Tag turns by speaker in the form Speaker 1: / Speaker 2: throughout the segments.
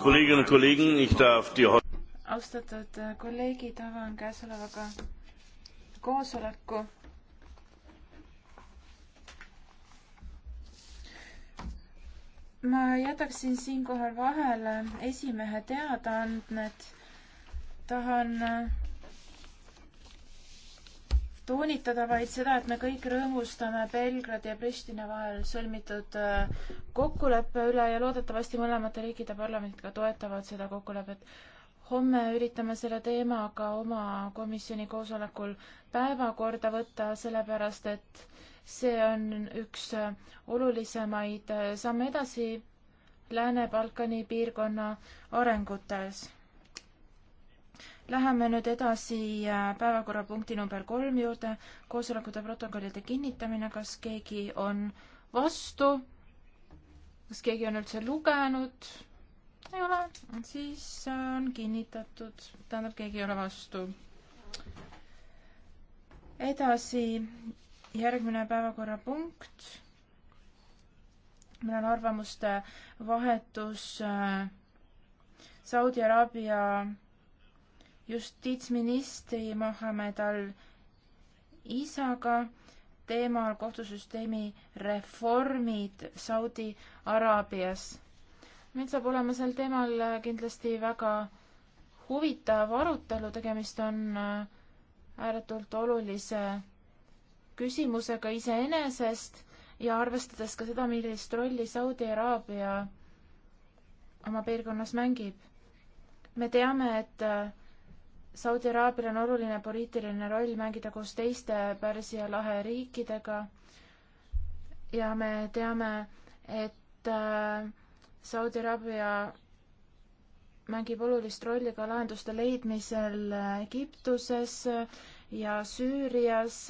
Speaker 1: Kolleginnen und Kollegen, ich darf die
Speaker 2: austatud äh, kolleegid, avan käesolevaga koosoleku. ma jätaksin siinkohal vahele esimehe teadaanded. tahan äh, toonitada vaid seda, et me kõik rõõmustame Belgradi ja Pristina vahel sõlmitud äh, kokkuleppe üle ja loodetavasti mõlemate riikide parlamendid ka toetavad seda kokkulepet. homme üritame selle teemaga oma komisjoni koosolekul päevakorda võtta, sellepärast et see on üks äh, olulisemaid äh, samme edasi Lääne-Balkani piirkonna arengutes Läheme nüüd edasi äh, päevakorrapunkti number kolm juurde, koosolekute protokollide kinnitamine, kas keegi on vastu, kas keegi on üldse lugenud? ei ole, siis äh, on kinnitatud, tähendab, keegi ei ole vastu. edasi, järgmine päevakorrapunkt. meil on arvamuste vahetus äh, Saudi Araabia justiitsministri Mohammed al-Isaga teemal kohtusüsteemi reformid Saudi Araabias. meil saab olema sel teemal äh, kindlasti väga huvitav arutelu, tegemist on äh, ääretult olulise küsimusega iseenesest ja arvestades ka seda, millist rolli Saudi Araabia oma piirkonnas mängib. me teame, et äh, Saudi Araabial on oluline poliitiline roll mängida koos teiste Pärsia lahe riikidega ja me teame, et äh, Saudi Araabia mängib olulist rolli ka lahenduste leidmisel Egiptuses ja Süürias.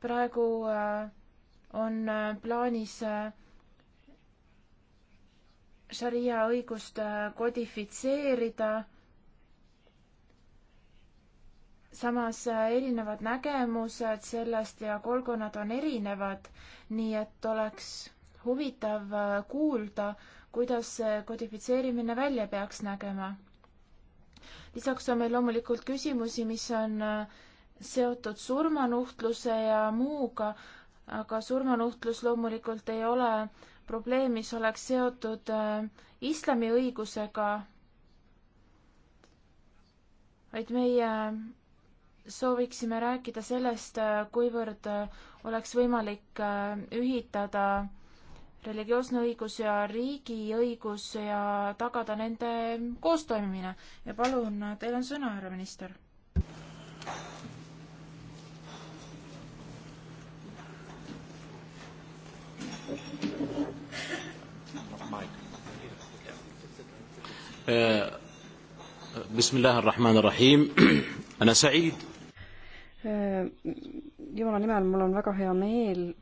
Speaker 2: praegu äh, on äh, plaanis šaria õigust kodifitseerida samas äh, erinevad nägemused sellest ja kolkonnad on erinevad, nii et oleks huvitav äh, kuulda, kuidas see kodifitseerimine välja peaks nägema. lisaks on meil loomulikult küsimusi, mis on äh, seotud surmanuhtluse ja muuga, aga surmanuhtlus loomulikult ei ole probleem, mis oleks seotud islamiõigusega, vaid meie sooviksime rääkida sellest, kuivõrd oleks võimalik äh, ühitada religioosne õigus ja riigiõigus ja tagada nende koostoimimine. ja palun, teil on sõna, härra minister.
Speaker 3: بسم الله الرحمن الرحيم أنا سعيد
Speaker 4: Äh, jumala nimel, mul on väga hea meel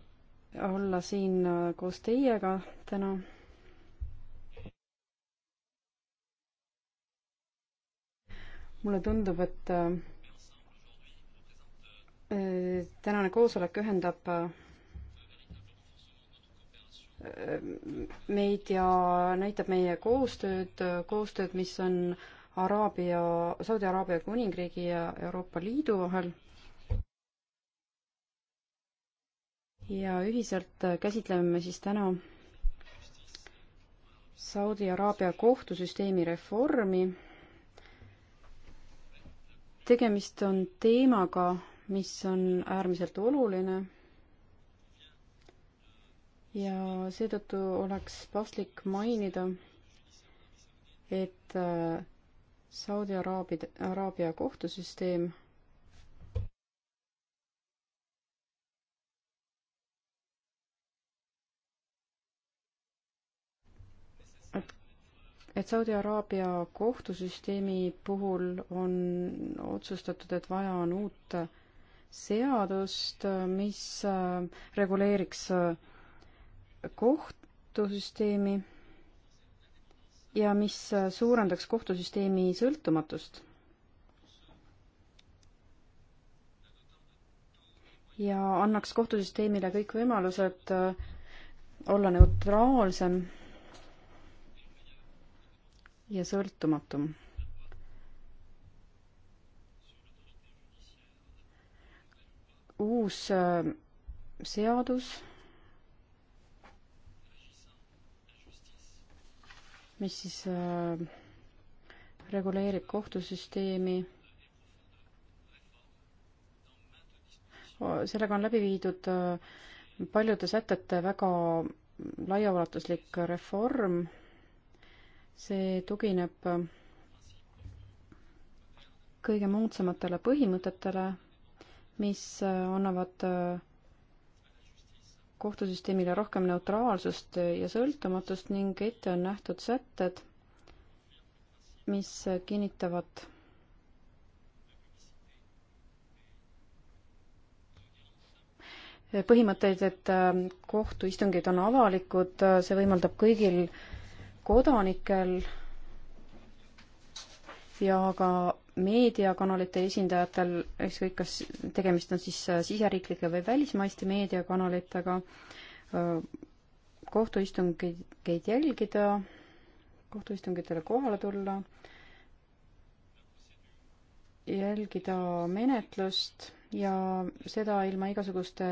Speaker 4: olla siin äh, koos teiega täna. mulle tundub, et äh, tänane koosolek ühendab meid ja näitab meie koostööd, koostööd, mis on Araabia, Saudi Araabia kuningriigi ja Euroopa Liidu vahel ja ühiselt äh, käsitleme me siis täna Saudi Araabia kohtusüsteemi reformi. tegemist on teemaga, mis on äärmiselt oluline. ja seetõttu oleks paslik mainida, et äh, Saudi Araabia, Araabia kohtusüsteem et Saudi Araabia kohtusüsteemi puhul on otsustatud, et vaja on uut seadust, mis äh, reguleeriks äh, kohtusüsteemi ja mis äh, suurendaks kohtusüsteemi sõltumatust. ja annaks kohtusüsteemile kõik võimalused olla neutraalsem ja sõltumatum. uus äh, seadus, mis siis äh, reguleerib kohtusüsteemi sellega on läbi viidud äh, paljude sätete väga laiaulatuslik reform see tugineb kõige moodsamatele põhimõtetele, mis annavad äh, kohtusüsteemile rohkem neutraalsust ja sõltumatust ning ette on nähtud sätted, mis kinnitavad põhimõtteid, et äh, kohtuistungid on avalikud, äh, see võimaldab kõigil kodanikel ja ka meediakanalite esindajatel, ükskõik kas tegemist on siis siseriiklike või välismaiste meediakanalitega, kohtuistungeid jälgida, kohtuistungitele kohale tulla, jälgida menetlust ja seda ilma igasuguste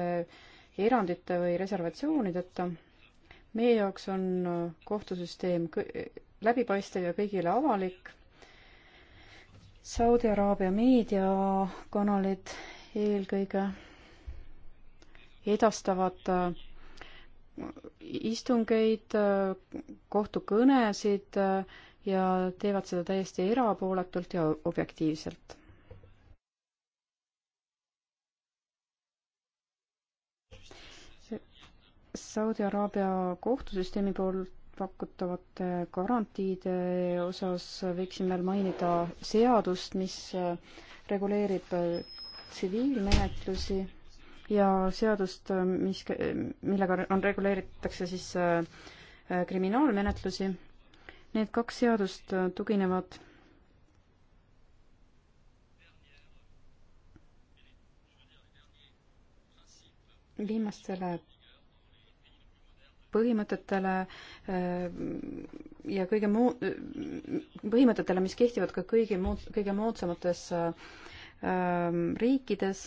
Speaker 4: erandite või reservatsioonideta meie jaoks on äh, kohtusüsteem läbipaistev ja kõigile avalik. Saudi Araabia meediakanalid eelkõige edastavad äh, istungeid, äh, kohtukõnesid ja teevad seda täiesti erapooletult ja objektiivselt Saudi Araabia kohtusüsteemi poolt pakutavate garantiide osas võiksin veel mainida seadust, mis äh, reguleerib äh, tsiviilmenetlusi ja seadust, äh, mis, millega on, reguleeritakse siis kriminaalmenetlusi. Need kaks seadust tuginevad viimastele põhimõtetele äh, ja kõige muu, põhimõtetele, mis kehtivad ka kõigi mood-, kõige moodsamates ähm, riikides.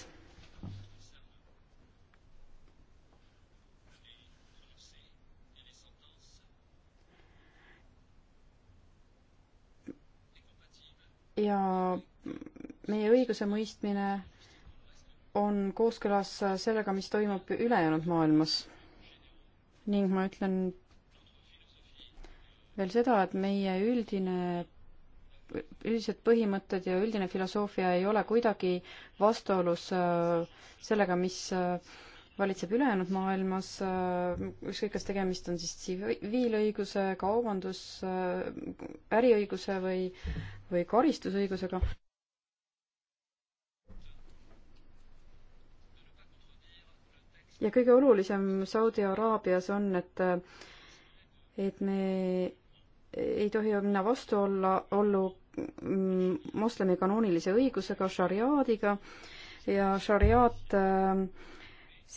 Speaker 4: ja meie õigusemõistmine on kooskõlas sellega, mis toimub ülejäänud maailmas ning ma ütlen veel seda, et meie üldine, üldised põhimõtted ja üldine filosoofia ei ole kuidagi vastuolus äh, sellega, mis äh, valitseb ülejäänud maailmas, äh, ükskõik, kas tegemist on siis tsiviilõiguse, kaubandus, äriõiguse või, või karistusõigusega ja kõige olulisem Saudi Araabias on, et et me ei tohi minna vastuolla, ollu mm, moslemi kanoonilise õigusega, šariaadiga ja šariaat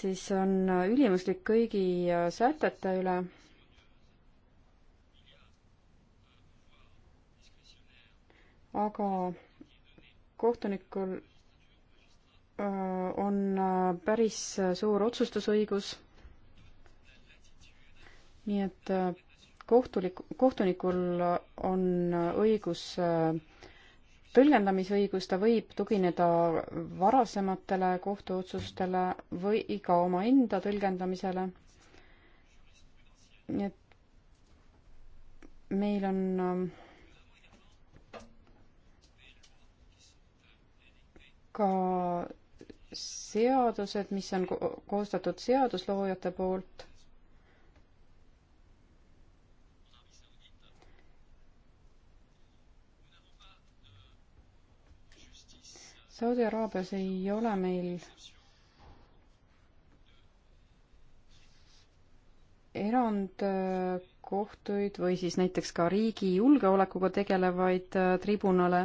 Speaker 4: siis on ülimuslik kõigi sätete üle. aga kohtunikul Äh, on äh, päris äh, suur otsustusõigus. nii et kohtulik, kohtunikul on õigus, tõlgendamisõigus, ta võib tugineda varasematele kohtuotsustele või ka omaenda tõlgendamisele. nii et meil on ka seadused, mis on koostatud seadusloojate poolt. Saudi Araabias ei ole meil erandkohtuid äh, või siis näiteks ka riigi julgeolekuga tegelevaid äh, tribunale.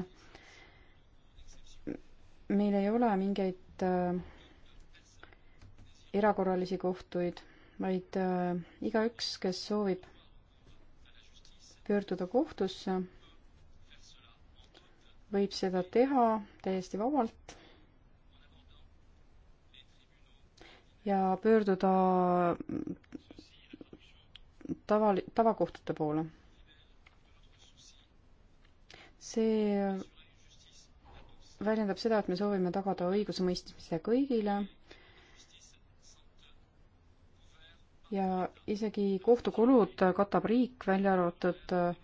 Speaker 4: meil ei ole mingeid ainult äh, erakorralisi kohtuid, vaid äh, igaüks, kes soovib pöörduda kohtusse, võib seda teha täiesti vabalt ja pöörduda tava, tavakohtute poole. see väljendab seda, et me soovime tagada õigusemõistmise kõigile ja isegi kohtukulud katab riik, välja arvatud äh,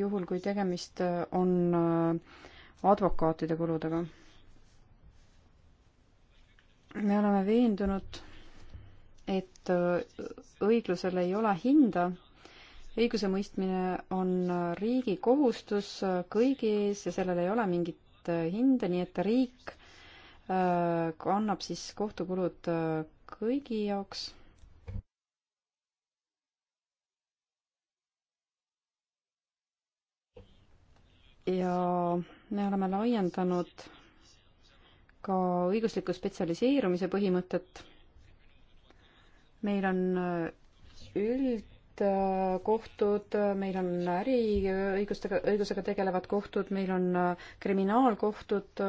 Speaker 4: juhul, kui tegemist äh, on äh, advokaatide kuludega. me oleme veendunud, et õiglusel ei ole hinda õigusemõistmine on riigi kohustus kõigi ees ja sellel ei ole mingit hinda, nii et riik kannab äh, siis kohtukulud äh, kõigi jaoks ja me oleme laiendanud ka õigusliku spetsialiseerumise põhimõtet. meil on äh, üld, erinevad äh, kohtud, äh, meil on äriõigustega, õigusega tegelevad kohtud, meil on äh, kriminaalkohtud,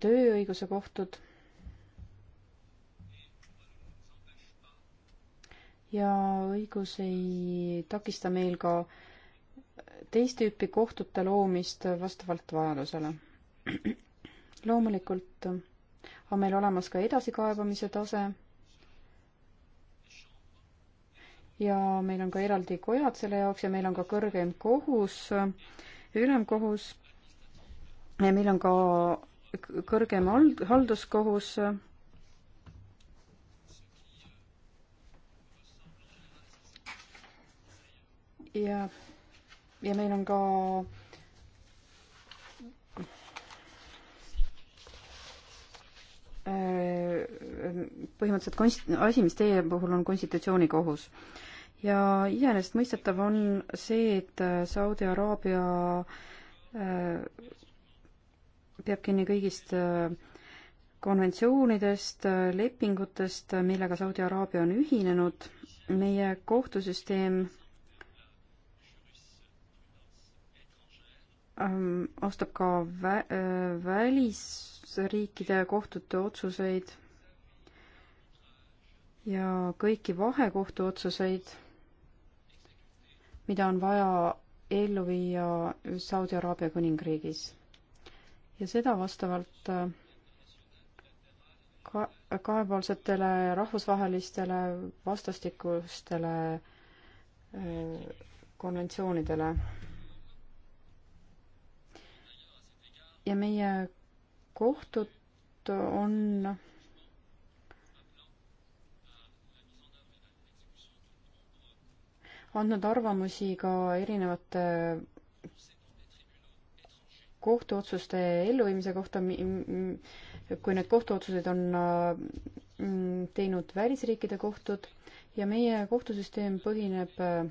Speaker 4: tööõiguse kohtud. ja õigus ei takista meil ka teist tüüpi kohtute loomist vastavalt vajadusele. loomulikult on meil olemas ka edasikaebamise tase ja meil on ka eraldi kojad selle jaoks ja meil on ka kõrgeim kohus, ülemkohus. ja meil on ka kõrgem halduskohus ja, ja meil on ka põhimõtteliselt konst-, asi, mis teie puhul on konstitutsioonikohus ja iseenesestmõistetav on see, et äh, Saudi Araabia äh, peab kinni kõigist äh, konventsioonidest, lepingutest, millega Saudi Araabia on ühinenud. meie kohtusüsteem austab ähm, ka vä-, välisriikide kohtute otsuseid ja kõiki vahekohtu otsuseid mida on vaja ellu viia Saudi Araabia kuningriigis. ja seda vastavalt äh, ka-, kahepoolsetele rahvusvahelistele vastastikustele äh, konventsioonidele. ja meie kohtud on andnud arvamusi ka erinevate kohtuotsuste elluviimise kohta, kui need kohtuotsused on mm, teinud välisriikide kohtud ja meie kohtusüsteem põhineb äh,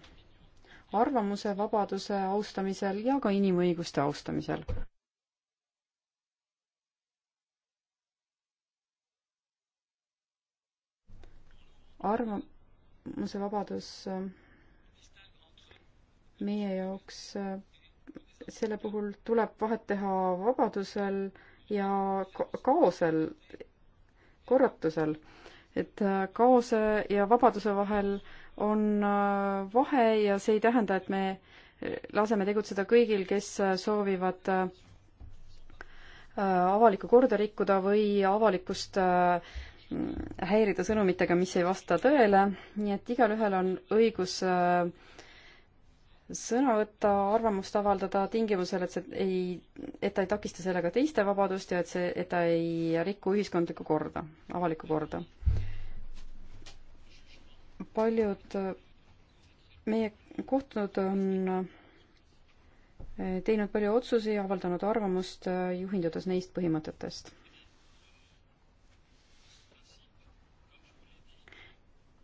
Speaker 4: arvamuse vabaduse austamisel ja ka inimõiguste austamisel. arvamuse vabadus äh, meie jaoks äh, selle puhul tuleb vahet teha vabadusel ja kaosel, korratusel. et äh, kaose ja vabaduse vahel on äh, vahe ja see ei tähenda, et me laseme tegutseda kõigil, kes soovivad avalikku korda rikkuda või avalikkust häirida sõnumitega, mis ei vasta tõele, nii et igalühel on õigus äh, sõna võtta, arvamust avaldada tingimusel, et see ei, et ta ei takista sellega teiste vabadust ja et see, et ta ei riku ühiskondlikku korda, avalikku korda. paljud äh, meie kohtunud on äh, teinud palju otsusi ja avaldanud arvamust, äh, juhindudes neist põhimõtetest.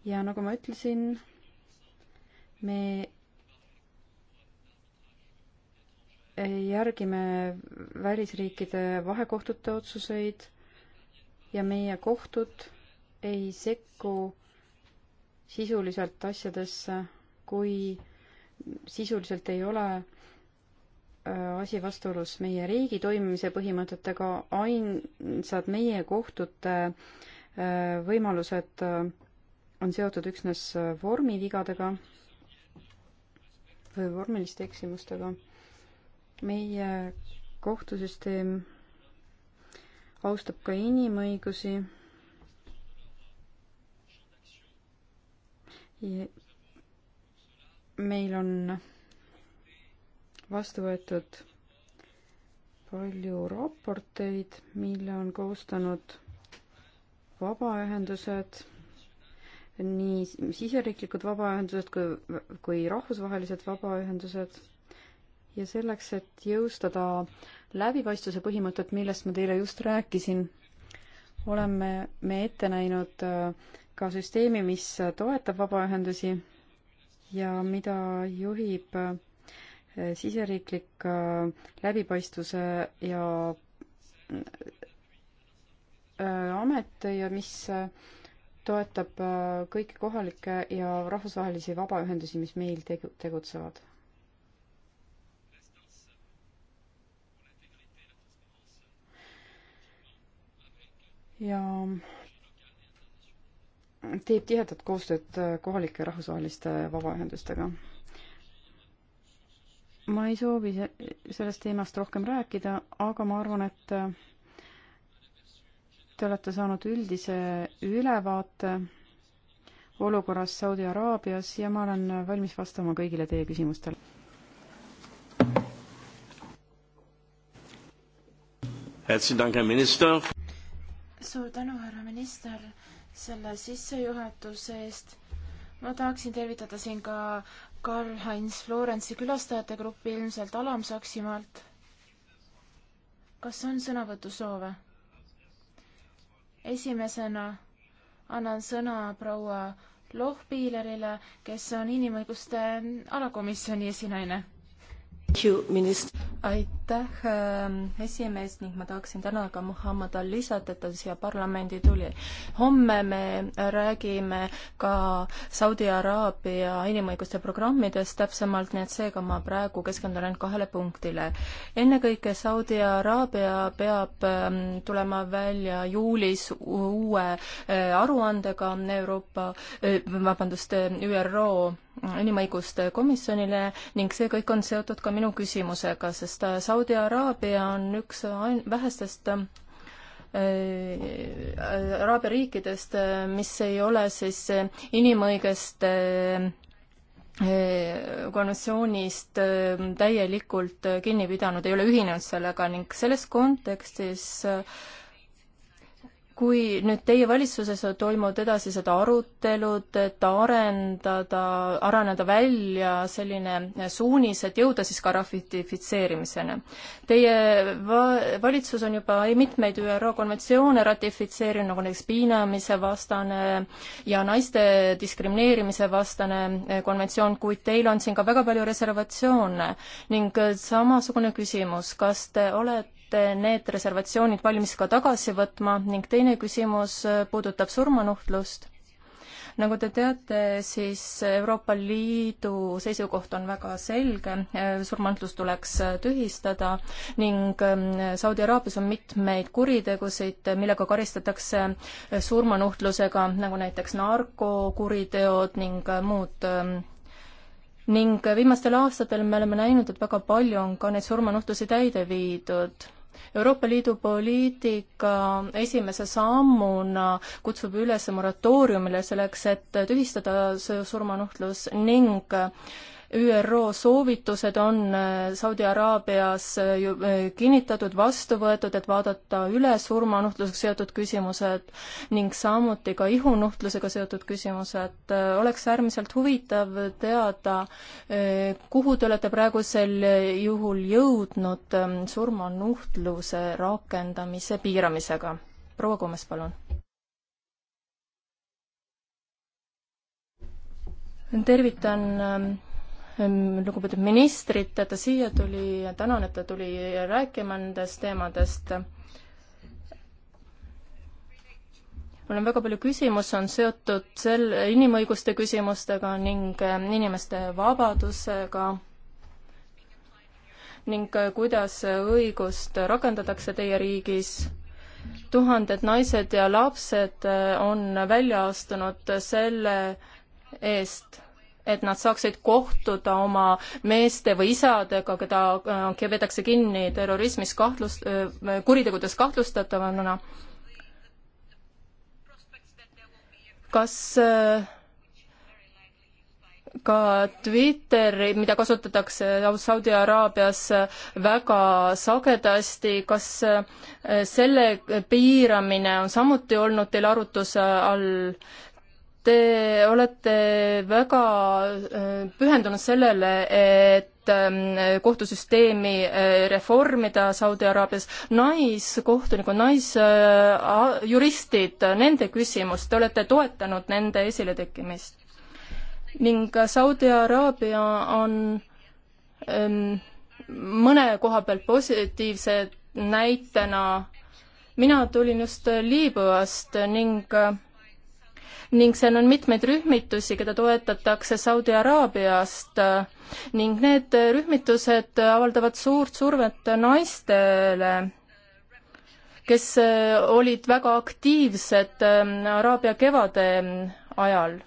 Speaker 4: ja nagu ma ütlesin, me järgime välisriikide vahekohtute otsuseid ja meie kohtud ei sekku sisuliselt asjadesse, kui sisuliselt ei ole äh, asi vastuolus meie riigi toimimise põhimõtetega, ainsad meie kohtute äh, võimalused äh, on seotud üksnes vormivigadega või vormiliste eksimustega meie kohtusüsteem austab ka inimõigusi. meil on vastu võetud palju raporteid, mille on koostanud vabaühendused, nii siseriiklikud vabaühendused kui, kui rahvusvahelised vabaühendused ja selleks, et jõustada läbipaistvuse põhimõtet, millest ma teile just rääkisin, oleme me ette näinud äh, ka süsteemi, mis toetab vabaühendusi ja mida juhib äh, siseriiklik äh, läbipaistvuse ja amet ja mis toetab kõiki kohalikke ja rahvusvahelisi vabaühendusi, mis meil tegu-, tegutsevad ja teeb tihedat koostööd kohalike rahvusvaheliste vabaühendustega. ma ei soovi sellest teemast rohkem rääkida, aga ma arvan, et te olete saanud üldise ülevaate olukorrast Saudi Araabias ja ma olen valmis vastama kõigile teie küsimustele.
Speaker 3: Herzlichen Dank, Herr Minister
Speaker 2: suur tänu, härra minister, selle sissejuhatuse eest. ma tahaksin tervitada siin ka Karl-Heinz Florensi külastajate gruppi ilmselt Alam-Saksimaalt. kas on sõnavõtusoove? esimesena annan sõna proua Lohpiilerile, kes on inimõiguste alakomisjoni esinaine
Speaker 5: aitäh, ähm, esimees ning ma tahaksin tänada ka Muhamed Al-Lisat, et ta siia parlamendi tuli. homme me räägime ka Saudi Araabia inimõiguste programmidest täpsemalt, nii et seega ma praegu keskendun ainult kahele punktile. ennekõike Saudi Araabia peab ähm, tulema välja juulis uue äh, aruandega Euroopa, äh, vabandust, äh, ÜRO inimõiguste komisjonile ning see kõik on seotud ka minu küsimusega, sest äh, Saudi Araabia on üks ain-, vähestest äh, äh, Araabia riikidest, mis ei ole siis inimõigeste konventsioonist täielikult kinni pidanud, ei ole ühinenud sellega ning selles kontekstis äh, kui nüüd teie valitsuses toimuvad edasised arutelud, et arendada, areneda välja selline suunis, et jõuda siis ka ratifitseerimiseni. Teie va-, valitsus on juba mitmeid ÜRO konventsioone ratifitseerinud, nagu näiteks piinamise vastane ja naiste diskrimineerimise vastane eh, konventsioon, kuid teil on siin ka väga palju reservatsioone ning eh, samasugune küsimus, kas te olete olete need reservatsioonid valmis ka tagasi võtma ning teine küsimus puudutab surmanuhtlust. nagu te teate, siis Euroopa Liidu seisukoht on väga selge, surmanuhtlus tuleks tühistada ning ähm, Saudi Araabias on mitmeid kuritegusid, millega karistatakse surmanuhtlusega, nagu näiteks narkokuriteod ning äh, muud ähm, ning viimastel aastatel me oleme näinud, et väga palju on ka neid surmanuhtlusi täide viidud. Euroopa Liidu poliitika esimese sammuna kutsub üles moratooriumile selleks, et tühistada surmanuhtlus ning ÜRO soovitused on äh, Saudi Araabias äh, äh, kinnitatud, vastu võetud, et vaadata üle surmanuhtlusega seotud küsimused ning samuti ka ihunuhtlusega seotud küsimused. oleks äärmiselt huvitav teada, kuhu te olete praegusel juhul jõudnud ähm, surmanuhtluse rakendamise piiramisega? proua Kumes, palun. tervitan ähm, Ehm, lugupeetud ministrit, et ta siia tuli ja tänan, et ta tuli rääkima nendest teemadest. mul on väga palju küsimusi, on seotud sel-, inimõiguste küsimustega ning ehm, inimeste vabadusega ning ehm, kuidas õigust rakendatakse teie riigis tuhanded naised ja lapsed on välja astunud selle eest, et nad saaksid kohtuda oma meeste või isadega, keda äh, veetakse kinni terrorismis kahtlus, äh, kuritegudes kahtlustatavana. kas äh, ka Twitteri, mida kasutatakse Saudi Araabias väga sagedasti, kas selle piiramine on samuti olnud teil arutluse all? Te olete väga äh, pühendunud sellele, et ähm, kohtusüsteemi äh, reformida Saudi Araabias, naiskohtunikud, naisjuristid, äh, nende küsimus, te olete toetanud nende esiletekkimist. ning Saudi Araabia on ähm, mõne koha pealt positiivse näitena, mina tulin just Liibüast ning ning seal on mitmeid rühmitusi, keda toetatakse Saudi Araabiast äh, ning need rühmitused avaldavad suurt survet naistele, kes äh, olid väga aktiivsed ähm, Araabia kevade ähm, ajal.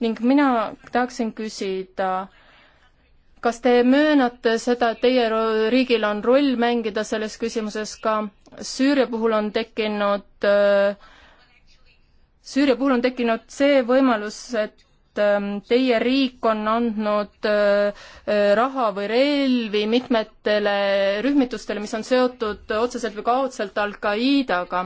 Speaker 5: ning mina tahaksin küsida, kas te möönate seda, et teie riigil on roll mängida selles küsimuses ka Süüria puhul on tekkinud äh, Süüria puhul on tekkinud see võimalus, et ähm, teie riik on andnud äh, äh, raha või relvi mitmetele rühmitustele, mis on seotud otseselt või kaudselt Al-Qaidaga.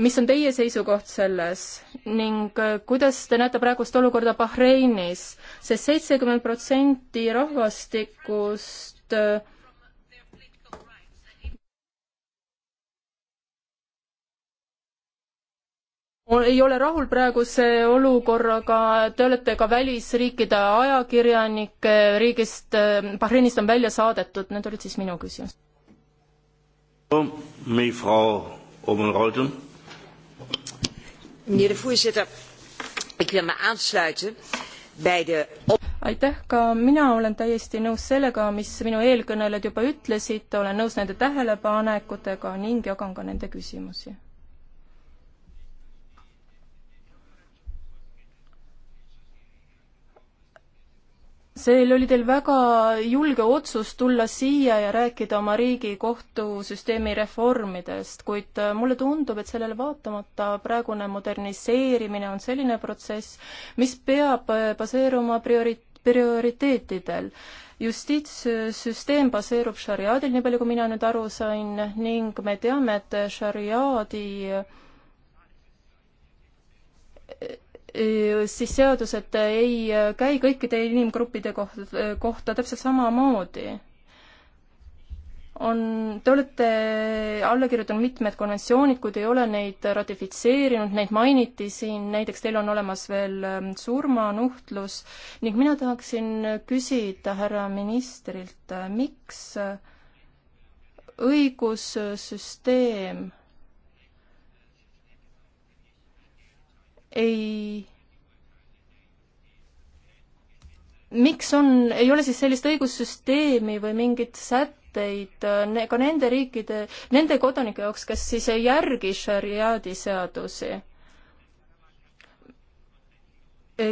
Speaker 5: mis on teie seisukoht selles ning äh, kuidas te näete praegust olukorda Bahreinis sest, sest seitsekümmend protsenti rahvastikust ei ole rahul praeguse olukorraga, te olete ka välisriikide ajakirjanik eh, riigist, eh, Bahreinist on välja saadetud, need olid siis minu küsimused. aitäh, ka mina olen täiesti nõus sellega, mis minu eelkõnelejad juba ütlesid, olen nõus nende tähelepanekutega ning jagan ka nende küsimusi seal oli teil väga julge otsus tulla siia ja rääkida oma riigi kohtusüsteemi reformidest, kuid äh, mulle tundub, et sellele vaatamata praegune moderniseerimine on selline protsess, mis peab äh, baseeruma priori-, prioriteetidel. justiitssüsteem baseerub šariaadil, nii palju kui mina nüüd aru sain, ning me teame, et šariaadi siis seadused ei äh, käi kõikide inimgruppide kohta, äh, kohta täpselt samamoodi. on, te olete alla kirjutanud mitmed konventsioonid, kuid ei ole neid ratifitseerinud, neid mainiti siin, näiteks teil on olemas veel ähm, surmanuhtlus ning mina tahaksin küsida härra ministrilt, äh, miks õigussüsteem ei miks on, ei ole siis sellist õigussüsteemi või mingit sätteid äh, ne, ka nende riikide, nende kodanike jaoks, kes siis ei järgi šariaadi seadusi?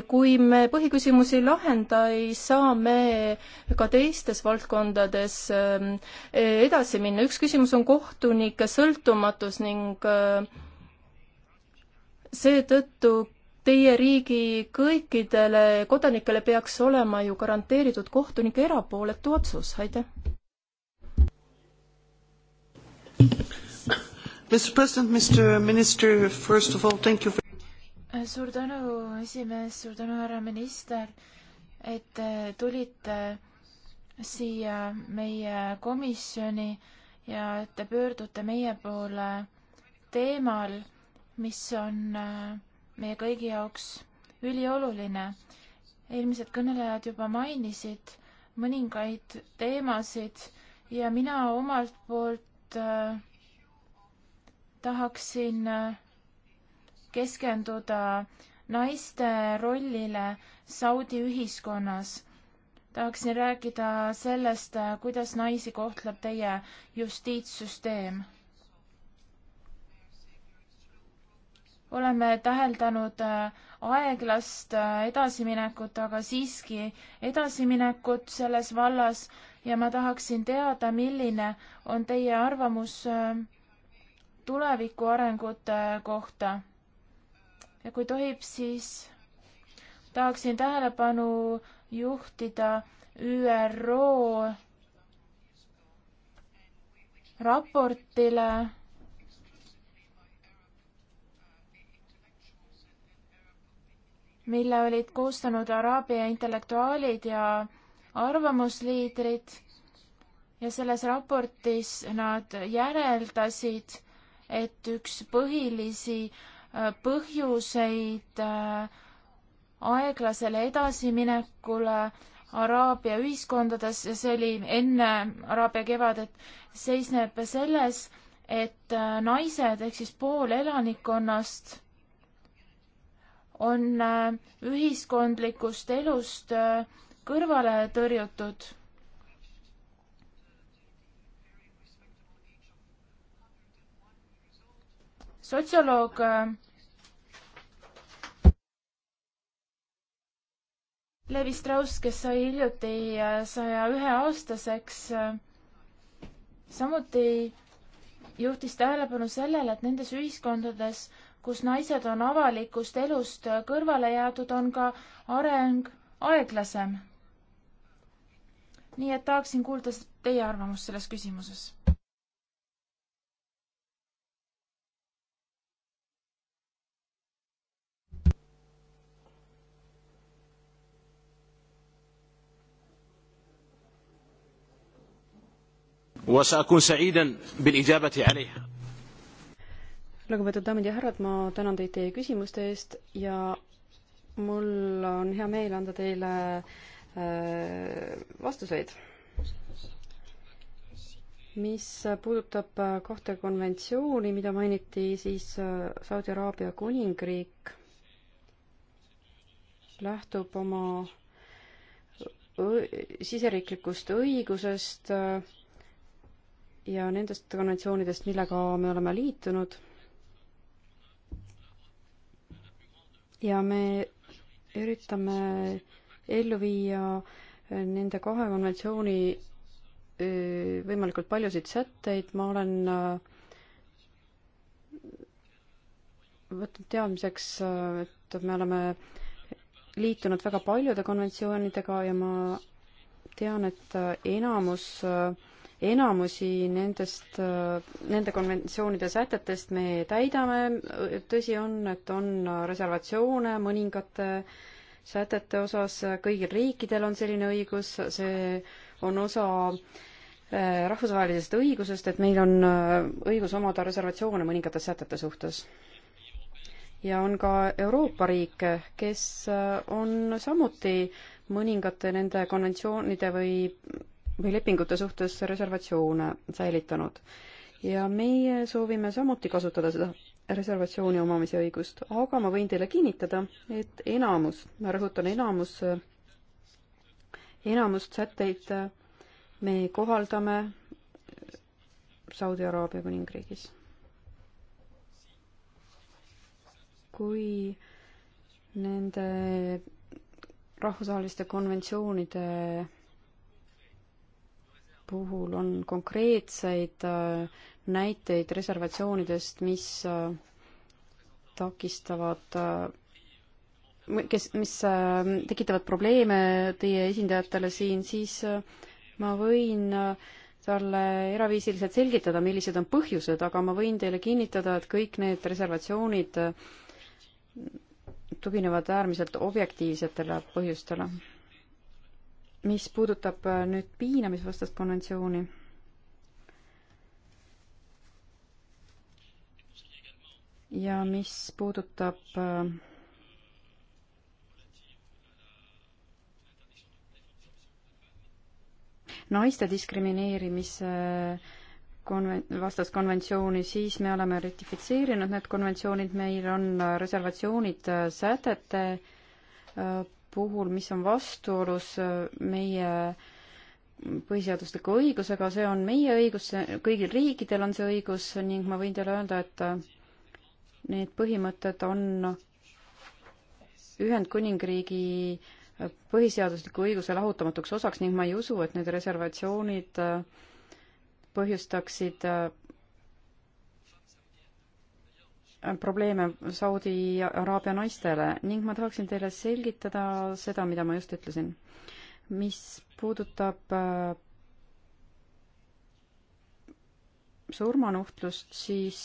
Speaker 5: kui me põhiküsimusi lahenda ei saa, me ka teistes valdkondades ähm, edasi minna. üks küsimus on kohtunike sõltumatus ning äh, seetõttu teie riigi kõikidele kodanikele peaks olema ju garanteeritud kohtunike erapooletu otsus, aitäh.
Speaker 1: Mr President, Mr Minister, first of all thank you for
Speaker 2: suur tänu, esimees, suur tänu, härra minister, et äh, tulite siia meie komisjoni ja et te pöördute meie poole teemal mis on äh, meie kõigi jaoks ülioluline. eelmised kõnelejad juba mainisid mõningaid teemasid ja mina omalt poolt äh, tahaksin äh, keskenduda naiste rollile Saudi ühiskonnas. tahaksin rääkida sellest, äh, kuidas naisi kohtleb teie justiitssüsteem oleme täheldanud äh, aeglast äh, edasiminekut, aga siiski edasiminekut selles vallas ja ma tahaksin teada, milline on teie arvamus äh, tuleviku arengute kohta. ja kui tohib, siis tahaksin tähelepanu juhtida ÜRO raportile mille olid koostanud araabia intellektuaalid ja arvamusliidrid ja selles raportis nad järeldasid, et üks põhilisi äh, põhjuseid äh, aeglasele edasiminekule Araabia ühiskondades ja see oli enne Araabia kevadet, seisneb selles, et äh, naised ehk siis pool elanikkonnast on äh, ühiskondlikust elust äh, kõrvale tõrjutud. sotsioloog äh, Levi Strauss, kes sai hiljuti saja ühe aastaseks, samuti juhtis tähelepanu sellele, et nendes ühiskondades kus naised on avalikust elust kõrvale jäetud, on ka areng aeglasem. nii et tahaksin kuulda teie arvamust selles küsimuses.
Speaker 3: وسأكون سعيدا بالإجابة عليها
Speaker 4: lugupeetud daamid ja härrad, ma tänan teid teie küsimuste eest ja mul on hea meel anda teile äh, vastuseid. mis puudutab äh, kahte konventsiooni, mida mainiti, siis äh, Saudi Araabia kuningriik lähtub oma siseriiklikust õigusest ja nendest konventsioonidest, millega me oleme liitunud ja me üritame ellu viia äh, nende kahe konventsiooni äh, võimalikult paljusid sätteid, ma olen äh, võtnud teadmiseks, et me oleme liitunud väga paljude konventsioonidega ja ma tean, et enamus äh, enamusi nendest, nende konventsioonide sätetest me täidame, tõsi on, et on reservatsioone mõningate sätete osas, kõigil riikidel on selline õigus, see on osa eh, rahvusvahelisest õigusest, et meil on eh, õigus omada reservatsioone mõningate sätete suhtes. ja on ka Euroopa riike, kes eh, on samuti mõningate nende konventsioonide või või lepingute suhtes reservatsioone säilitanud. ja meie soovime samuti kasutada seda reservatsiooni omamise õigust, aga ma võin teile kinnitada, et enamus, ma rõhutan, enamus, enamust sätteid me kohaldame Saudi Araabia kuningriigis. kui nende rahvusvaheliste konventsioonide puhul on konkreetseid äh, näiteid reservatsioonidest, mis äh, takistavad, äh, kes, mis tekitavad probleeme teie esindajatele siin, siis ma võin talle eraviisiliselt selgitada, millised on põhjused, aga ma võin teile kinnitada, et kõik need reservatsioonid tuginevad äärmiselt objektiivsetele põhjustele mis puudutab äh, nüüd piinamisvastast konventsiooni, ja mis puudutab äh, naiste diskrimineerimise äh, konven-, vastast konventsiooni, siis me oleme ratifitseerinud need konventsioonid, meil on reservatsioonid sätete puhul, mis on vastuolus äh, meie põhiseadusliku õigusega, see on meie õigus, kõigil riikidel on see õigus ning ma võin teile öelda, et äh, need põhimõtted on Ühendkuningriigi äh, põhiseadusliku õiguse lahutamatuks osaks ning ma ei usu, et need reservatsioonid põhjustaksid probleeme Saudi Araabia naistele ning ma tahaksin teile selgitada seda, mida ma just ütlesin. mis puudutab äh, surmanuhtlust, siis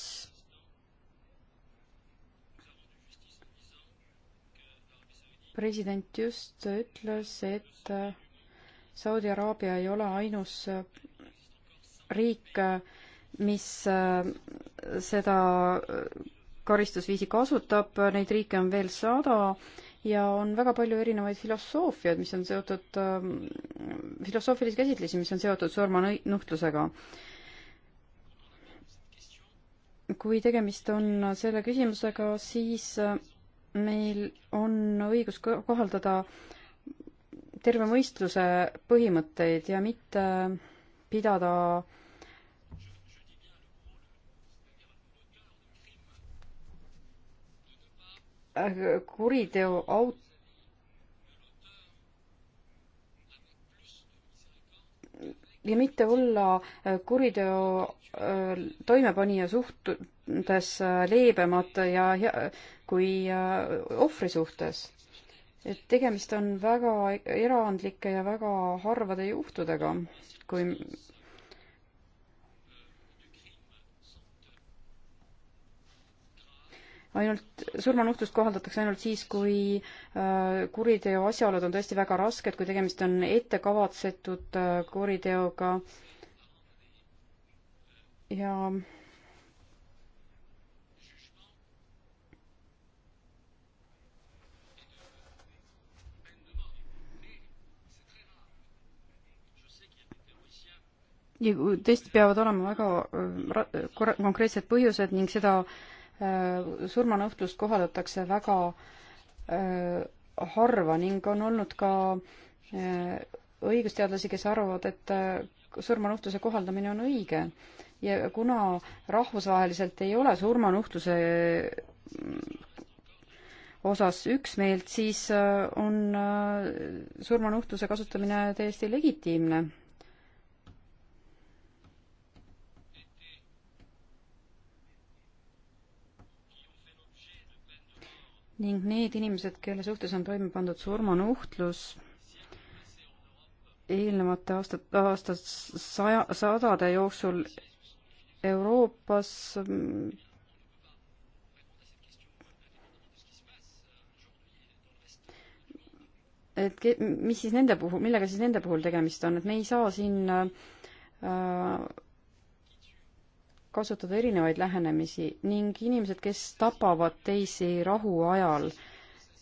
Speaker 4: president just ütles, et äh, Saudi Araabia ei ole ainus äh, riik, mis seda karistusviisi kasutab, neid riike on veel sada ja on väga palju erinevaid filosoofiaid, mis on seotud, filosoofilisi käsitlusi, mis on seotud surmanuhtlusega. kui tegemist on selle küsimusega, siis meil on õigus kohaldada terve mõistuse põhimõtteid ja mitte pidada äh, Äh, kuriteo aut-, ja mitte olla äh, kuriteo äh, toimepanija suhtes leebemad ja kui ohvri suhtes. et tegemist on väga e-, erandlike ja väga harvade juhtudega, kui ainult, surmanuhtlust kohaldatakse ainult siis, kui äh, kuriteo asjaolud on tõesti väga rasked, kui tegemist on ettekavatsetud äh, kuriteoga ja ja tõesti peavad olema väga äh, konkreetsed põhjused ning seda äh, Äh, surmanõhtust kohaldatakse väga äh, harva ning on olnud ka äh, õigusteadlasi, kes arvavad, et surmanuhtluse kohaldamine on õige ja kuna rahvusvaheliselt ei ole surmanuhtluse osas üksmeelt, siis on surmanuhtluse kasutamine täiesti legitiimne ning need inimesed, kelle suhtes on toime pandud surmanuhtlus eelnevate aastat, aastat saja, sadade jooksul Euroopas et ke-, mis siis nende puhul, millega siis nende puhul tegemist on, et me ei saa siin äh, kasutada erinevaid lähenemisi ning inimesed, kes tapavad teisi rahu ajal,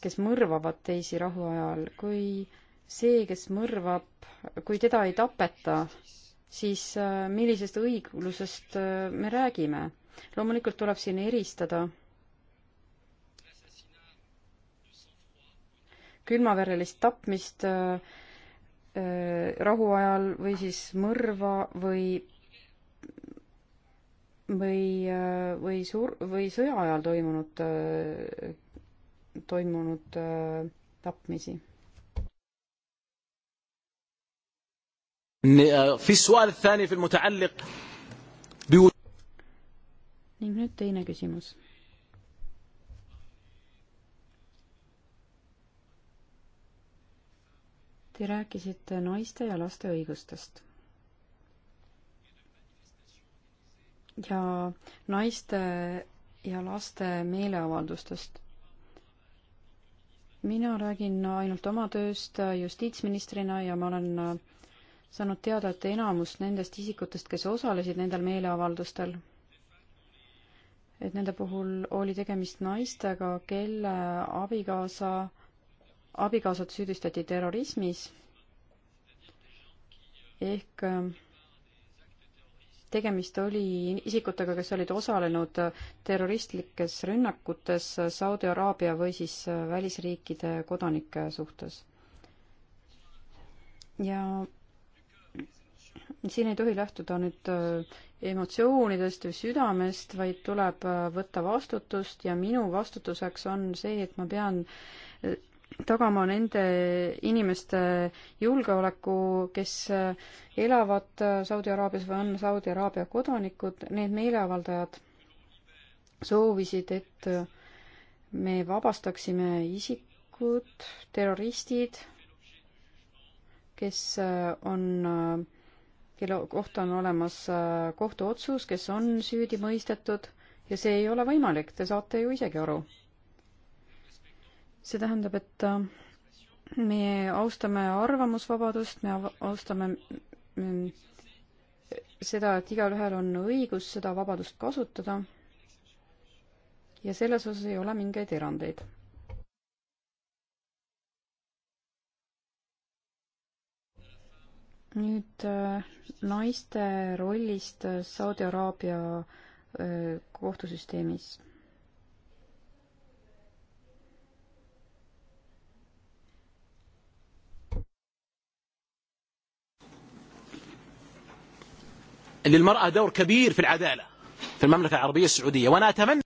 Speaker 4: kes mõrvavad teisi rahu ajal, kui see, kes mõrvab, kui teda ei tapeta, siis äh, millisest õiglusest äh, me räägime? loomulikult tuleb siin eristada külmaverelist tapmist äh, rahuajal või siis mõrva või või, või sur-, või sõja ajal toimunud, toimunud tapmisi? Äh, ning nüüd teine küsimus. Te rääkisite naiste ja laste õigustest ja naiste ja laste meeleavaldustest. mina räägin ainult oma tööst justiitsministrina ja ma olen äh, saanud teada, et enamus nendest isikutest, kes osalesid nendel meeleavaldustel, et nende puhul oli tegemist naistega, kelle abikaasa, abikaasat süüdistati terrorismis ehk äh, tegemist oli isikutega, kes olid osalenud terroristlikes rünnakutes Saudi Araabia või siis välisriikide kodanike suhtes. ja siin ei tohi lähtuda nüüd äh, emotsioonidest või südamest, vaid tuleb äh, võtta vastutust ja minu vastutuseks on see, et ma pean äh, tagama nende inimeste julgeoleku, kes äh, elavad äh, Saudi Araabias või on Saudi Araabia kodanikud, need meeleavaldajad soovisid, et äh, me vabastaksime isikud, terroristid, kes on, kelle kohta on olemas kohtuotsus, kes on süüdi mõistetud ja see ei ole võimalik, te saate ju isegi aru see tähendab, et äh, me austame arvamusvabadust, me austame mm, seda, et igalühel on õigus seda vabadust kasutada. ja selles osas ei ole mingeid erandeid. nüüd äh, naiste rollist Saudi Araabia äh, kohtusüsteemis
Speaker 3: للمرأة دور كبير في العدالة في المملكة العربية السعودية وأنا أتمنى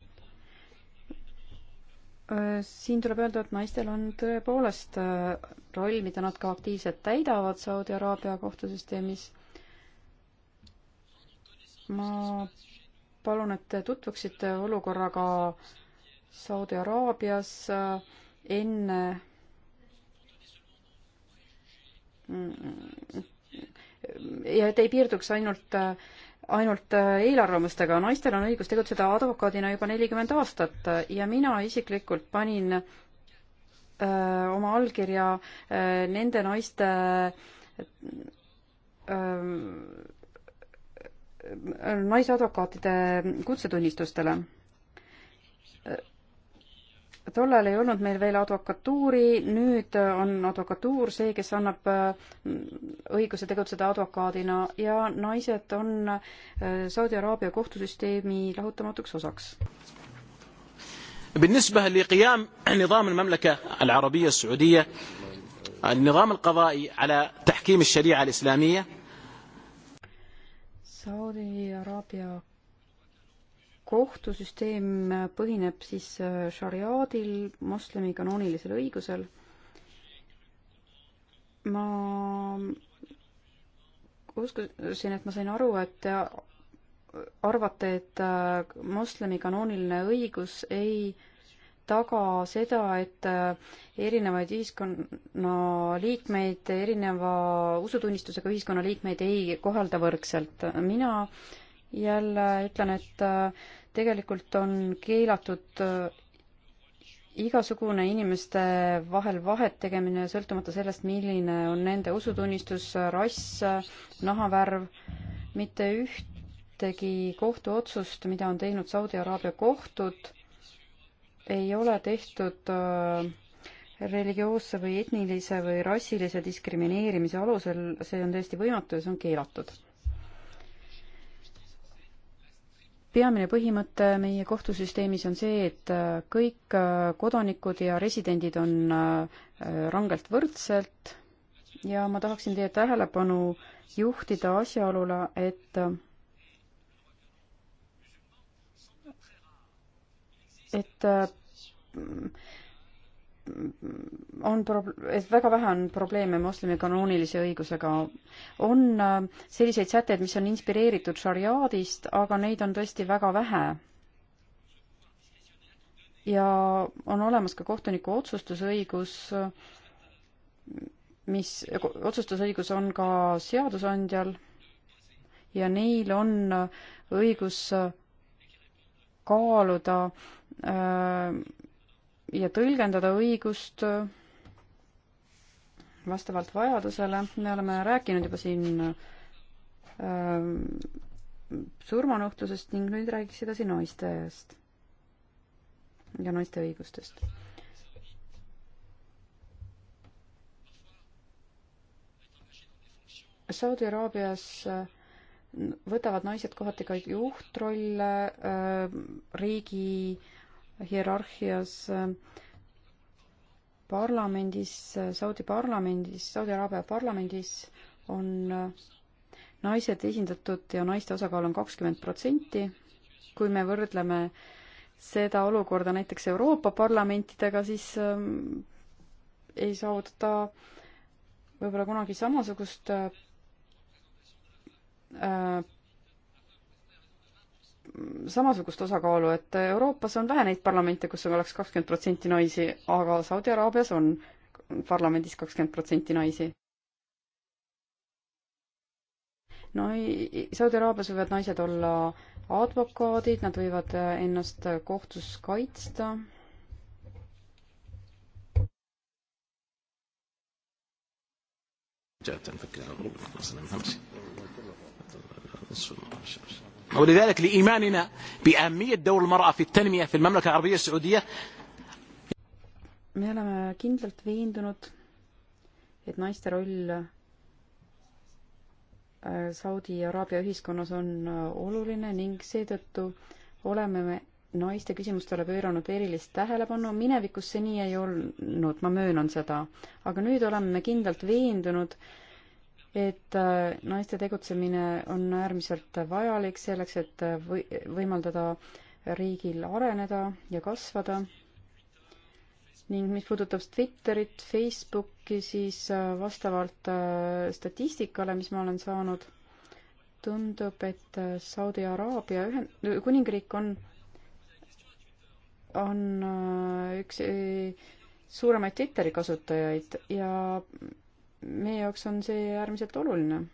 Speaker 4: siin tuleb öelda, et naistel on tõepoolest roll, mida nad ka aktiivselt täidavad Saudi Araabia kohtusüsteemis. ma palun, et te tutvuksite olukorraga Saudi Araabias enne ja et ei piirduks ainult ainult eelarvamustega, naistel on õigus tegutseda advokaadina juba nelikümmend aastat ja mina isiklikult panin öö, oma allkirja öö, nende naiste naisadvokaatide kutsetunnistustele tollal ei olnud meil veel advokatuuri, nüüd on advokatuur see, kes annab mm, õiguse tegutseda advokaadina ja naised on äh, Saudi Araabia kohtusüsteemi lahutamatuks osaks.
Speaker 3: بالنسبة لقيام نظام المملكة العربية السعودية النظام القضائي على تحكيم الشريعة الإسلامية
Speaker 4: سعودي أرابيا kohtusüsteem põhineb siis äh, šariaadil, moslemi kanoonilisel õigusel. ma uskusin, et ma sain aru, et arvate, et äh, moslemi kanooniline õigus ei taga seda, et äh, erinevaid ühiskonnaliikmeid, erineva usutunnistusega ühiskonnaliikmeid ei kohelda võrdselt. mina äh, jälle ütlen, et äh, tegelikult on keelatud äh, igasugune inimeste vahel vahet tegemine, sõltumata sellest, milline on nende usutunnistus, rass, nahavärv, mitte ühtegi kohtuotsust, mida on teinud Saudi Araabia kohtud, ei ole tehtud äh, religioosse või etnilise või rassilise diskrimineerimise alusel, see on täiesti võimatu ja see on keelatud peamine põhimõte meie kohtusüsteemis on see, et äh, kõik äh, kodanikud ja residendid on äh, rangelt võrdselt ja ma tahaksin teie tähelepanu juhtida asjaolule, et et on prob-, et väga vähe on probleeme moslemi kanoonilise õigusega. on äh, selliseid sätteid, mis on inspireeritud šariaadist, aga neid on tõesti väga vähe. ja on olemas ka kohtuniku otsustusõigus, mis, otsustusõigus on ka seadusandjal ja neil on õigus kaaluda öö, äh, ja tõlgendada õigust äh, vastavalt vajadusele. me oleme rääkinud juba siin äh, surmanuhtlusest ning nüüd räägiks edasi naiste eest ja naiste õigustest. Saudi Araabias äh, võtavad naised kohati ka juhtrolle äh, riigi äh, hierarhias äh, parlamendis, äh, Saudi parlamendis, Saudi Araabia parlamendis on äh, naised esindatud ja naiste osakaal on kakskümmend protsenti. kui me võrdleme seda olukorda näiteks Euroopa parlamentidega, siis ei saavuta võib-olla kunagi samasugust samasugust osakaalu, et Euroopas on vähe neid parlamente, kus oleks kakskümmend protsenti naisi, aga Saudi Araabias on parlamendis kakskümmend protsenti naisi. no ei, Saudi Araabias võivad naised olla advokaadid, nad võivad ennast kohtus kaitsta.
Speaker 1: teatan,
Speaker 3: et kõik on hullumajas, enam-vähem. ولذلك لإيماننا بأهمية دور المرأة في التنمية في المملكة العربية السعودية
Speaker 4: me oleme kindlalt veendunud, et naiste roll äh, Saudi Araabia ühiskonnas on äh, oluline ning seetõttu oleme me naiste küsimustele pööranud erilist tähelepanu, minevikus see nii ei olnud, ma möönan seda. aga nüüd oleme me kindlalt veendunud, et äh, naiste tegutsemine on äärmiselt vajalik selleks, et äh, või-, võimaldada riigil areneda ja kasvada. ning mis puudutab Twitterit, Facebooki, siis äh, vastavalt statistikale, mis ma olen saanud, tundub, et Saudi Araabia ühen-, kuningriik on, on üks suuremaid Twitteri kasutajaid ja meie jaoks on see äärmiselt oluline.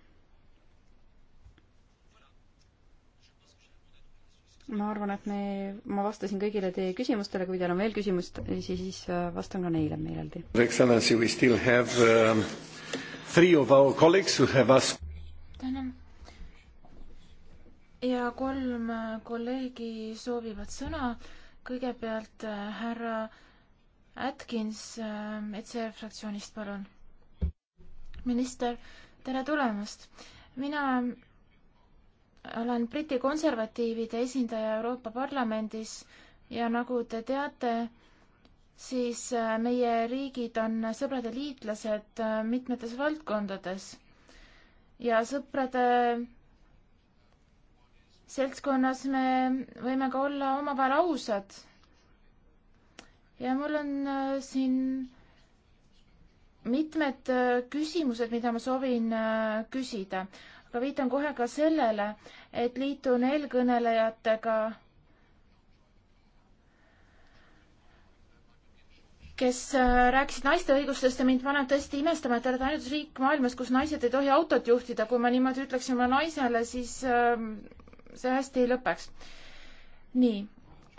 Speaker 4: ma arvan, et me, ma vastasin kõigile teie küsimustele, kui teil on veel küsimust, siis äh, vastan ka neile meeleldi.
Speaker 1: Excellency, we still have um, three of our colleagues who have asked.
Speaker 2: tänan. ja kolm äh, kolleegi soovivad sõna. kõigepealt äh, härra Atkins, ETSR fraktsioonist, palun minister, tere tulemast! mina olen Briti konservatiivide esindaja Euroopa Parlamendis ja nagu te teate, siis äh, meie riigid on sõbrad ja liitlased äh, mitmetes valdkondades. ja sõprade seltskonnas me võime ka olla omavahel ausad. ja mul on äh, siin mitmed äh, küsimused, mida ma soovin äh, küsida, aga viitan kohe ka sellele, et liitun eelkõnelejatega, kes äh, rääkisid naiste õigustest ja mind paneb tõesti imestama, et te olete ainus riik maailmas, kus naised ei tohi autot juhtida. kui ma niimoodi ütleksin oma naisele, siis ähm, see hästi ei lõpeks. nii,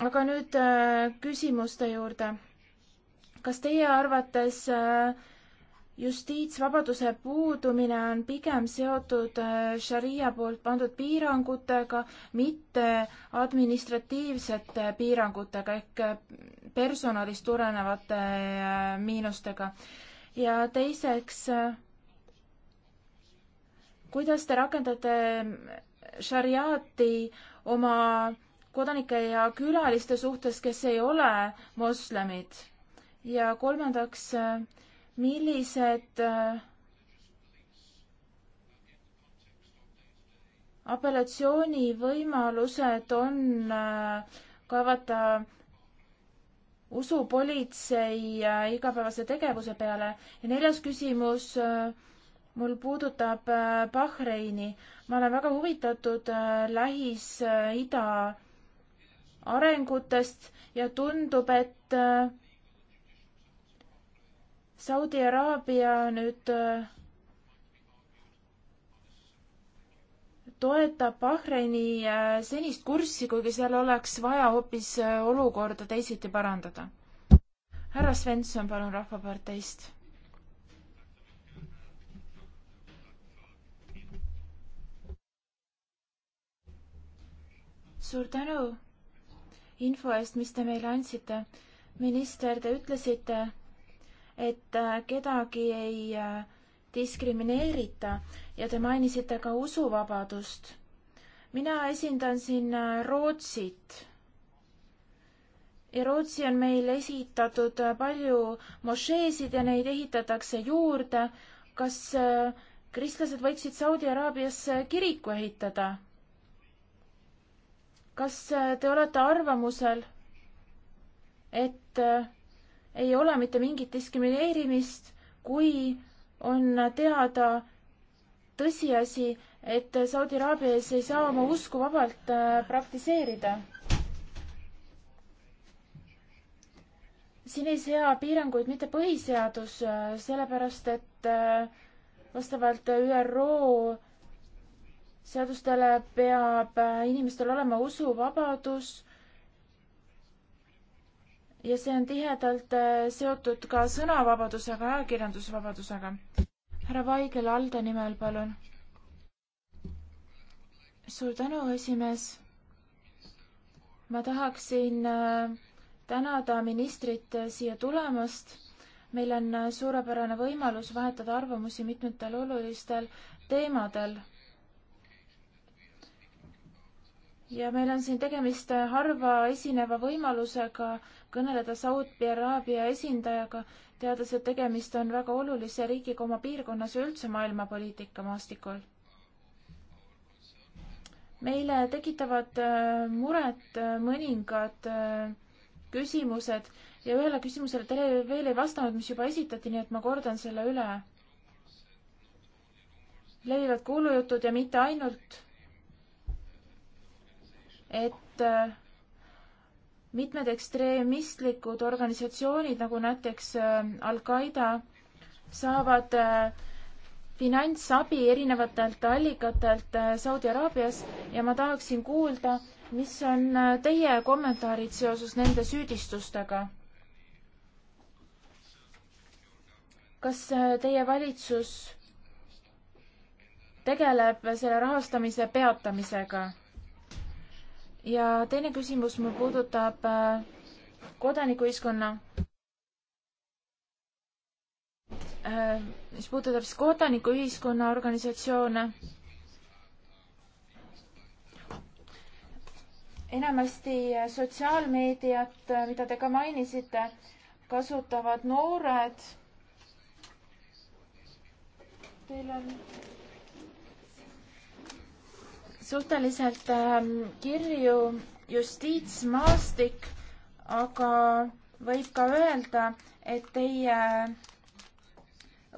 Speaker 2: aga nüüd küsimuste juurde kas teie arvates äh, justiitsvabaduse puudumine on pigem seotud äh, šaria poolt pandud piirangutega, mitte administratiivsete piirangutega ehk äh, personalist tulenevate äh, miinustega. ja teiseks, kuidas te rakendate šariaati oma kodanike ja külaliste suhtes, kes ei ole moslemid? ja kolmandaks äh, millised äh, apellatsioonivõimalused on äh, kaevata usupolitsei äh, igapäevase tegevuse peale ja neljas küsimus mul puudutab Bahreini. ma olen väga huvitatud Lähis-Ida arengutest ja tundub, et Saudi Araabia nüüd äh, toetab Bahreini äh, senist kurssi, kuigi seal oleks vaja hoopis äh, olukorda teisiti parandada. härra Svensson, palun Rahvaparteist. suur tänu info eest, mis te meile andsite. minister, te ütlesite, et äh, kedagi ei äh, diskrimineerita ja te mainisite ka usuvabadust. mina esindan siin äh, Rootsit. ja Rootsi on meil esitatud palju mošeesid ja neid ehitatakse juurde. kas kristlased võiksid Saudi Araabias kiriku ehitada? kas te olete arvamusel, et ei ole mitte mingit diskrimineerimist, kui on teada tõsiasi, et Saudi Araabias ei saa oma usku vabalt äh, praktiseerida. siin ei sea piiranguid mitte põhiseadus, äh, sellepärast et äh, vastavalt ÜRO seadustele peab inimestel olema usuvabadus ja see on tihedalt äh, seotud ka sõnavabadusega, ajakirjandusvabadusega. härra Vaigel Alde nimel, palun. suur tänu, esimees. ma tahaksin äh, tänada ministrit äh, siia tulemast. meil on suurepärane võimalus vahetada arvamusi mitmetel olulistel teemadel ja meil on siin tegemist äh, harva esineva võimalusega kõneleda Saudi Araabia esindajaga, teades, et tegemist on väga olulise riigiga oma piirkonnas ja üldse maailmapoliitika maastikul. meile tekitavad äh, muret äh, mõningad küsimused ja ühele küsimusele te veel ei vastanud, mis juba esitati, nii et ma kordan selle üle. levivad kuulujutud ja mitte ainult et äh, mitmed ekstremistlikud organisatsioonid, nagu näiteks äh, Al-Qaeda, saavad äh, finantsabi erinevatelt allikatelt Saudi Araabias ja ma tahaksin kuulda, mis on teie kommentaarid seoses nende süüdistustega? kas teie valitsus tegeleb selle rahastamise peatamisega? ja teine küsimus mul puudutab äh, kodanikuühiskonna äh, mis puudutab siis kodanikuühiskonna organisatsioone. enamasti äh, sotsiaalmeediat, mida te ka mainisite, kasutavad noored. Teil on suhteliselt ähm, kirju justiitsmaastik, aga võib ka öelda, et teie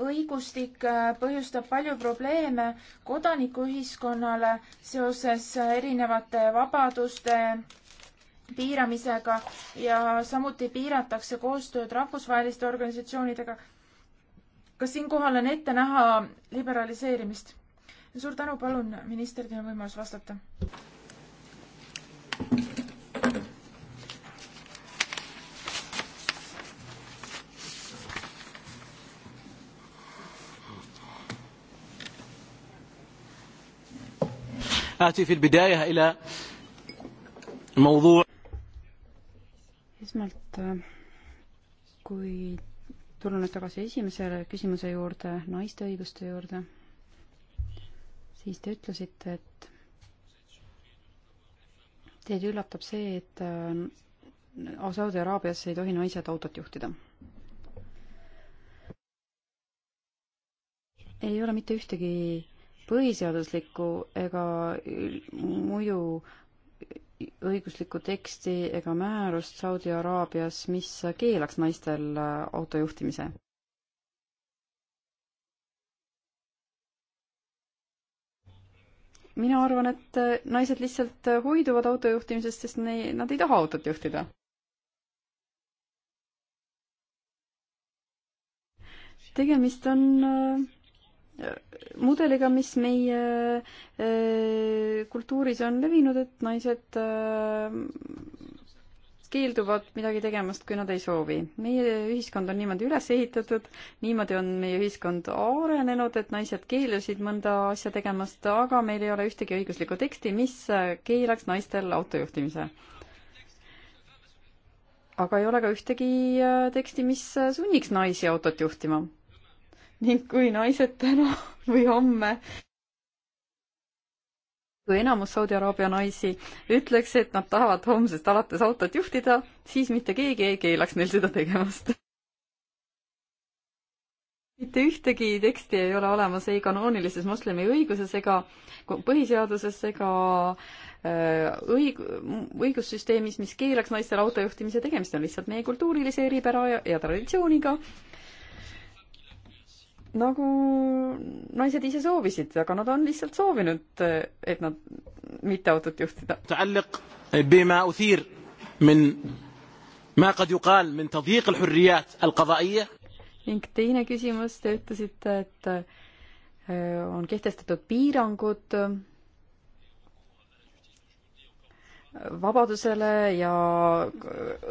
Speaker 2: õigustik äh, põhjustab palju probleeme kodanikuühiskonnale seoses äh, erinevate vabaduste piiramisega ja samuti piiratakse koostööd rahvusvaheliste organisatsioonidega. kas siinkohal on ette näha liberaliseerimist? suur tänu, palun, minister, teil on võimalus vastata.
Speaker 3: آتي في البداية إلى موضوع
Speaker 4: esmalt äh, kui tulla nüüd tagasi esimese küsimuse juurde, naiste õiguste juurde siis te ütlesite, et teid üllatab see, et äh, Saudi Araabias ei tohi naised autot juhtida. ei ole mitte ühtegi põhiseaduslikku ega muidu õiguslikku teksti ega määrust Saudi Araabias, mis keelaks naistel äh, auto juhtimise. mina arvan, et äh, naised lihtsalt äh, hoiduvad autojuhtimisest, sest ne-, nad ei taha autot juhtida. tegemist on äh, mudeliga, mis meie kultuuris on levinud, et naised keelduvad midagi tegemast, kui nad ei soovi. meie ühiskond on niimoodi üles ehitatud, niimoodi on meie ühiskond arenenud, et naised keeldusid mõnda asja tegemast, aga meil ei ole ühtegi õiguslikku teksti, mis keelaks naistel autojuhtimise. aga ei ole ka ühtegi äh, teksti, mis äh, sunniks naisi autot juhtima. ning kui naised täna või homme kui enamus Saudi Araabia naisi ütleks, et nad tahavad homsest alates autot juhtida, siis mitte keegi ei keelaks neil seda tegemast. mitte ühtegi teksti ei ole olemas ei kanoonilises moslemi õiguses ega põhiseaduses ega äh, õig-, õigussüsteemis, mis keelaks naistel autojuhtimise tegemist, on lihtsalt meie kultuurilise eripära ja, ja traditsiooniga nagu naised ise soovisid, aga nad on lihtsalt soovinud, et nad mitte autot juhtida.
Speaker 3: بما أثير من ما قد يقال من تضييق الحريات القضائية
Speaker 4: ning teine küsimus, te ütlesite, et äh, on kehtestatud piirangud äh, vabadusele ja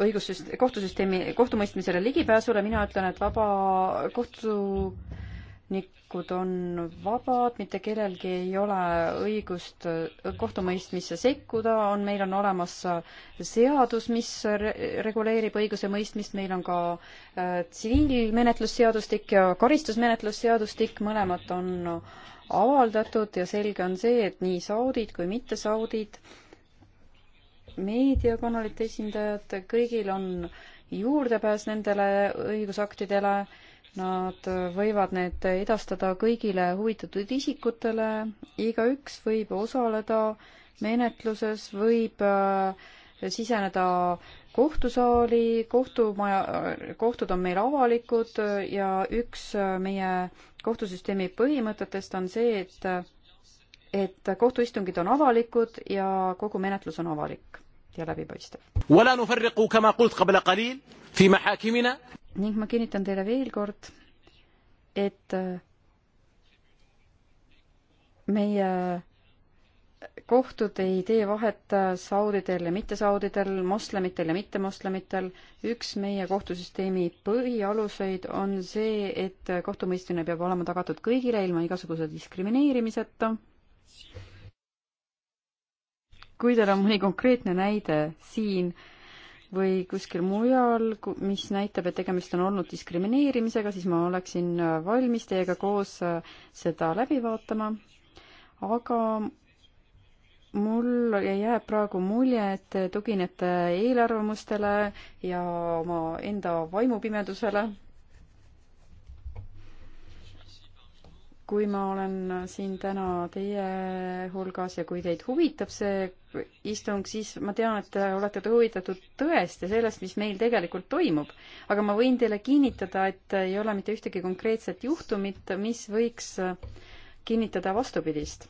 Speaker 4: õigussüst-, kohtusüsteemi, kohtumõistmisele ligipääsule, mina ütlen, et vaba kohtu kohtunikud on vabad, mitte kellelgi ei ole õigust kohtumõistmisse sekkuda, on, meil on olemas seadus, mis re reguleerib õigusemõistmist, meil on ka äh, tsiviilmenetlusseadustik ja karistusmenetlusseadustik, mõlemad on avaldatud ja selge on see, et nii saudid kui mittesaudid, meediakanalite esindajad, kõigil on juurdepääs nendele õigusaktidele Nad võivad need edastada kõigile huvitatud isikutele, igaüks võib osaleda menetluses, võib äh, siseneda kohtusaali, kohtumaja, kohtud on meil avalikud ja üks äh, meie kohtusüsteemi põhimõtetest on see, et, et kohtuistungid on avalikud ja kogu menetlus on avalik ja läbipaistev ning ma kinnitan teile veel kord, et äh, meie kohtud ei tee vahet äh, saudidel ja mittesaudidel, moslemitel ja mittemoslemitel. üks meie kohtusüsteemi põhialuseid on see, et kohtumõistmine peab olema tagatud kõigile ilma igasuguse diskrimineerimiseta. kui teil on mõni konkreetne näide siin äh, või kuskil mujal, mis näitab, et tegemist on olnud diskrimineerimisega, siis ma oleksin äh, valmis teiega koos äh, seda läbi vaatama. aga mul jääb praegu mulje, et te tuginete eelarvamustele ja oma enda vaimupimedusele kui ma olen siin täna teie hulgas ja kui teid huvitab see istung, siis ma tean, et te olete huvitatud tõest ja sellest, mis meil tegelikult toimub. aga ma võin teile kinnitada, et ei ole mitte ühtegi konkreetset juhtumit, mis võiks kinnitada vastupidist.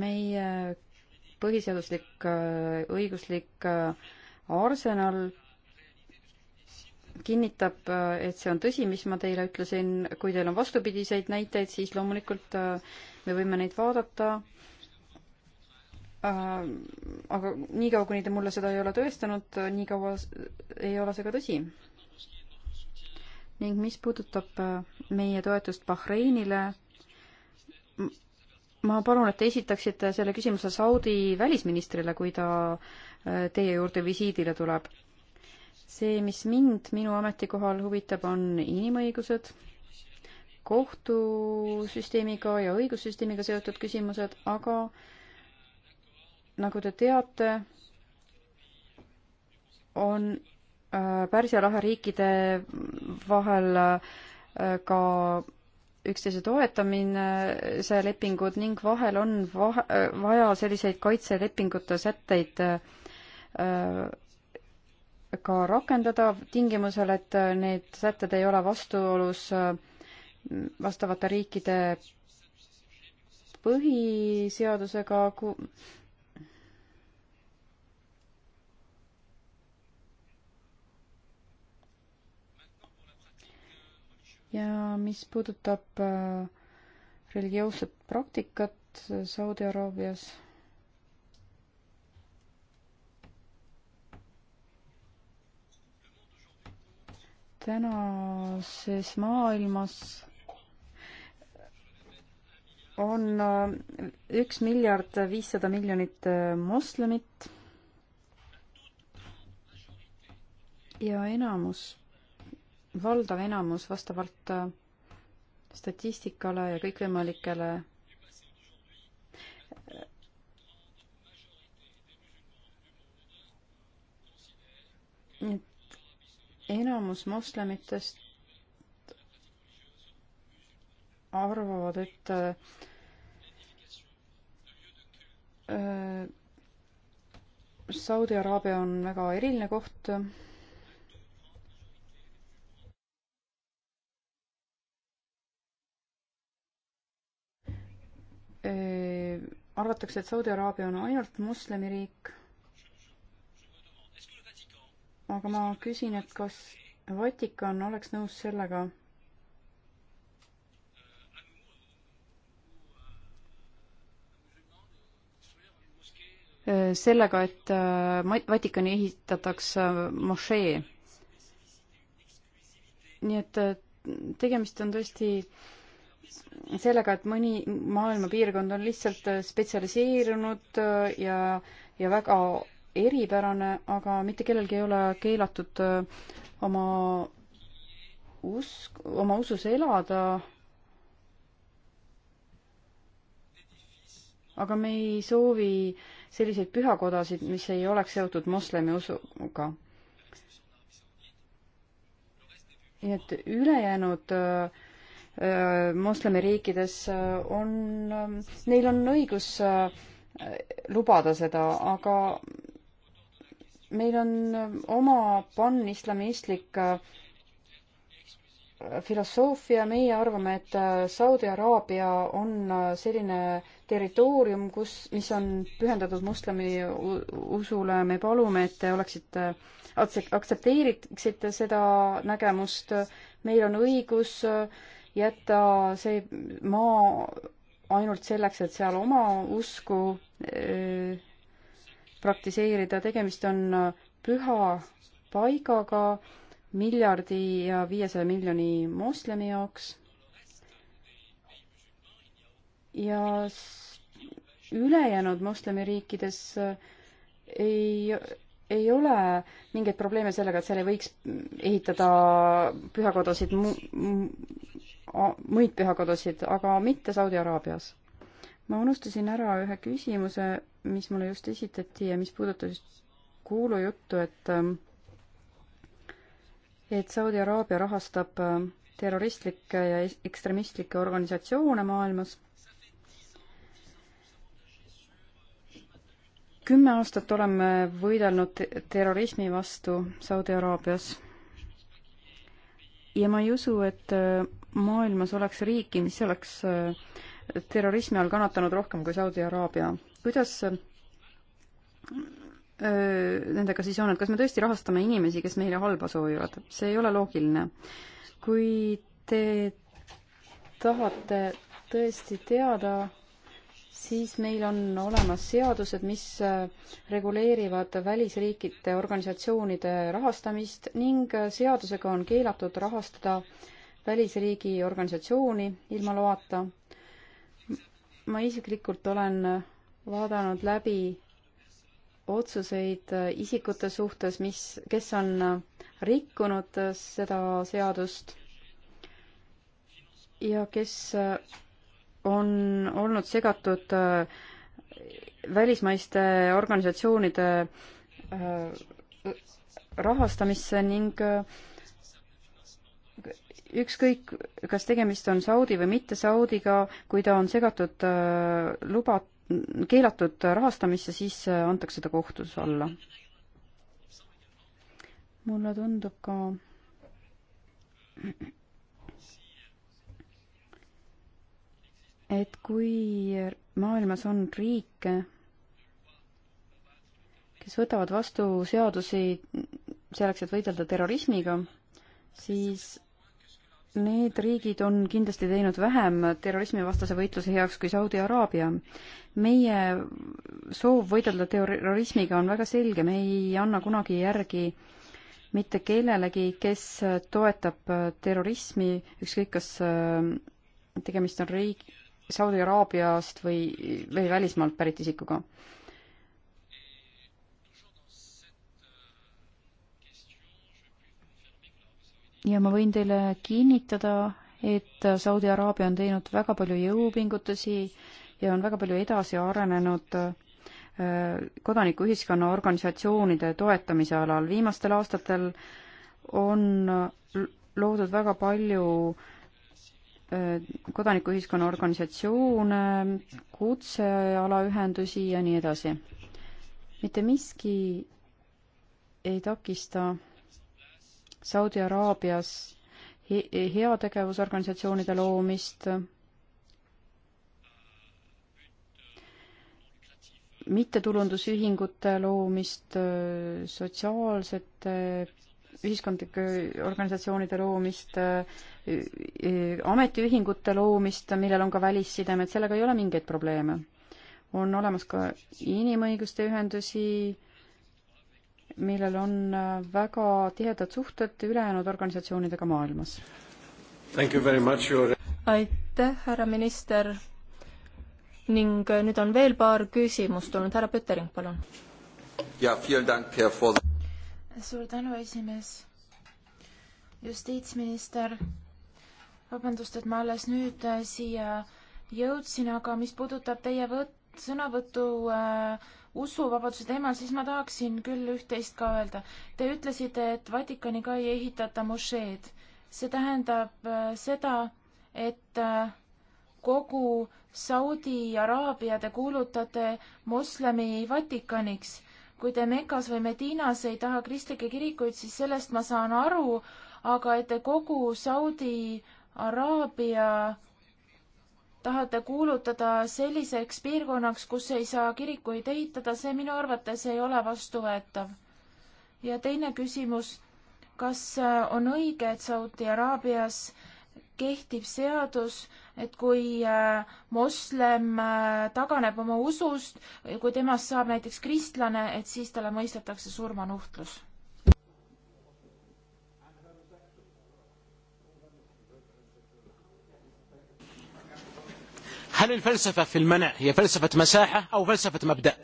Speaker 4: meie põhiseaduslik õiguslik arsenal kinnitab, äh, et see on tõsi, mis ma teile ütlesin, kui teil on vastupidiseid näiteid, siis loomulikult äh, me võime neid vaadata. Äh, aga niikaua, kuni te mulle seda ei ole tõestanud, niikaua ei ole see ka tõsi. ning mis puudutab meie toetust Bahreinile, ma palun, et te esitaksite selle küsimuse Saudi välisministrile, kui ta teie juurde visiidile tuleb see, mis mind minu ametikohal huvitab, on inimõigused, kohtusüsteemiga ja õigussüsteemiga seotud küsimused, aga nagu te teate, on äh, Pärsia lahe riikide vahel äh, ka üksteise toetamine, see lepingud ning vahel on vahe, äh, vaja selliseid kaitselepingute sätteid ka rakendada tingimusel, et need sätted ei ole vastuolus äh, vastavate riikide põhiseadusega ku..., ja mis puudutab äh, religioosset praktikat Saudi Araabias tänases maailmas on äh, üks miljard viissada miljonit äh, moslemit ja enamus, valdav enamus vastavalt äh, statistikale ja kõikvõimalikele et enamus moslemitest arvavad, et äh, Saudi Araabia on väga eriline koht. Äh, arvatakse, et Saudi Araabia on ainult moslemiriik aga ma küsin, et kas Vatikan oleks nõus sellega, äh, sellega, et äh, Vatikani ehitatakse äh, mošee. nii et tegemist on tõesti sellega, et mõni maailma piirkond on lihtsalt spetsialiseerunud ja, ja väga eripärane, aga mitte kellelgi ei ole keelatud äh, oma usk, oma usus elada. aga me ei soovi selliseid pühakodasid, mis ei oleks seotud moslemi usuga. nii et ülejäänud äh, moslemiriikides äh, on, äh, neil on õigus lubada seda, aga meil on äh, oma pan-islamistlik äh, filosoofia, meie arvame, et äh, Saudi Araabia on selline territoorium, kus, mis on pühendatud moslemi usule, me palume, et te oleksite, aktsepteeriksite seda nägemust, meil on õigus jätta see maa ainult selleks, et seal oma usku öö, praktiseerida, tegemist on äh, püha paigaga miljardi ja viiesaja miljoni moslemi jaoks. ja ülejäänud moslemiriikides äh, ei, ei ole mingeid probleeme sellega, et seal ei võiks ehitada pühakodasid, muid pühakodasid, aga mitte Saudi Araabias ma unustasin ära ühe küsimuse, mis mulle just esitati ja mis puudutas kuulujuttu, et ähm, et Saudi Araabia rahastab ähm, terroristlikke ja ekstremistlikke organisatsioone maailmas kümme aastat oleme võidelnud terrorismi vastu Saudi Araabias. ja ma ei usu, et äh, maailmas oleks riiki, mis oleks äh, terrorismi all kannatanud rohkem kui Saudi Araabia. kuidas äh, nendega siis on, et kas me tõesti rahastame inimesi, kes meile halba soovivad? see ei ole loogiline. kui te tahate tõesti teada, siis meil on olemas seadused, mis äh, reguleerivad välisriikide organisatsioonide rahastamist ning äh, seadusega on keelatud rahastada välisriigi organisatsiooni ilma loata ma isiklikult olen vaadanud läbi otsuseid isikute suhtes, mis, kes on rikkunud seda seadust ja kes on olnud segatud välismaiste organisatsioonide rahastamisse ning äh, ükskõik, kas tegemist on Saudi või mitte Saudiga, kui ta on segatud äh, luba, keelatud rahastamisse, siis äh, antakse ta kohtus alla. mulle tundub ka et kui maailmas on riike, kes võtavad vastu seadusi selleks, et võidelda terrorismiga, siis Need riigid on kindlasti teinud vähem terrorismivastase võitluse heaks kui Saudi Araabia. meie soov võidelda terrorismiga on väga selge, me ei anna kunagi järgi mitte kellelegi, kes toetab terrorismi, ükskõik kas äh, tegemist on riik, Saudi Araabiast või, või välismaalt pärit isikuga. ja ma võin teile kinnitada, et Saudi Araabia on teinud väga palju jõupingutusi ja on väga palju edasi arenenud äh, kodanikuühiskonna organisatsioonide toetamise alal. viimastel aastatel on loodud väga palju äh, kodanikuühiskonna organisatsioone, kutsealaühendusi ja nii edasi. mitte miski ei takista Saudi Araabias he heategevusorganisatsioonide loomist, mittetulundusühingute loomist, sotsiaalsete ühiskondlike organisatsioonide loomist, ametiühingute loomist, millel on ka välissidemed, sellega ei ole mingeid probleeme. on olemas ka inimõiguste ühendusi, millel on äh, väga tihedad suhted ülejäänud organisatsioonidega maailmas. Your... aitäh, härra minister. ning äh, nüüd on veel
Speaker 2: paar küsimust tulnud, härra Püttering, palun. suur tänu, esimees. justiitsminister, vabandust, et ma alles nüüd äh, siia jõudsin, aga mis puudutab teie võt-, sõnavõtu äh, usuvabaduse teemal, siis ma tahaksin küll üht-teist ka öelda. Te ütlesite, et Vatikani ka ei ehitata mošeed. see tähendab äh, seda, et äh, kogu Saudi Araabia te kuulutate moslemi Vatikaniks. kui te Mekas või Medinas ei taha kristlikke kirikuid, siis sellest ma saan aru, aga et te kogu Saudi Araabia tahate kuulutada selliseks piirkonnaks, kus ei saa kirikuid ehitada, see minu arvates ei ole vastuvõetav. ja teine küsimus, kas äh, on õige, et Saudi Araabias kehtib seadus, et kui äh, moslem äh, taganeb oma usust, kui temast saab näiteks kristlane, et siis talle mõistetakse surmanuhtlus
Speaker 3: هل الفلسفة في المنع هي فلسفة مساحة أو فلسفة مبدأ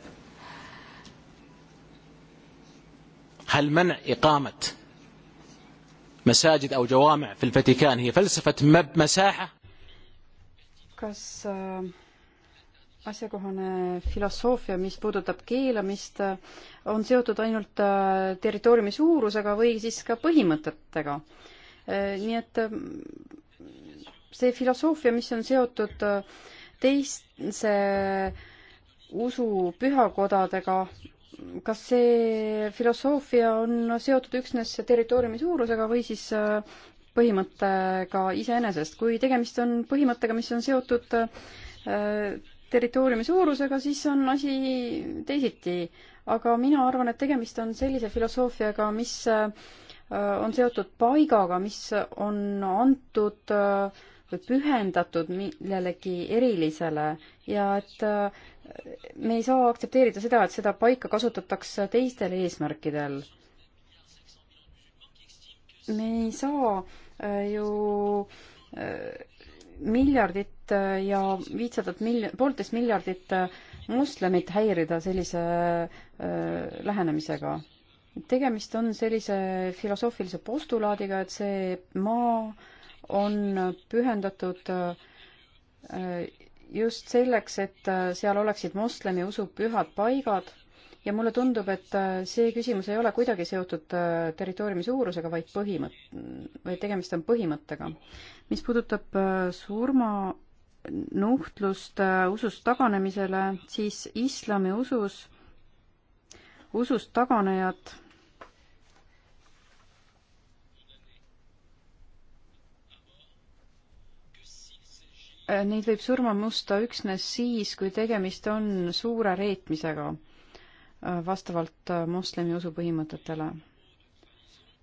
Speaker 3: هل منع إقامة مساجد أو جوامع في الفاتيكان هي فلسفة مب مساحة
Speaker 4: kas äh, asjakohane filosoofia, mis puudutab keelamist, äh, on seotud ainult äh, territooriumi suurusega või siis ka põhimõtetega. nii et see filosoofia, mis on seotud äh, teise usu pühakodadega, kas see filosoofia on seotud üksnes territooriumi suurusega või siis äh, põhimõttega iseenesest. kui tegemist on põhimõttega, mis on seotud äh, territooriumi suurusega, siis on asi teisiti. aga mina arvan, et tegemist on sellise filosoofiaga, mis äh, on seotud paigaga, mis on antud äh, pühendatud millelegi erilisele ja et äh, me ei saa aktsepteerida seda, et seda paika kasutatakse teistel eesmärkidel. me ei saa äh, ju äh, miljardit ja viitsadat mil-, poolteist miljardit moslemit häirida sellise äh, lähenemisega. tegemist on sellise filosoofilise postulaadiga, et see maa äh, on pühendatud äh, just selleks, et äh, seal oleksid moslemi usu pühad paigad ja mulle tundub, et äh, see küsimus ei ole kuidagi seotud territooriumi suurusega, vaid põhimõt-, vaid tegemist on põhimõttega. mis puudutab surmanuhtlust usust taganemisele, siis islami usus, usust taganejad Äh, neid võib surma musta üksnes siis, kui tegemist on suure reetmisega äh, vastavalt äh, moslemi usu põhimõtetele.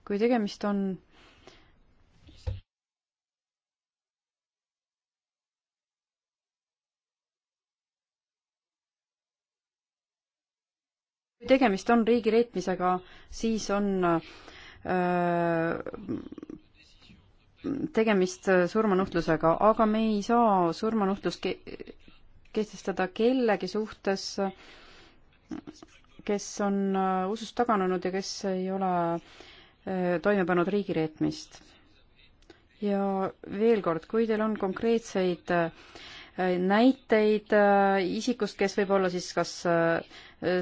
Speaker 4: kui tegemist on kui tegemist on riigi reetmisega, siis on öö, tegemist surmanuhtlusega, aga me ei saa surmanuhtlust ke kehtestada kellegi suhtes, kes on äh, usust taganenud ja kes ei ole äh, toime pannud riigireetmist. ja veel kord, kui teil on konkreetseid äh, näiteid isikust, kes võib olla siis kas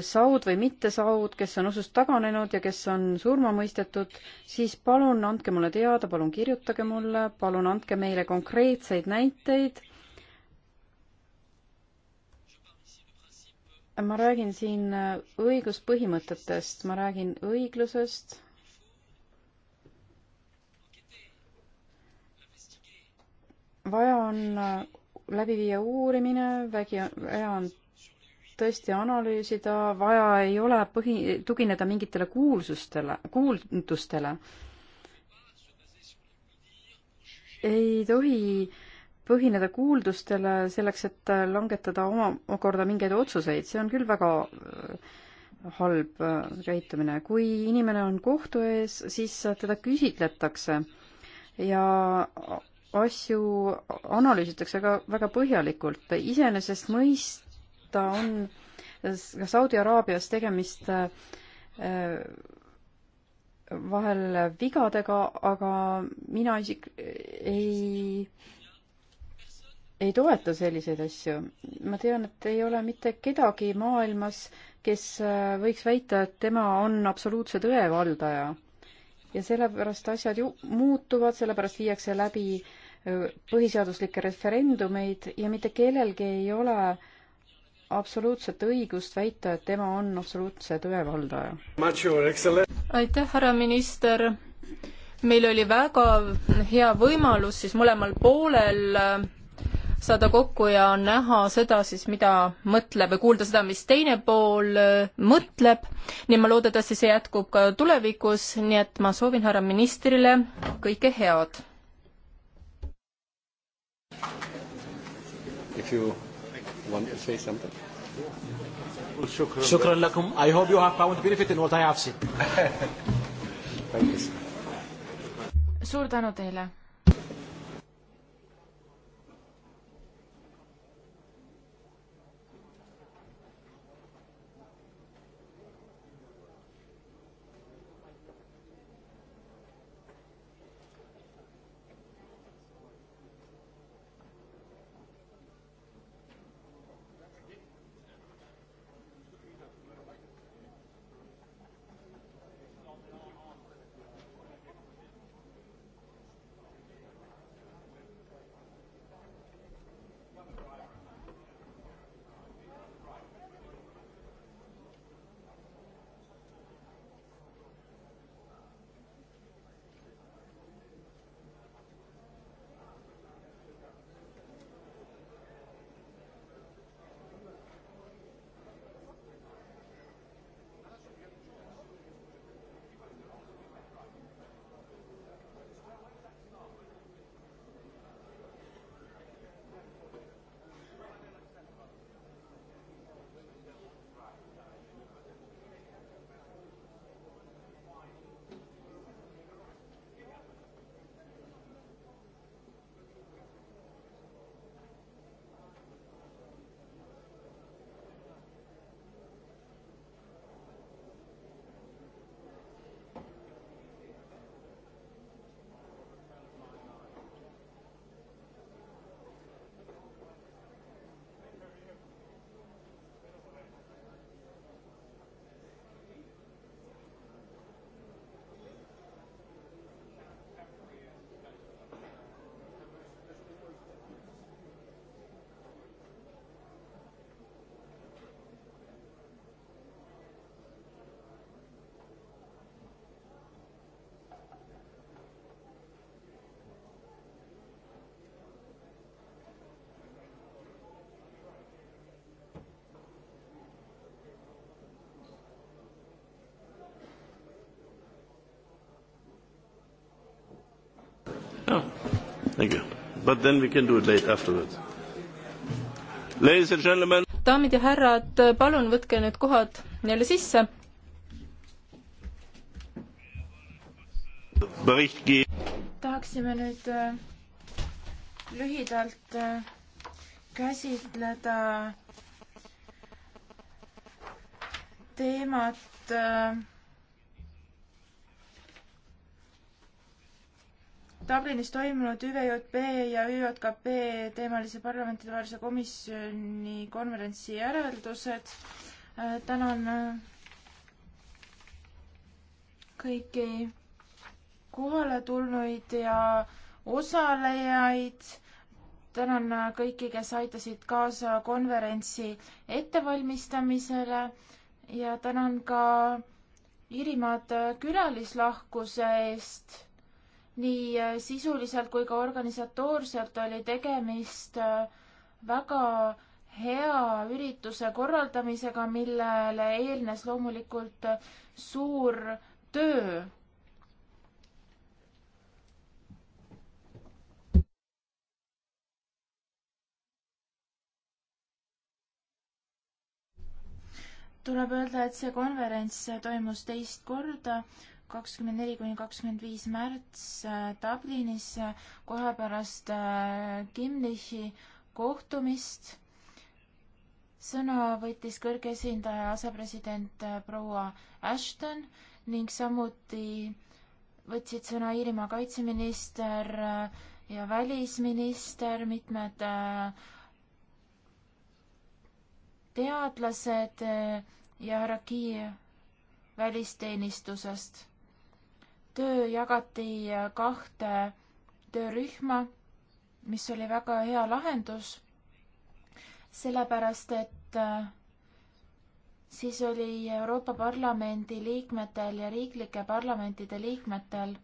Speaker 4: saud või mittesaud, kes on usust taganenud ja kes on surma mõistetud, siis palun andke mulle teada, palun kirjutage mulle, palun andke meile konkreetseid näiteid. ma räägin siin õiguspõhimõtetest, ma räägin õiglusest vaja on läbi viia uurimine, vägi, vaja on tõesti analüüsida, vaja ei ole põhi, tugineda mingitele kuulsustele, kuuldustele. ei tohi põhineda kuuldustele selleks, et langetada omakorda mingeid otsuseid, see on küll väga äh, halb äh, käitumine. kui inimene on kohtu ees, siis teda küsitletakse ja asju analüüsitakse ka väga põhjalikult. iseenesestmõist-, kohta on ka Saudi Araabias tegemist äh, vahel vigadega, aga mina isik- ei, ei toeta selliseid asju. ma tean, et ei ole mitte kedagi maailmas, kes äh, võiks väita, et tema on absoluutse tõe valdaja. ja sellepärast asjad ju muutuvad, sellepärast viiakse läbi äh, põhiseaduslikke referendumeid ja mitte kellelgi ei ole äh, absoluutset õigust väita, et tema on absoluutse tõe valdaja. aitäh, härra
Speaker 5: minister. meil oli väga hea võimalus siis mõlemal poolel saada kokku ja näha seda siis, mida mõtleb või kuulda seda, mis teine pool mõtleb. nii ma loodetavasti see jätkub ka tulevikus, nii et ma soovin härra ministrile kõike head.
Speaker 1: If you want to say something?
Speaker 3: شكرا لكم. I hope you have found benefit in what I have said. Thank you.
Speaker 2: suur tänu teile
Speaker 1: Oh, thank you. But then we can do it late afterwards. Ladies and gentlemen.
Speaker 5: daamid ja härrad, palun võtke need kohad jälle sisse.
Speaker 2: tahaksime nüüd äh, lühidalt äh, käsitleda teemat äh, Dublinis toimunud ÜVJP ja ÜJKP teemalise parlamentidevahelise komisjoni konverentsi järeldused. Äh, tänan äh, kõiki kohaletulnuid ja osalejaid. tänan äh, kõiki, kes aitasid kaasa konverentsi ettevalmistamisele ja tänan ka Iirimaad külalislahkuse eest nii äh, sisuliselt kui ka organisatoorselt oli tegemist äh, väga hea ürituse korraldamisega, millele eelnes loomulikult äh, suur töö. tuleb öelda, et see konverents toimus teist korda kakskümmend neli kuni kakskümmend viis märts äh, Dublinis äh, kohe pärast äh, Kimlichi kohtumist. sõna võttis kõrge esindaja asepresident proua Ashton ning samuti võtsid sõna Iirimaa kaitseminister ja välisminister, mitmed teadlased ja härra Kiie välisteenistusest töö jagati kahte töörühma, mis oli väga hea lahendus, sellepärast et äh, siis oli Euroopa Parlamendi liikmetel ja riiklike parlamentide liikmetel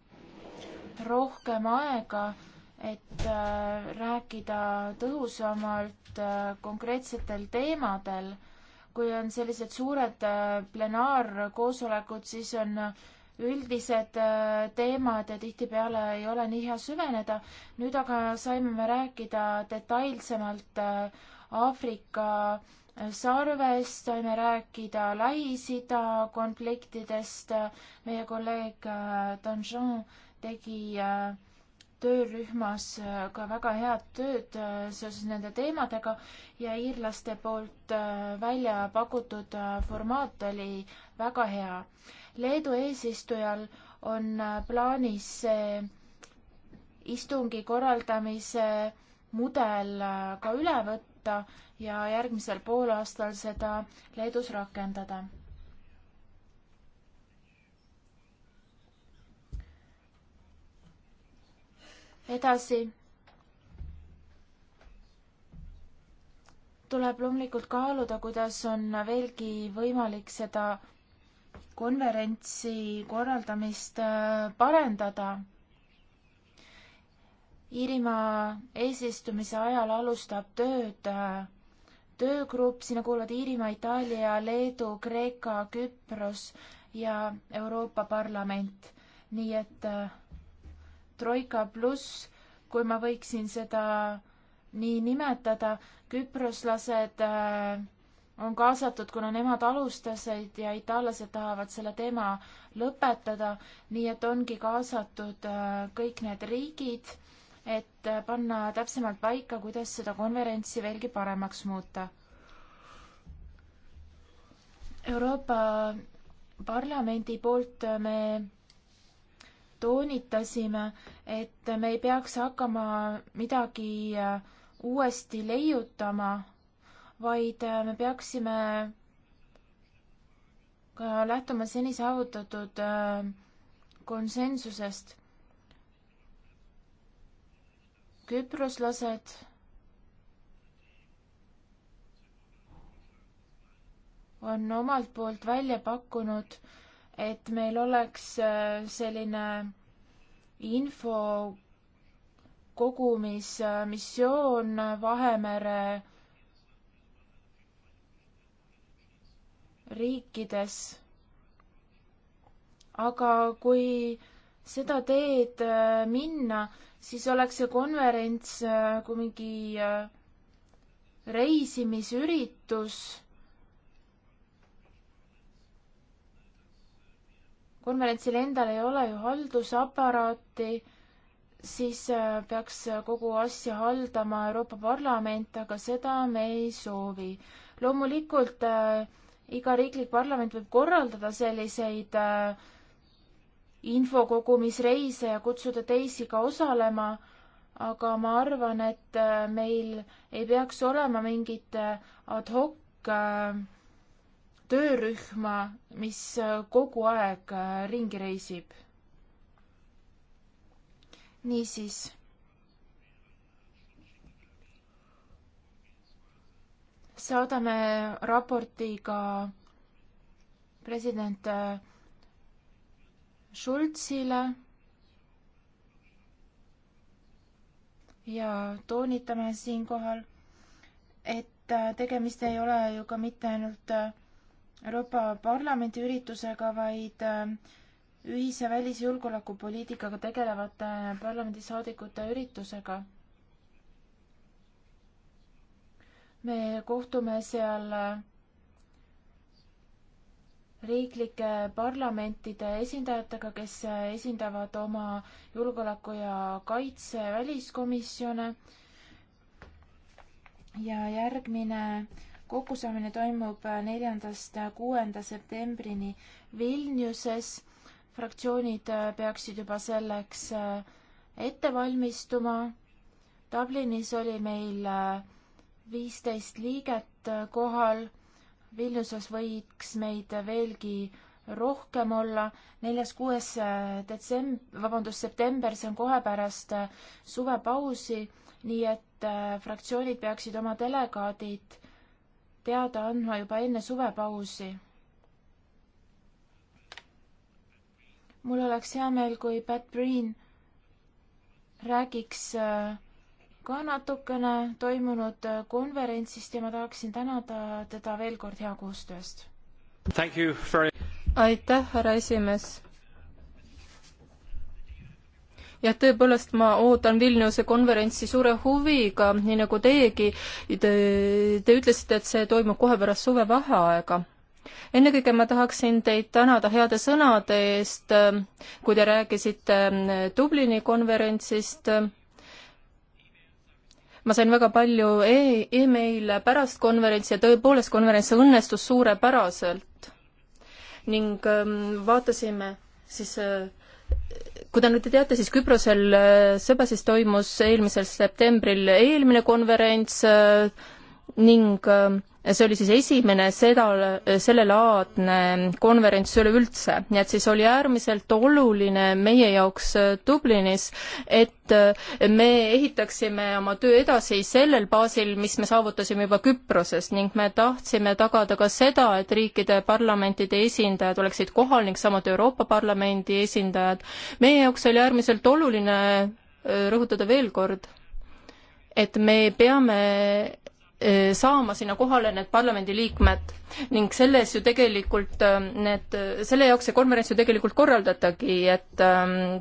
Speaker 2: rohkem aega, et äh, rääkida tõhusamalt äh, konkreetsetel teemadel. kui on sellised suured plenaarkoosolekud, siis on üldised äh, teemad ja tihtipeale ei ole nii hea süveneda. nüüd aga saime me rääkida detailsemalt äh, Aafrika äh, sarvest, saime rääkida Lähis-Ida konfliktidest. meie kolleeg Danjon tegi töörühmas ka väga head tööd seoses nende teemadega ja iirlaste poolt välja pakutud formaat oli väga hea. Leedu eesistujal on plaanis see istungi korraldamise mudel ka üle võtta ja järgmisel poolaastal seda Leedus rakendada. edasi tuleb loomulikult kaaluda, kuidas on veelgi võimalik seda konverentsi korraldamist äh, parendada. Iirimaa eesistumise ajal alustab tööd äh, töögrupp, sinna kuuluvad Iirimaa, Itaalia, Leedu, Kreeka, Küpros ja Euroopa Parlament. nii et äh, Troika pluss, kui ma võiksin seda nii nimetada, küproslased äh, on kaasatud, kuna nemad alustasid ja itaallased tahavad selle teema lõpetada, nii et ongi kaasatud äh, kõik need riigid, et äh, panna täpsemalt paika, kuidas seda konverentsi veelgi paremaks muuta. Euroopa Parlamendi poolt me toonitasime, et me ei peaks hakkama midagi äh, uuesti leiutama vaid äh, me peaksime ka lähtuma seni saavutatud äh, konsensusest. küproslased on omalt poolt välja pakkunud, et meil oleks äh, selline info kogumismissioon Vahemere riikides. aga kui seda teed äh, minna, siis oleks see konverents äh, kui mingi äh, reisimisüritus. konverentsil endal ei ole ju haldusaparaati, siis peaks kogu asja haldama Euroopa Parlament, aga seda me ei soovi. loomulikult äh, iga riiklik parlament võib korraldada selliseid äh, infokogumisreise ja kutsuda teisi ka osalema, aga ma arvan, et äh, meil ei peaks olema mingit äh, ad hoc töörühma, mis kogu aeg ringi reisib. niisiis saadame raporti ka president äh, Schulzile ja toonitame siinkohal, et äh, tegemist ei ole ju ka mitte ainult äh, Euroopa Parlamendi üritusega, vaid ühise välis- ja julgeolekupoliitikaga tegelevate parlamendisaadikute üritusega me kohtume seal äh, riiklike parlamentide esindajatega, kes äh, esindavad oma julgeoleku ja kaitse väliskomisjone. ja järgmine kokkusaamine toimub äh, neljandast kuuenda septembrini Vilniuses. fraktsioonid peaksid juba selleks ette valmistuma. Dublinis oli meil viisteist liiget äh, kohal. Vilniuses võiks meid veelgi rohkem olla. neljas, kuues äh, detsemb-, vabandust, september, see on kohe pärast äh, suvepausi, nii et fraktsioonid peaksid oma delegaadid teada andma juba enne suvepausi. mul oleks hea meel, kui Pat Green räägiks äh, ka natukene toimunud konverentsist ja ma tahaksin tänada teda veel kord hea koostöö eest.
Speaker 5: aitäh, härra esimees. jah, tõepoolest, ma ootan Vilniuse konverentsi suure huviga, nii nagu teiegi. Te, te ütlesite, et see toimub kohe pärast suvevaheaega ennekõike ma tahaksin teid tänada heade sõnade eest, kui te rääkisite Dublini konverentsist ma sain väga palju e-, emaile pärast konverentsi ja tõepoolest konverents õnnestus suurepäraselt. ning ähm, vaatasime siis äh, kui te nüüd teate, siis Küprosel äh, Sõbasis toimus eelmisel septembril eelmine konverents äh, ning äh, see oli siis esimene seda, sellelaadne konverents üleüldse, nii et siis oli äärmiselt oluline meie jaoks äh, Dublinis, et äh, me ehitaksime oma töö edasi sellel baasil, mis me saavutasime juba Küproses ning me tahtsime tagada ka seda, et riikide parlamentide esindajad oleksid kohal ning samuti Euroopa Parlamendi esindajad. meie jaoks oli äärmiselt oluline rõhutada veel kord, et me peame saama sinna kohale need parlamendiliikmed ning selles ju tegelikult need, selle jaoks see konverents ju tegelikult korraldatagi, et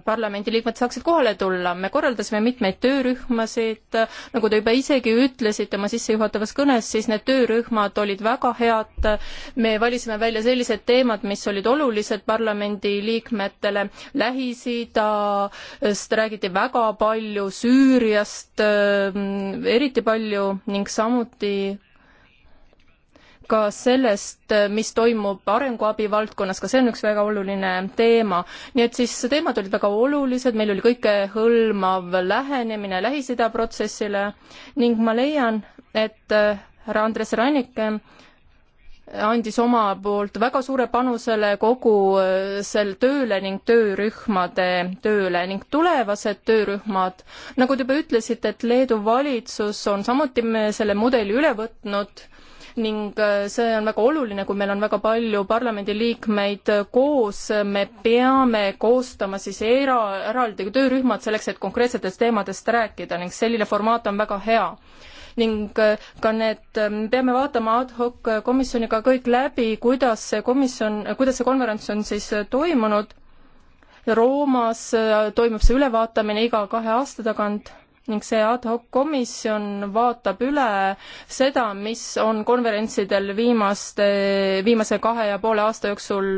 Speaker 5: parlamendiliikmed saaksid kohale tulla. me korraldasime mitmeid töörühmasid, nagu te juba isegi ütlesite oma sissejuhatavas kõnes, siis need töörühmad olid väga head. me valisime välja sellised teemad, mis olid olulised parlamendiliikmetele. Lähis-Idast räägiti väga palju, Süüriast eriti palju ning samuti samuti ka sellest, mis toimub arenguabi valdkonnas, ka see on üks väga oluline teema. nii et siis teemad olid väga olulised, meil oli kõikehõlmav lähenemine Lähis-Ida protsessile ning ma leian, et härra Andres Rannike andis oma poolt väga suure panusele kogu äh, sel tööle ning töörühmade tööle ning tulevased töörühmad, nagu te juba ütlesite, et Leedu valitsus on samuti selle mudeli üle võtnud ning äh, see on väga oluline, kui meil on väga palju parlamendiliikmeid koos, me peame koostama siis era, eraldi töörühmad selleks, et konkreetsetest teemadest rääkida ning selline formaat on väga hea ning äh, ka need, äh, peame vaatama ad hoc äh, komisjoniga kõik läbi, kuidas see komisjon, kuidas see konverents on siis toimunud. Roomas toimub see ülevaatamine iga kahe aasta tagant ning see ad hoc komisjon vaatab üle seda, mis on konverentsidel viimaste, viimase kahe ja poole aasta jooksul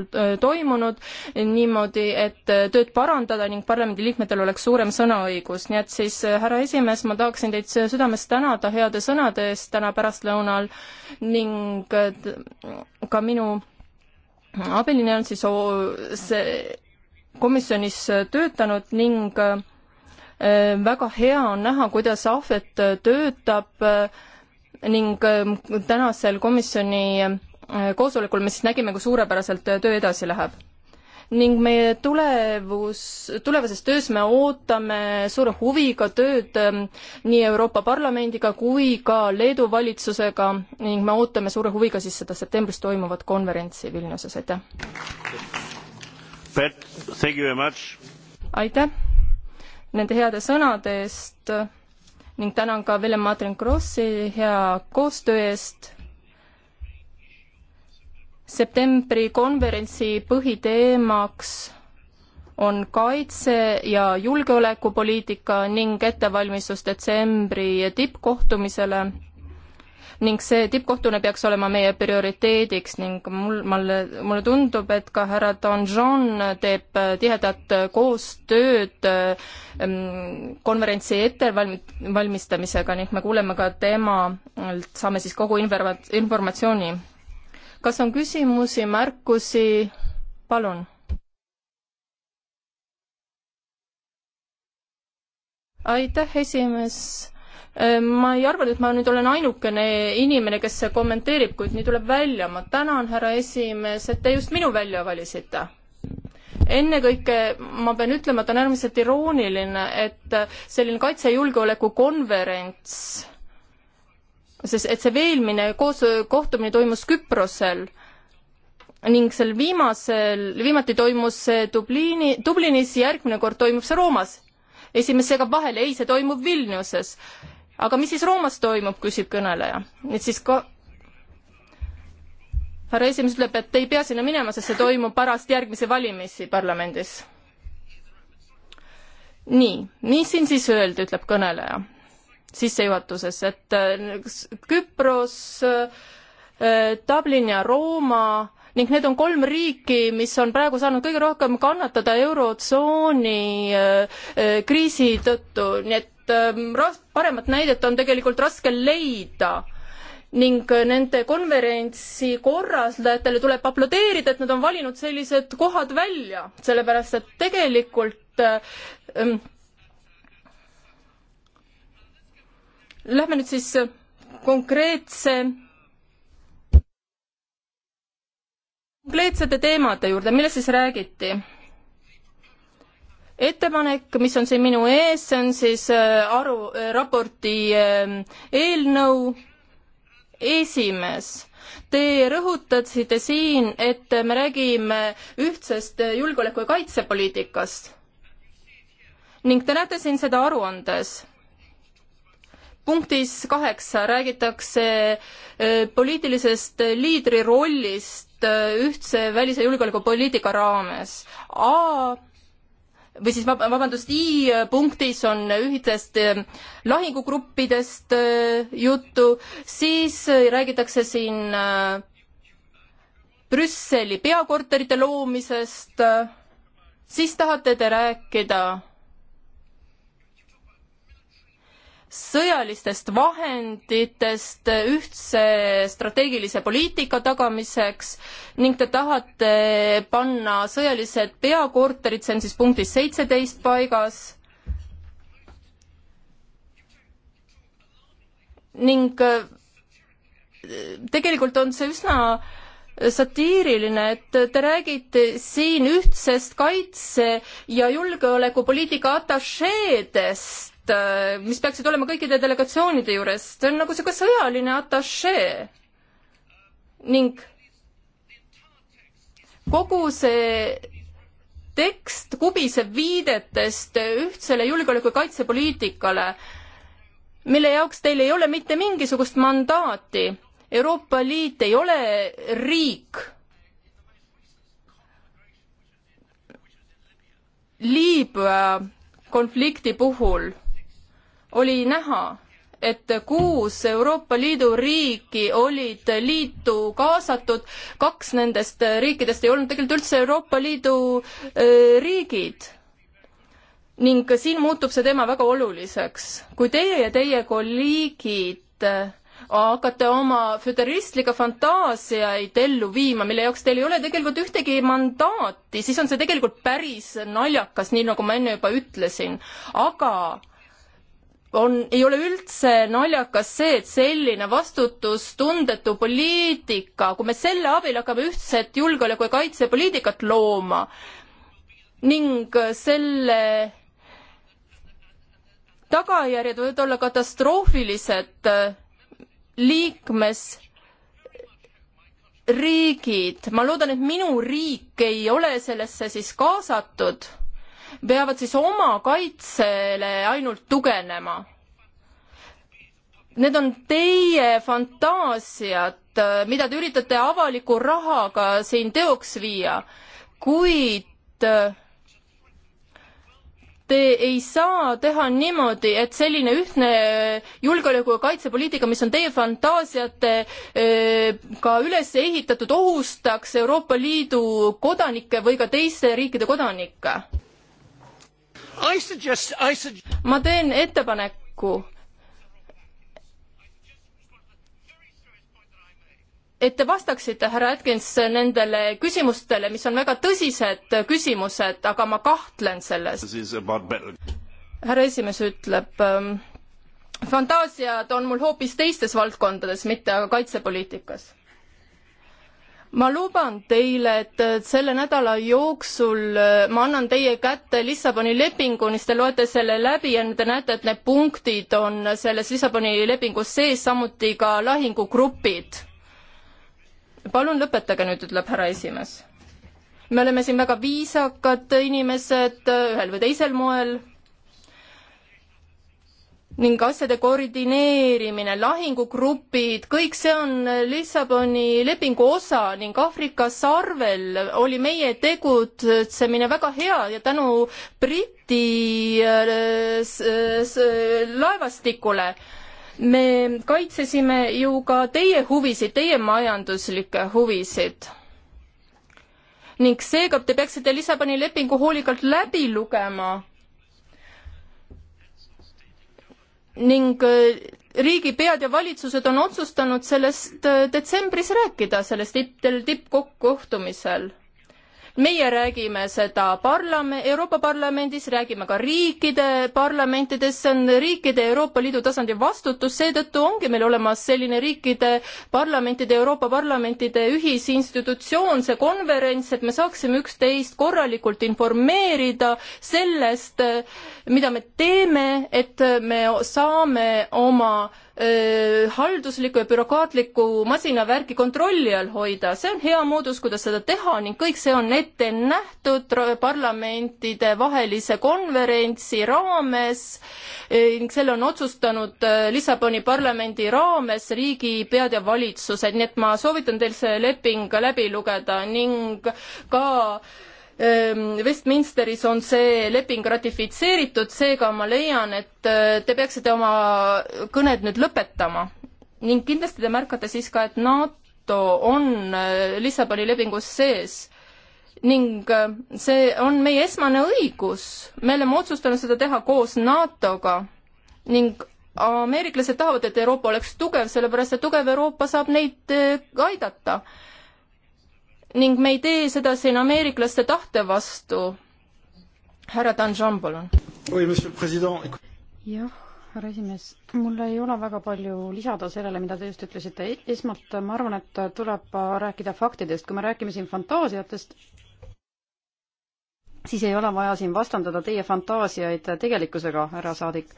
Speaker 5: toimunud niimoodi, et tööd parandada ning parlamendiliikmetel oleks suurem sõnaõigus. nii et siis, härra esimees, ma tahaksin teid südamest tänada heade sõnade eest täna pärastlõunal ning ka minu abiline on siis see komisjonis töötanud ning Äh, väga hea on näha, kuidas ahvet äh, töötab äh, ning tänasel komisjoni koosolekul me siis nägime, kui suurepäraselt töö edasi läheb. ning meie tulevus, tulevases töös me ootame suure huviga tööd ähm, nii Euroopa Parlamendiga kui ka Leedu valitsusega ning me ootame suure huviga siis seda septembris toimuvat konverentsi Vilniuses, aitäh! aitäh! nende heade sõnade eest ning tänan ka Villem Madrin-Grossi hea koostöö eest. septembri konverentsi põhiteemaks on kaitse- ja julgeolekupoliitika ning ettevalmistus detsembri tippkohtumisele ning see tippkohtune peaks olema meie prioriteediks ning mul, mulle, mulle tundub, et ka härra Donjon teeb äh, tihedat äh, koostööd äh, mm, konverentsi ettevalmi-, valmistamisega ning me kuuleme ka temalt, saame siis kogu informat-, informatsiooni. kas on küsimusi, märkusi? palun aitäh, esimees. Äh, ma ei arva, et ma nüüd olen ainukene inimene, kes kommenteerib, kuid nii tuleb välja. ma tänan, härra esimees, et te just minu välja valisite. ennekõike ma pean ütlema, et on äärmiselt irooniline, et selline kaitsejulgeoleku konverents, sest et see eelmine koos, kohtumine toimus Küprosel ning sel viimasel, viimati toimus see Dublini, Dublinis, järgmine kord toimub see Roomas esimesega vahele, ei, see toimub Vilniuses aga mis siis Roomas toimub, küsib kõneleja. et siis ka härra esimees ütleb, et ei pea sinna minema, sest see toimub pärast järgmisi valimisi parlamendis. nii, mis siin siis öeldi, ütleb kõneleja sissejuhatuses, et äh, Küpros, äh, äh, Dublin ja Rooma ning need on kolm riiki, mis on praegu saanud kõige rohkem kannatada Eurotsooni äh, äh, kriisi tõttu, nii et ähm, ras-, paremat näidet on tegelikult raske leida ning äh, nende konverentsi korraldajatele tuleb aplodeerida, et nad on valinud sellised kohad välja, sellepärast et tegelikult ähm, Lähme nüüd siis konkreetse konkreetsete teemade juurde, millest siis räägiti? ettepanek, mis on siin minu ees, see on siis äh, aru, äh, raporti äh, eelnõu esimees. Te rõhutasite siin, et me räägime ühtsest julgeoleku- ja kaitsepoliitikast ning te näete siin seda aruandes punktis kaheksa räägitakse poliitilisest liidri rollist Äh, ühtse välis- ja julgeolekupoliitika raames. A või siis vabandust, I punktis on ühitest äh, lahingugruppidest äh, juttu, siis räägitakse siin Brüsseli peakorterite loomisest, siis tahate te rääkida sõjalistest vahenditest ühtse strateegilise poliitika tagamiseks ning te tahate panna sõjalised peakorterid, see on siis punktis seitseteist paigas ning äh, tegelikult on see üsna satiiriline, et te räägite siin ühtsest kaitse- ja julgeolekupoliitika atašeedest, et äh, mis peaksid olema kõikide delegatsioonide juures, see on nagu niisugune sõjaline atašee. ning kogu see tekst kubiseb viidetest ühtsele julgeoleku- ja kaitsepoliitikale, mille jaoks teil ei ole mitte mingisugust mandaati. Euroopa Liit ei ole riik Liibüa konflikti puhul oli näha, et kuus Euroopa Liidu riiki olid liitu kaasatud, kaks nendest riikidest ei olnud tegelikult üldse Euroopa Liidu riigid. ning siin muutub see teema väga oluliseks. kui teie ja teie kolleegid äh, hakkate oma föderistlikke fantaasiaid ellu viima, mille jaoks teil ei ole tegelikult ühtegi mandaati, siis on see tegelikult päris naljakas, nii nagu ma enne juba ütlesin. aga on, ei ole üldse naljakas see, et selline vastutustundetu poliitika, kui me selle abil hakkame ühtset julgeoleku ja kaitsepoliitikat looma ning selle tagajärjed võivad olla katastroofilised liikmes riigid, ma loodan, et minu riik ei ole sellesse siis kaasatud peavad siis oma kaitsele ainult tugenema. Need on teie fantaasiad, mida te üritate avaliku rahaga siin teoks viia, kuid te ei saa teha niimoodi, et selline ühtne julgeoleku- ja kaitsepoliitika, mis on teie fantaasiatega eh, üles ehitatud, ohustaks Euroopa Liidu kodanikke või ka teiste riikide kodanikke?
Speaker 1: Suggest...
Speaker 5: ma teen ettepaneku, et te vastaksite, härra Atkins, nendele küsimustele, mis on väga tõsised küsimused, aga ma kahtlen selles. härra esimees ütleb, ähm, fantaasiad on mul hoopis teistes valdkondades, mitte aga kaitsepoliitikas ma luban teile, et selle nädala jooksul äh, ma annan teie kätte Lissaboni lepingu, siis te loete selle läbi ja te näete, et need punktid on selles Lissaboni lepingus sees, samuti ka lahingugrupid. palun lõpetage nüüd, ütleb härra esimees. me oleme siin väga viisakad inimesed äh, ühel või teisel moel ning asjade koordineerimine, lahingugrupid, kõik see on Lissaboni lepingu osa ning Aafrika sarvel oli meie tegutsemine väga hea ja tänu Briti äh, laevastikule me kaitsesime ju ka teie huvisid, teie majanduslikke huvisid ning seega te peaksite Lissaboni lepingu hoolikalt läbi lugema ning äh, riigipead ja valitsused on otsustanud sellest äh, detsembris rääkida, sellest tipp, tippkohtumisel meie räägime seda parlame-, Euroopa Parlamendis, räägime ka riikide parlamentides, see on riikide Euroopa Liidu tasandi vastutus, seetõttu ongi meil olemas selline riikide parlamentide, Euroopa parlamentide ühisinstitutsioon, see konverents, et me saaksime üksteist korralikult informeerida sellest, mida me teeme, et me saame oma halduslikku ja bürokraatlikku masinavärki kontrolli all hoida, see on hea moodus, kuidas seda teha ning kõik see on ette nähtud parlamentide vahelise konverentsi raames e, ning selle on otsustanud e, Lissaboni parlamendi raames riigipead ja valitsused, nii et ma soovitan teil see leping läbi lugeda ning ka äh, Ehm, Westminsteris on see leping ratifitseeritud, seega ma leian, et äh, te peaksite oma kõned nüüd lõpetama. ning kindlasti te märkate siis ka, et NATO on äh, Lissaboni lepingus sees ning äh, see on meie esmane õigus, me oleme otsustanud seda teha koos NATO-ga ning ameeriklased tahavad, et Euroopa oleks tugev, sellepärast et tugev Euroopa saab neid aidata ning me ei tee seda siin ameeriklaste tahte vastu. härra Danjean, palun.
Speaker 4: jah, härra esimees, mul ei ole väga palju lisada sellele, mida te just ütlesite. esmalt ma arvan, et tuleb rääkida faktidest, kui me räägime siin fantaasiatest, siis ei ole vaja siin vastandada teie fantaasiaid tegelikkusega, härra saadik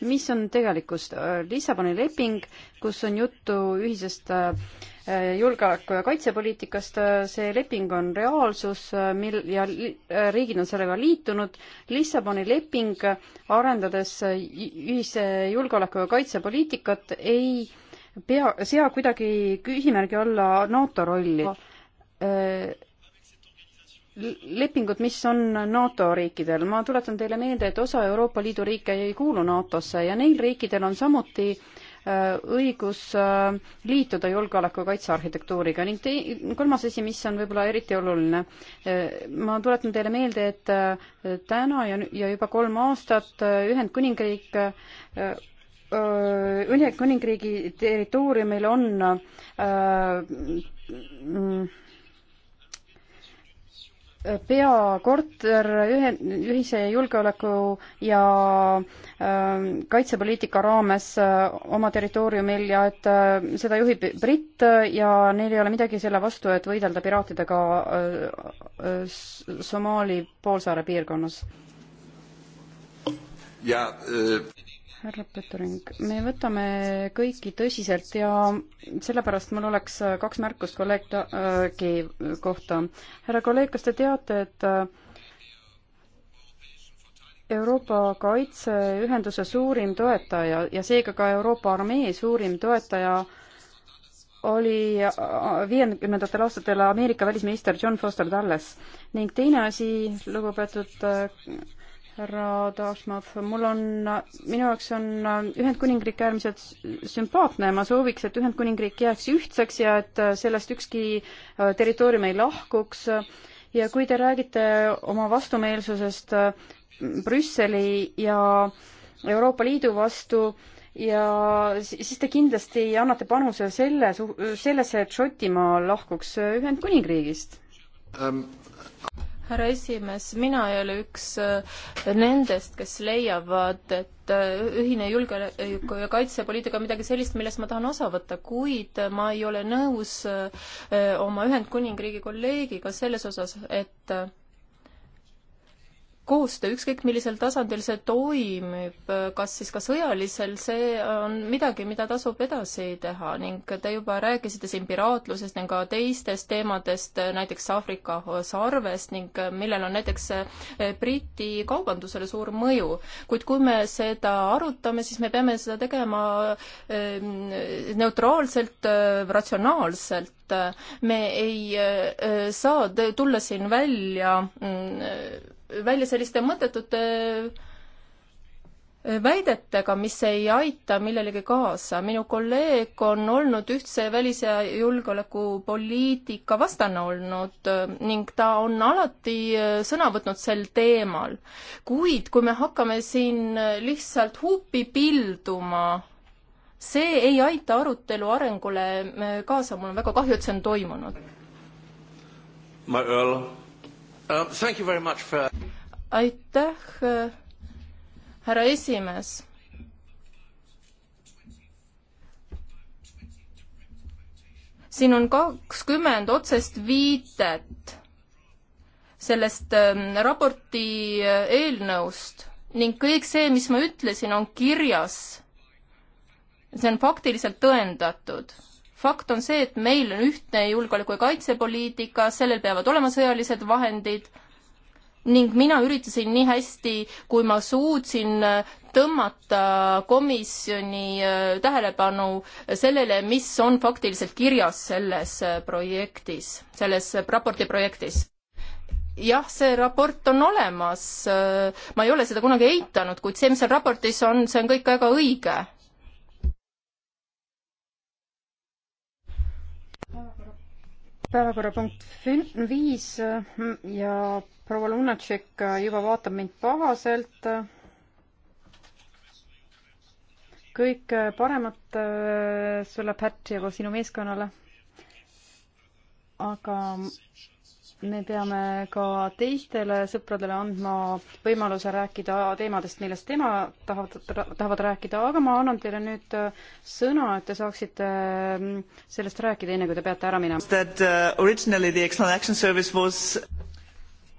Speaker 4: mis on tegelikkus. Äh, Lissaboni leping, kus on juttu ühisest äh, julgeoleku- ja kaitsepoliitikast, äh, see leping on reaalsus, mil- ja riigid on sellega liitunud. Lissaboni leping, arendades ühise julgeoleku- ja kaitsepoliitikat, ei pea, sea kuidagi küsimärgi alla NATO rolli lepingud, mis on NATO riikidel, ma tuletan teile meelde, et osa Euroopa Liidu riike ei kuulu NATO-sse ja neil riikidel on samuti äh, õigus äh, liituda julgeoleku kaitsearhitektuuriga ning tei-, kolmas asi, mis on võib-olla eriti oluline, äh, ma tuletan teile meelde, et täna ja, ja juba kolm aastat Ühendkuningriik Ühendkuningriigi territooriumil on öö, mm, peakorter ühe, ühise julgeoleku ja äh, kaitsepoliitika raames äh, oma territooriumil ja et äh, seda juhib britt ja neil ei ole midagi selle vastu, et võidelda piraatidega äh, äh, Somaali poolsaare piirkonnas.
Speaker 1: ja äh,
Speaker 4: härra Pöttering, me võtame kõiki tõsiselt ja sellepärast mul oleks äh, kaks märkust kolleeg Taagi äh, kohta. härra kolleeg, kas te teate, et äh, Euroopa Kaitseühenduse suurim toetaja ja seega ka Euroopa armee suurim toetaja oli äh, viiekümnendatel aastatel Ameerika välisminister John Foster Dulles ning teine asi, lugupeetud härra Dašmav, mul on, minu jaoks on Ühendkuningriik äärmiselt sümpaatne ja ma sooviks, et Ühendkuningriik jääks ühtseks ja et sellest ükski äh, territoorium ei lahkuks. ja kui te räägite oma vastumeelsusest äh, Brüsseli ja Euroopa Liidu vastu, ja siis te kindlasti annate panuse selle, sellesse, et Šotimaa lahkuks Ühendkuningriigist um,
Speaker 5: härra esimees, mina ei ole üks äh, nendest, kes leiavad, et äh, ühine julgeoleku ja kaitsepoliitika on midagi sellist, millest ma tahan osa võtta, kuid ma ei ole nõus äh, oma Ühendkuningriigi kolleegiga selles osas, et koostöö, ükskõik millisel tasandil see toimib, kas siis ka sõjalisel, see on midagi, mida tasub edasi teha ning te juba rääkisite siin piraatlusest ning ka teistest teemadest, näiteks Aafrika sarvest ning millel on näiteks Briti kaubandusele suur mõju. kuid kui me seda arutame, siis me peame seda tegema ehm, neutraalselt, ratsionaalselt, me ei ehm, saa tulla siin välja mm, välja selliste mõttetute eh, väidetega, mis ei aita millelegi kaasa. minu kolleeg on olnud ühtse välis- ja julgeolekupoliitika vastane olnud eh, ning ta on alati eh, sõna võtnud sel teemal. kuid kui me hakkame siin lihtsalt huupi pilduma, see ei aita arutelu arengule kaasa, mul on väga kahju, et see on toimunud.
Speaker 3: ma ei ole um, for...
Speaker 5: aitäh, härra esimees siin on kakskümmend otsest viitet sellest ähm, raporti äh, eelnõust ning kõik see, mis ma ütlesin, on kirjas. see on faktiliselt tõendatud fakt on see, et meil on ühtne julgeoleku- ja kaitsepoliitika, sellel peavad olema sõjalised vahendid ning mina üritasin nii hästi, kui ma suutsin tõmmata komisjoni äh, tähelepanu sellele, mis on faktiliselt kirjas selles äh, projektis, selles äh, raporti projektis. jah, see raport on olemas, ma ei ole seda kunagi eitanud, kuid see, mis seal raportis on, see on kõik väga õige
Speaker 4: päevakorrapunkt viis mm, ja proua Lunatšik äh, juba vaatab mind pahaselt. kõik äh, paremat äh, sulle, Pärt, ja ka sinu meeskonnale. aga me peame ka teistele sõpradele andma võimaluse rääkida teemadest, millest tema tahavad, tahavad rääkida, aga ma annan teile nüüd sõna, et te saaksite mm, sellest rääkida, enne kui te peate ära minema.
Speaker 1: That uh, originally the external action service was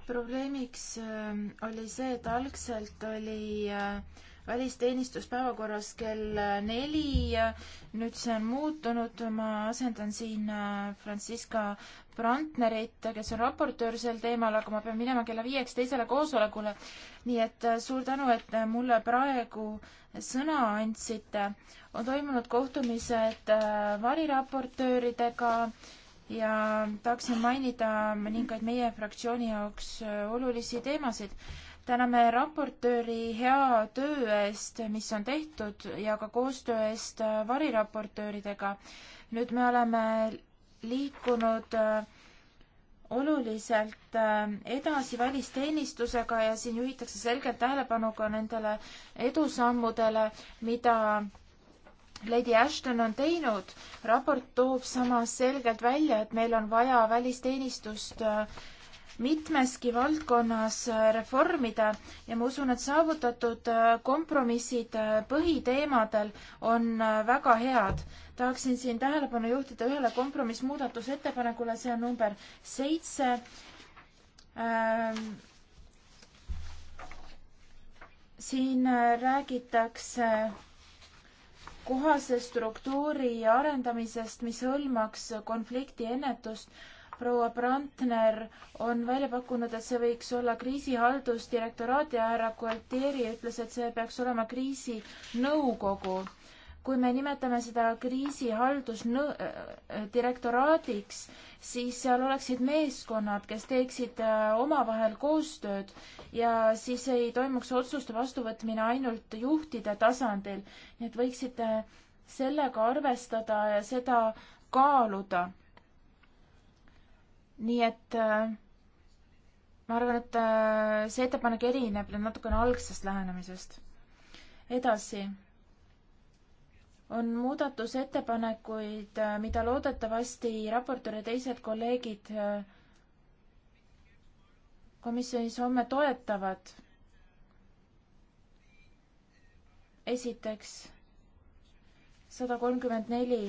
Speaker 2: probleemiks äh, oli see, et algselt oli äh, välisteenistus päevakorras kell äh, neli, nüüd see on muutunud, ma asendan siin äh, Franziska Brandnerit, kes on raportöör sel teemal, aga ma pean minema kella viieks teisele koosolekule. nii et äh, suur tänu, et äh, mulle praegu sõna andsite. on toimunud kohtumised äh, variraportööridega ja tahaksin mainida mõningaid meie fraktsiooni jaoks olulisi teemasid. täname raportööri hea töö eest, mis on tehtud ja ka koostöö eest variraportööridega nüüd me oleme liikunud äh, oluliselt äh, edasi välisteenistusega ja siin juhitakse selgelt tähelepanu ka nendele edusammudele, mida Lady Ashton on teinud. raport toob samas selgelt välja, et meil on vaja välisteenistust äh, mitmeski valdkonnas äh, reformida ja ma usun, et saavutatud äh, kompromissid äh, põhiteemadel on väga head. tahaksin siin tähelepanu juhtida ühele kompromissmuudatusettepanekule, see on number seitse ähm,. siin räägitakse kohase struktuuri arendamisest, mis hõlmaks konflikti ennetust proua Brandner on välja pakkunud, et see võiks olla kriisihaldusdirektoraat ja härra Gualtieri ütles, et see peaks olema kriisinõukogu. kui me nimetame seda kriisihaldusdirektoraadiks, siis seal oleksid meeskonnad, kes teeksid äh, omavahel koostööd ja siis ei toimuks otsuste vastuvõtmine ainult juhtide tasandil. nii et võiksite sellega arvestada ja seda kaaluda nii et äh, ma arvan, et äh, see ettepanek erineb nüüd natukene algsest lähenemisest. edasi on muudatusettepanekuid, äh, mida loodetavasti raportöör ja teised kolleegid äh, komisjonis homme toetavad. esiteks sada kolmkümmend neli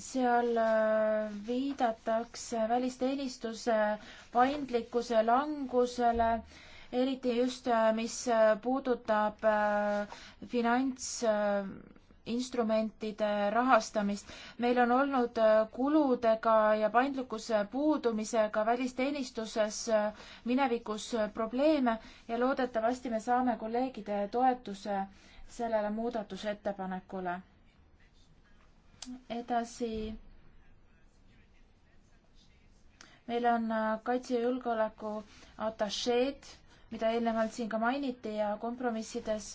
Speaker 2: seal äh, viidatakse välisteenistuse paindlikkuse langusele, eriti just, äh, mis äh, puudutab finantsinstrumentide rahastamist. meil on olnud kuludega ja paindlikkuse puudumisega välisteenistuses minevikus probleeme ja loodetavasti me saame kolleegide toetuse sellele muudatusettepanekule edasi. meil on äh, kaitse ja julgeoleku atašeed, mida eelnevalt siin ka mainiti ja kompromissides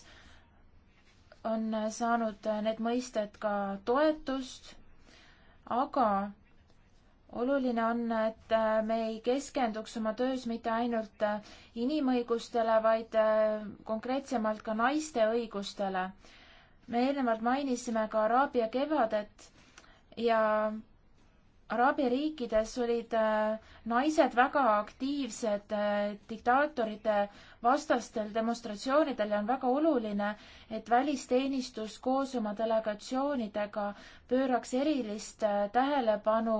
Speaker 2: on äh, saanud äh, need mõisted ka toetust, aga oluline on, et me ei keskenduks oma töös mitte ainult inimõigustele, vaid konkreetsemalt ka naiste õigustele me eelnevalt mainisime ka Araabia kevadet ja Araabia riikides olid äh, naised väga aktiivsed äh, diktaatorite vastastel demonstratsioonidel ja on väga oluline, et välisteenistus koos oma delegatsioonidega pööraks erilist äh, tähelepanu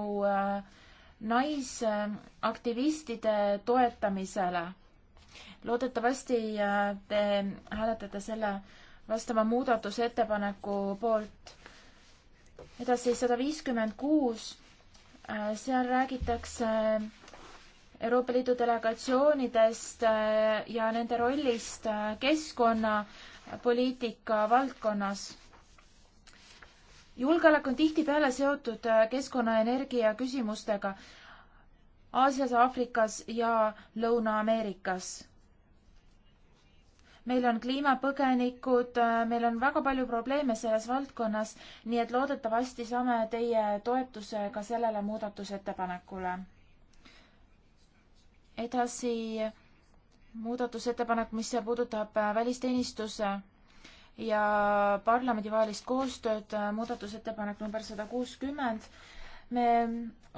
Speaker 2: naisaktivistide toetamisele. loodetavasti te hääletate selle vastava muudatusettepaneku poolt. edasi sada viiskümmend kuus, äh, seal räägitakse äh, Euroopa Liidu delegatsioonidest äh, ja nende rollist keskkonnapoliitika valdkonnas. julgeolek on tihtipeale seotud keskkonna, energia küsimustega Aasias, Aafrikas ja Lõuna-Ameerikas meil on kliimapõgenikud, meil on väga palju probleeme selles valdkonnas, nii et loodetavasti saame teie toetuse ka sellele muudatusettepanekule. edasi muudatusettepanek, mis puudutab välisteenistuse ja parlamendivahelist koostööd, muudatusettepanek number sada kuuskümmend me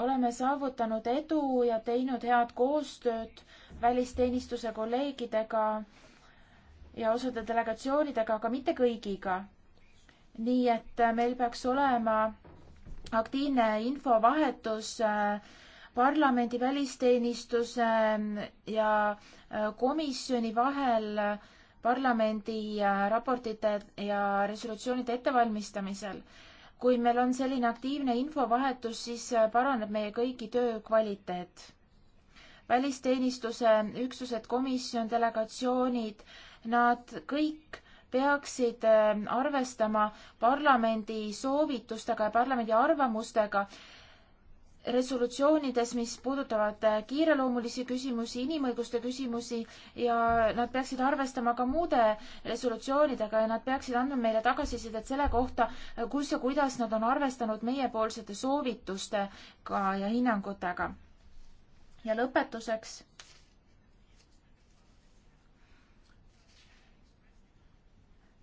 Speaker 2: oleme saavutanud edu ja teinud head koostööd välisteenistuse kolleegidega ja osade delegatsioonidega, aga mitte kõigiga. nii et äh, meil peaks olema aktiivne infovahetus äh, parlamendi välisteenistuse äh, ja komisjoni vahel parlamendi raportite ja resolutsioonide ettevalmistamisel. kui meil on selline aktiivne infovahetus, siis paraneb meie kõigi töö kvaliteet välisteenistuse üksused, komisjon, delegatsioonid äh, Nad kõik peaksid ähm, arvestama parlamendi soovitustega ja parlamendi arvamustega resolutsioonides, mis puudutavad äh, kiireloomulisi küsimusi, inimõiguste küsimusi ja nad peaksid arvestama ka muude resolutsioonidega ja nad peaksid andma meile tagasisidet selle kohta, äh, kus ja kuidas nad on arvestanud meiepoolsete soovitustega ja hinnangutega. ja lõpetuseks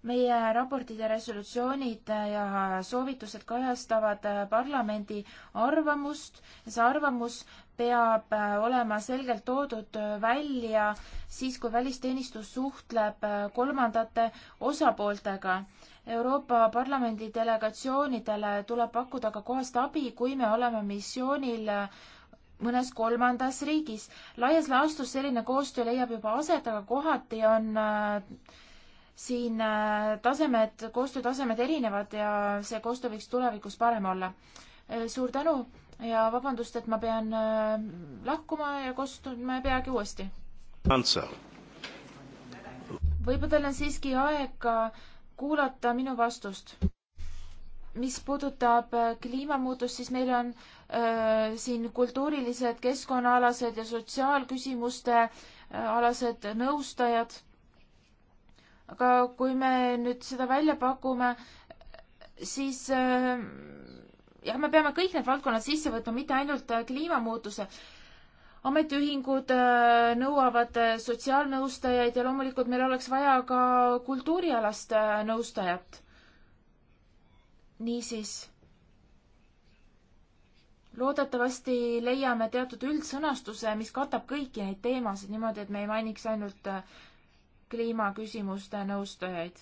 Speaker 2: meie raportid ja resolutsioonid ja soovitused kajastavad äh, parlamendi arvamust ja see arvamus peab äh, olema selgelt toodud äh, välja siis, kui välisteenistus suhtleb kolmandate osapooltega. Euroopa Parlamendi delegatsioonidele tuleb pakkuda ka kohast abi, kui me oleme missioonil mõnes kolmandas riigis. laias laastus selline koostöö leiab juba aset, aga kohati on äh, siin äh, tasemed, koostöötasemed erinevad ja see koostöö võiks tulevikus parem olla. Äh, suur tänu ja vabandust, et ma pean äh, lahkuma ja kostuma peagi uuesti.
Speaker 3: võib-olla
Speaker 2: teil on siiski aega kuulata minu vastust mis puudutab kliimamuutust, siis meil on öö, siin kultuurilised, keskkonnaalased ja sotsiaalküsimuste alased nõustajad aga kui me nüüd seda välja pakume, siis äh, jah, me peame kõik need valdkonnad sisse võtma, mitte ainult äh, kliimamuutuse. ametiühingud äh, nõuavad sotsiaalnõustajaid ja loomulikult meil oleks vaja ka kultuurialast nõustajat. niisiis, loodetavasti leiame teatud üldsõnastuse, mis katab kõiki neid teemasid niimoodi, et me ei mainiks ainult kliimaküsimuste nõustajaid.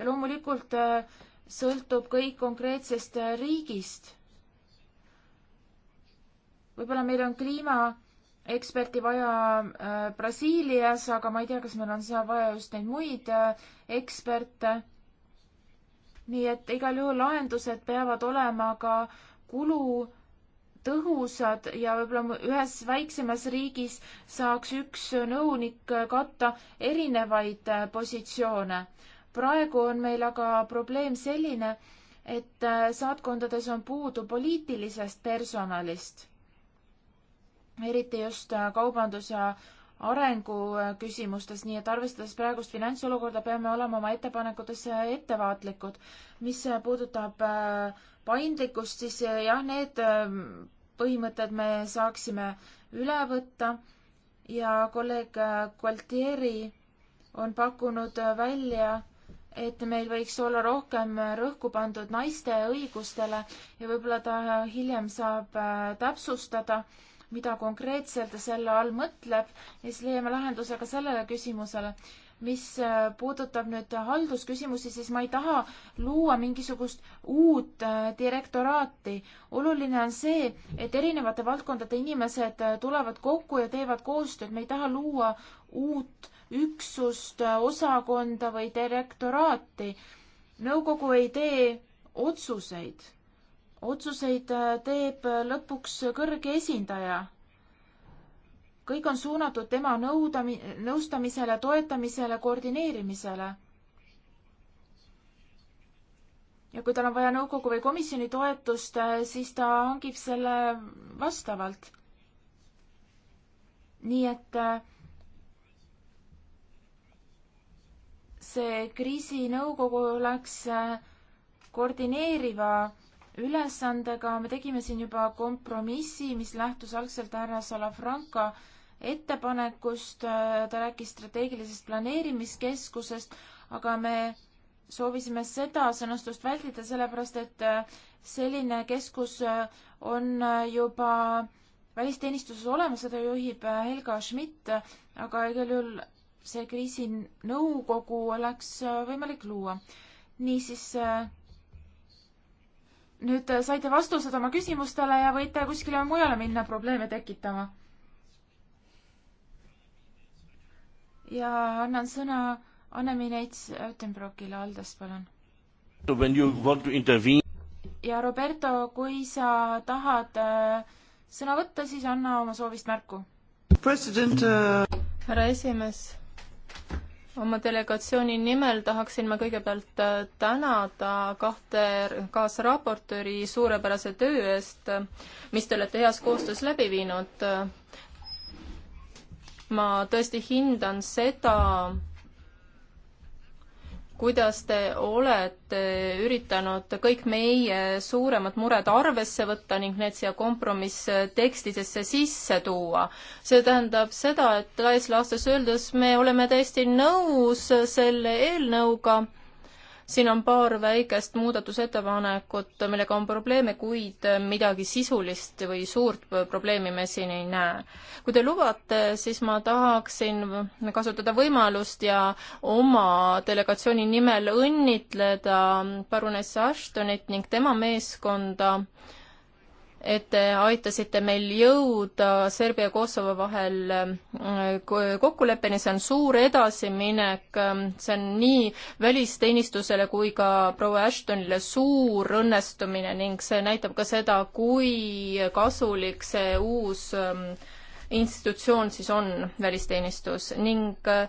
Speaker 2: ja loomulikult äh, sõltub kõik konkreetsest äh, riigist. võib-olla meil on kliimaeksperti vaja äh, Brasiilias, aga ma ei tea, kas meil on seal vaja just neid muid eksperte. nii et igal juhul lahendused peavad olema ka kulu tõhusad ja võib-olla ühes väiksemas riigis saaks üks nõunik katta erinevaid äh, positsioone. praegu on meil aga probleem selline, et äh, saatkondades on puudu poliitilisest personalist, eriti just äh, kaubandus- ja arenguküsimustes, äh, nii et arvestades praegust finantsolukorda, peame olema oma ettepanekutes äh, ettevaatlikud. mis äh, puudutab paindlikkust, siis jah, need ähm, põhimõtted me saaksime üle võtta ja kolleeg Gualtieri on pakkunud välja, et meil võiks olla rohkem rõhku pandud naiste õigustele ja võib-olla ta hiljem saab täpsustada äh, mida konkreetselt ta selle all mõtleb ja siis leiame lahenduse ka sellele küsimusele. mis äh, puudutab nüüd haldusküsimusi, siis ma ei taha luua mingisugust uut äh, direktoraati. oluline on see, et erinevate valdkondade inimesed äh, tulevad kokku ja teevad koostööd, me ei taha luua uut üksust, osakonda või direktoraati. nõukogu ei tee otsuseid otsuseid äh, teeb äh, lõpuks kõrge esindaja. kõik on suunatud tema nõudami-, nõustamisele, toetamisele, koordineerimisele. ja kui tal on vaja nõukogu või komisjoni toetust, äh, siis ta hangib selle vastavalt. nii et see kriisinõukogu läks koordineeriva ülesandega, me tegime siin juba kompromissi, mis lähtus algselt härra Salafranca ettepanekust, ta rääkis strateegilisest planeerimiskeskusest, aga me soovisime seda sõnastust vältida, sellepärast et äh, selline keskus äh, on äh, juba välisteenistuses olemas, seda juhib Helga Schmidt, aga igal juhul see kriisinõukogu oleks võimalik luua. niisiis nüüd saite vastused oma küsimustele ja võite kuskile mujale minna probleeme tekitama. ja annan sõna Anne-Mi Neits-Ötenbrockile, Aldest palun. ja Roberto, kui sa tahad äh, sõna võtta, siis anna oma soovist märku.
Speaker 5: president uh.... härra esimees
Speaker 2: oma delegatsiooni
Speaker 5: nimel tahaksin ma kõigepealt äh, tänada kahte kaasraportööri suurepärase töö eest, mis te olete heas koostöös läbi viinud. ma tõesti hindan seda, kuidas te olete üritanud kõik meie suuremad mured arvesse võtta ning need siia kompromisstekstidesse sisse tuua. see tähendab seda, et laias laastus öeldes me oleme täiesti nõus selle eelnõuga siin on paar väikest muudatusettepanekut, millega on probleeme, kuid midagi sisulist või suurt probleemi me siin ei näe. kui te lubate, siis ma tahaksin kasutada võimalust ja oma delegatsiooni nimel õnnitleda parunesse Ashtonit ning tema meeskonda äh, et te aitasite meil jõuda Serbia ja Kosovo vahel äh, kokkuleppeni, see on suur edasiminek, ähm, see on nii välisteenistusele kui ka proua Ashtonile suur õnnestumine ning see näitab ka seda, kui kasulik see uus ähm, institutsioon siis on, välisteenistus, ning äh,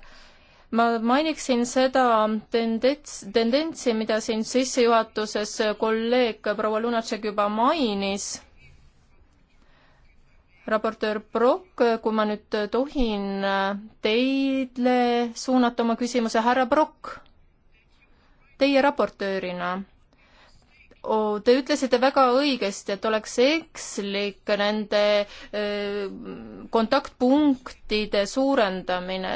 Speaker 5: ma mainiksin seda tendents, tendentsi, mida siin sissejuhatuses kolleeg proua Lunatšek juba mainis raportöör Brock, kui ma nüüd tohin teile suunata oma küsimuse, härra Brock, teie raportöörina oh,. Te ütlesite väga õigesti, et oleks ekslik nende kontaktpunktide suurendamine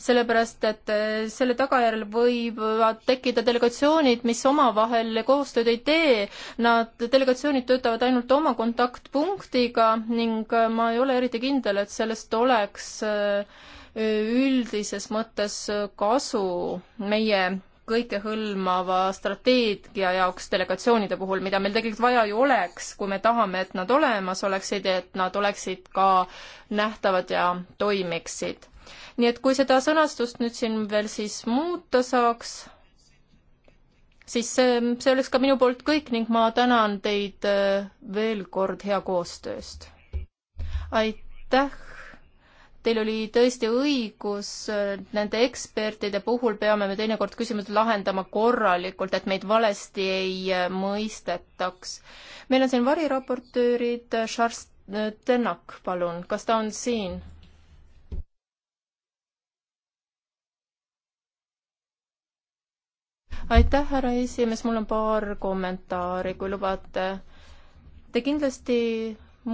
Speaker 5: sellepärast et äh, selle tagajärjel võivad tekkida delegatsioonid, mis omavahel koostööd ei tee. Nad, delegatsioonid töötavad ainult oma kontaktpunktiga ning äh, ma ei ole eriti kindel, et sellest oleks äh, üldises mõttes kasu meie kõikehõlmava strateegia jaoks delegatsioonide puhul, mida meil tegelikult vaja ju oleks, kui me tahame, et nad olemas oleksid, et nad oleksid ka nähtavad ja toimiksid nii et kui seda sõnastust nüüd siin veel siis muuta saaks, siis see, see oleks ka minu poolt kõik ning ma tänan teid äh, veel kord hea koostööst. aitäh! Teil oli tõesti õigus, äh, nende ekspertide puhul peame me teinekord küsimused lahendama korralikult, et meid valesti ei äh, mõistetaks. meil on siin variraportöörid, Charles Tenak, palun, kas ta on siin? aitäh, härra esimees, mul on paar kommentaari, kui lubate. Te kindlasti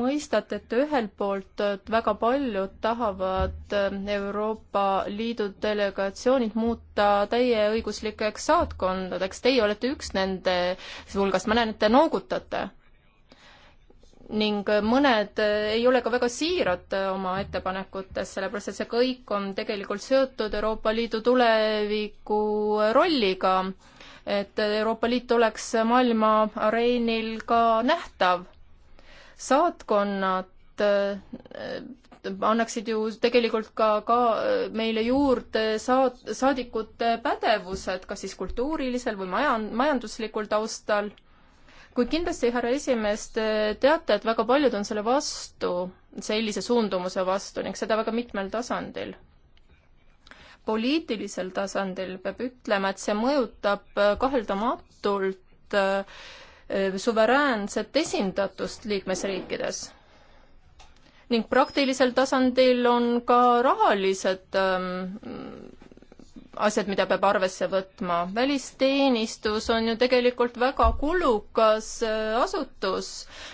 Speaker 5: mõistate, et ühelt poolt väga paljud tahavad äh, Euroopa Liidu delegatsioonid muuta täieõiguslikeks saatkondadeks, teie olete üks nende hulgast, ma näen, et te noogutate ning mõned ei ole ka väga siirad oma ettepanekutes, sellepärast et see kõik on tegelikult seotud Euroopa Liidu tuleviku rolliga, et Euroopa Liit oleks maailma areenil ka nähtav. saatkonnad äh, annaksid ju tegelikult ka, ka meile juurde saad-, saadikute pädevused, kas siis kultuurilisel või majan-, majanduslikul taustal kuid kindlasti, härra esimees, te teate, et väga paljud on selle vastu, sellise suundumuse vastu ning seda väga mitmel tasandil. poliitilisel tasandil peab ütlema, et see mõjutab kaheldamatult äh, suveräänset esindatust liikmesriikides ning praktilisel tasandil on ka rahalised ähm, asjad, mida peab arvesse võtma. välisteenistus on ju tegelikult väga kulukas äh, asutus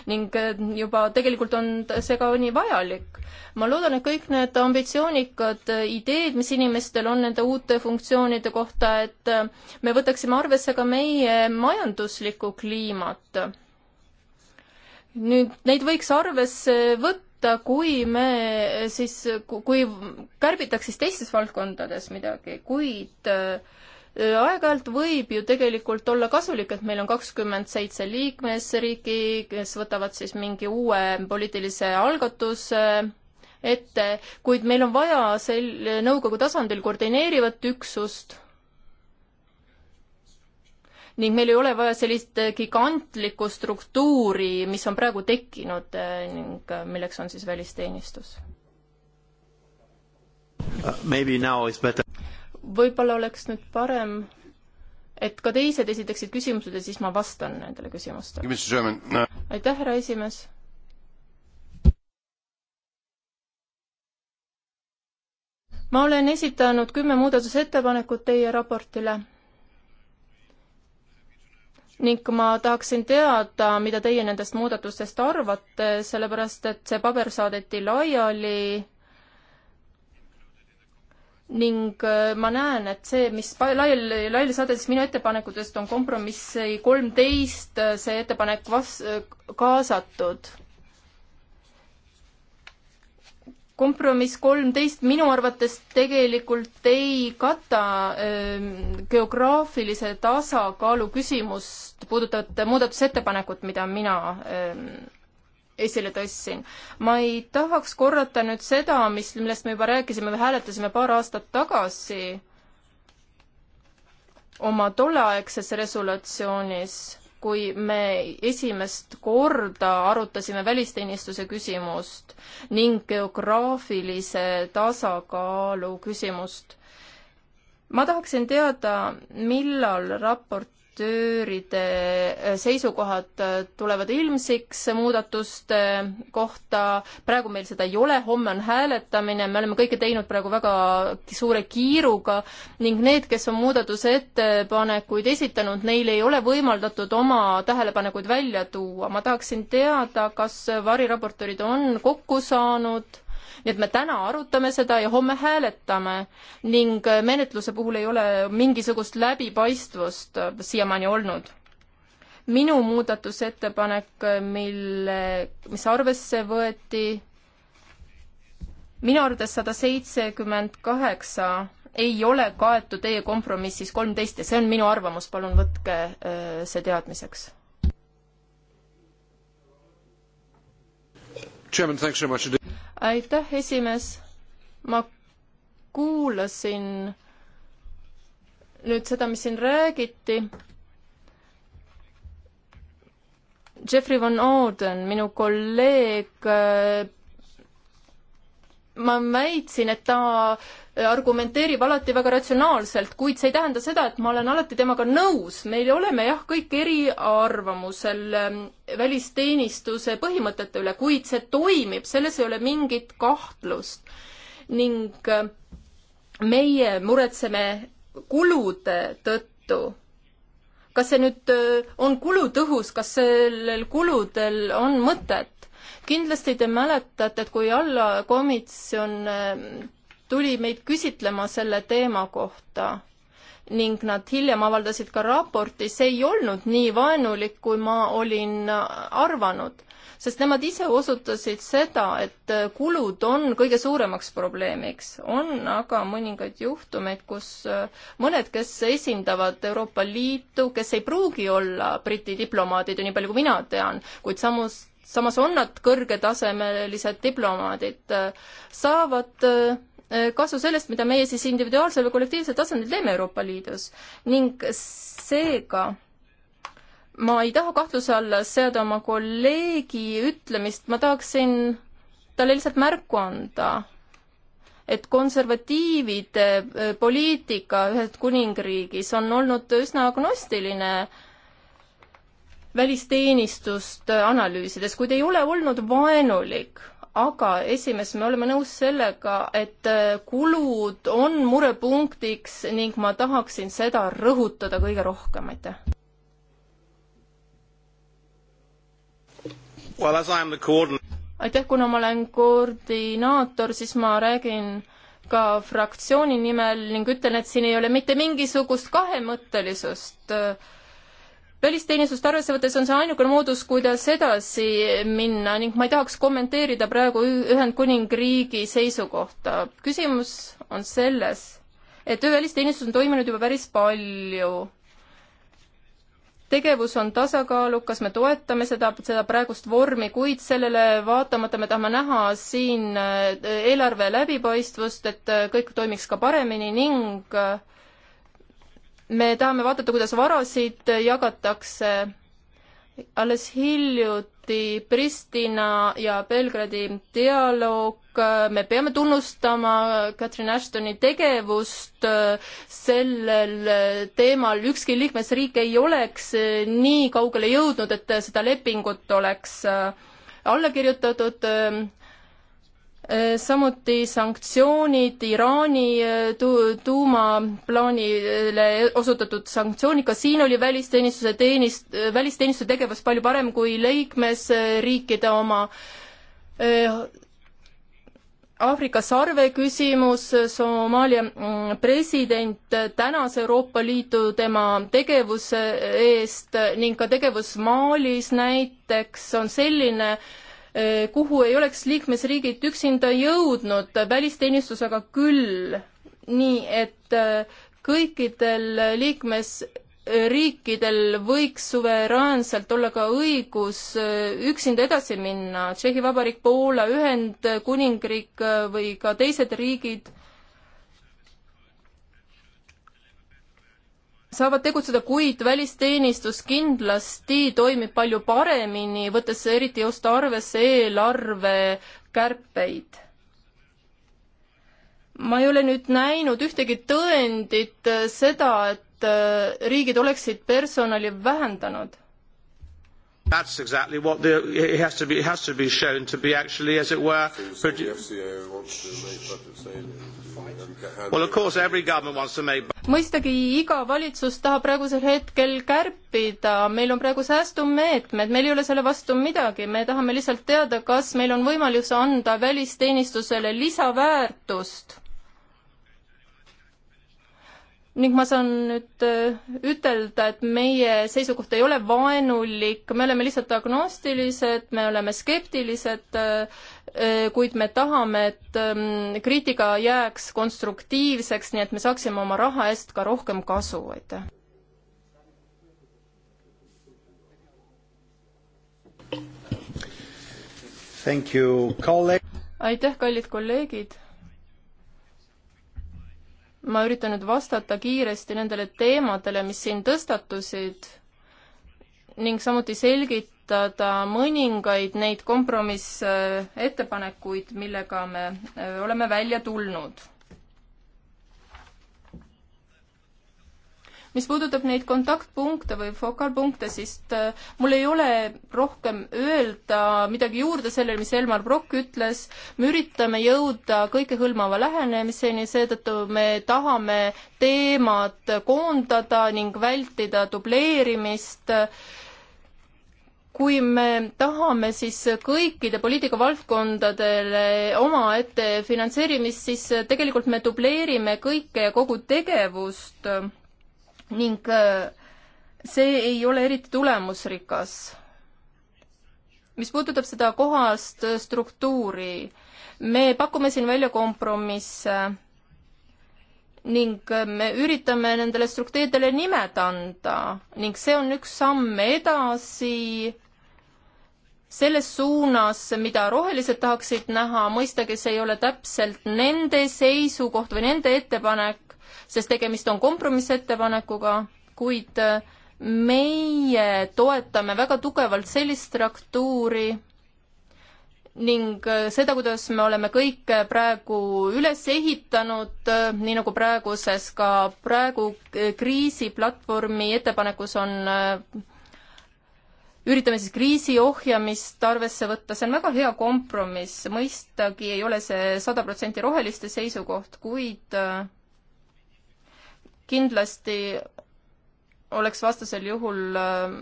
Speaker 5: ning äh, juba tegelikult on see ka nii vajalik. ma loodan, et kõik need ambitsioonikad äh, ideed, mis inimestel on nende uute funktsioonide kohta, et me võtaksime arvesse ka meie majanduslikku kliimat. nüüd neid võiks arvesse võtta et kui me siis, kui kärbitaks siis teistes valdkondades midagi, kuid äh, aeg-ajalt võib ju tegelikult olla kasulik, et meil on kakskümmend seitse liikmesriiki, kes võtavad siis mingi uue poliitilise algatuse ette, kuid meil on vaja sel-, nõukogu tasandil koordineerivat üksust ning meil ei ole vaja sellist gigantlikku struktuuri, mis on praegu tekkinud äh, ning äh, milleks on siis välisteenistus
Speaker 4: uh,.
Speaker 5: võib-olla oleks nüüd parem, et ka teised esitaksid küsimused ja siis ma vastan nendele küsimustele. No. aitäh, härra esimees ma olen esitanud kümme muudatusettepanekut teie raportile ning ma tahaksin teada, mida teie nendest muudatustest arvate, sellepärast et see paber saadeti laiali ning äh, ma näen, et see, mis laiali, laiali saadetes minu ettepanekutest on kompromissi kolmteist, äh, see ettepanek vas-, äh, kaasatud kompromiss kolmteist minu arvates tegelikult ei kata öö, ähm, geograafilise tasakaalu küsimust puudutavat muudatusettepanekut, mida mina öö, ähm, esile tõstsin. ma ei tahaks korrata nüüd seda, mis, millest me juba rääkisime või hääletasime paar aastat tagasi oma tolleaegses resolutsioonis kui me esimest korda arutasime välisteenistuse küsimust ning geograafilise tasakaalu küsimust. ma tahaksin teada, millal raport raportööride äh, seisukohad äh, tulevad ilmsiks muudatuste äh, kohta, praegu meil seda ei ole, homme on hääletamine, me oleme kõike teinud praegu väga suure kiiruga ning need, kes on muudatuse ettepanekuid esitanud, neil ei ole võimaldatud oma tähelepanekuid välja tuua. ma tahaksin teada, kas variraportöörid on kokku saanud nii et me täna arutame seda ja homme hääletame ning äh, menetluse puhul ei ole mingisugust läbipaistvust äh, siiamaani olnud minu muudatusettepanek, äh, mille, mis arvesse võeti, minu arvates sada seitsekümmend kaheksa ei ole kaetud teie kompromissis kolmteist ja see on minu arvamus, palun võtke see teadmiseks aitäh, esimees. ma kuulasin nüüd seda, mis siin räägiti. Jeffrey Van Orden, minu kolleeg ma väitsin, et ta argumenteerib alati väga ratsionaalselt, kuid see ei tähenda seda, et ma olen alati temaga nõus. meil oleme jah, kõik eriarvamusel ähm, välisteenistuse põhimõtete üle, kuid see toimib, selles ei ole mingit kahtlust. ning ähm, meie muretseme kulude tõttu kas see nüüd äh, on kulutõhus, kas sellel kuludel on mõtet? kindlasti te mäletate, et kui allakomisjon eh, tuli meid küsitlema selle teema kohta ning nad hiljem avaldasid ka raporti, see ei olnud nii vaenulik, kui ma olin arvanud, sest nemad ise osutasid seda, et eh, kulud on kõige suuremaks probleemiks. on aga mõningaid juhtumeid, kus eh, mõned, kes esindavad Euroopa Liitu, kes ei pruugi olla Briti diplomaadid ju nii palju, kui mina tean, kuid samas samas on nad kõrgetasemelised diplomaadid, saavad äh, kasu sellest, mida meie siis individuaalsel või kollektiivsel tasandil teeme Euroopa Liidus. ning seega ma ei taha kahtluse alla seada oma kolleegi ütlemist, ma tahaksin talle lihtsalt märku anda, et konservatiivide äh, poliitika ühes kuningriigis on olnud üsna agnostiline äh, välisteenistust analüüsides, kuid ei ole olnud vaenulik, aga esimees, me oleme nõus sellega, et äh, kulud on murepunktiks ning ma tahaksin seda rõhutada kõige rohkem, aitäh. aitäh, kuna ma olen koordinaator, siis ma räägin ka fraktsiooni nimel ning ütlen, et siin ei ole mitte mingisugust kahemõttelisust äh, välisteenistust arvesse võttes on see ainukene moodus, kuidas edasi minna ning ma ei tahaks kommenteerida praegu Ühendkuningriigi seisukohta. küsimus on selles, et välisteenistus on toiminud juba päris palju tegevus on tasakaalukas, me toetame seda, seda praegust vormi, kuid sellele vaatamata me tahame näha siin äh, eelarve läbipaistvust, et äh, kõik toimiks ka paremini ning äh, me tahame vaadata, kuidas varasid jagatakse. alles hiljuti Pristina ja Belgradi dialoog, me peame tunnustama Catherine Ashtoni tegevust sellel teemal, ükski liikmesriik ei oleks nii kaugele jõudnud, et seda lepingut oleks alla kirjutatud Äh, samuti sanktsioonid Iraani äh, tu-, tuumaplaanile osutatud sanktsioonid, ka siin oli välisteenistuse teenist-, äh, välisteenistuse tegevus palju parem kui liikmesriikide oma. Aafrika sarve küsimus, Somaalia mm, president tänas Euroopa Liitu tema tegevuse eest ning ka tegevus Malis näiteks on selline, Äh, kuhu ei oleks liikmesriigid üksinda jõudnud, välisteenistusega küll. nii et äh, kõikidel liikmesriikidel võiks suveräänselt olla ka õigus äh, üksinda edasi minna, Tšehhi Vabariik, Poola, Ühendkuningriik või ka teised riigid saavad tegutseda, kuid välisteenistus kindlasti toimib palju paremini, võttes eriti just arvesse eelarvekärpeid ma ei ole nüüd näinud ühtegi tõendit seda, et äh, riigid oleksid personali vähendanud.
Speaker 3: That's exactly what the, it has to be, it has to be shown to be actually, as it were. So, so the FCA wants to make budget savings
Speaker 5: mõistagi iga valitsus tahab praegusel hetkel kärpida, meil on praegu säästumeetmed, meil ei ole selle vastu midagi, me tahame lihtsalt teada, kas meil on võimalus anda välisteenistusele lisaväärtust ning ma saan nüüd äh, ütelda, et meie seisukoht ei ole vaenulik, me oleme lihtsalt agnostilised, me oleme skeptilised äh, kuid me tahame, et kriitika jääks konstruktiivseks, nii et me saaksime oma raha eest ka rohkem kasu, aitäh. aitäh, kallid kolleegid. ma üritan nüüd vastata kiiresti nendele teemadele, mis siin tõstatusid ning samuti selgitada, arutada mõningaid neid kompromissettepanekuid, millega me äh, oleme välja tulnud. mis puudutab neid kontaktpunkte või fokaalpunkte, siis äh, mul ei ole rohkem öelda midagi juurde sellele, mis Elmar Brokk ütles. me üritame jõuda kõikehõlmava lähenemiseni, seetõttu me tahame teemad koondada ning vältida dubleerimist äh, kui me tahame siis kõikide poliitikavaldkondadele omaette finantseerimist, siis tegelikult me dubleerime kõike ja kogu tegevust ning äh, see ei ole eriti tulemusrikas. mis puudutab seda kohast äh, struktuuri, me pakume siin välja kompromisse ning äh, me üritame nendele struktuuridele nimed anda ning see on üks samm edasi selles suunas, mida rohelised tahaksid näha, mõistagi see ei ole täpselt nende seisukoht või nende ettepanek, sest tegemist on kompromissettepanekuga, kuid äh, meie toetame väga tugevalt sellist struktuuri ning äh, seda, kuidas me oleme kõik praegu üles ehitanud, äh, nii nagu praeguses ka praegu kriisiplatvormi ettepanekus on üritame siis kriisi ohjamist arvesse võtta, see on väga hea kompromiss, mõistagi ei ole see sada protsenti roheliste seisukoht, kuid äh, kindlasti oleks vastasel juhul äh,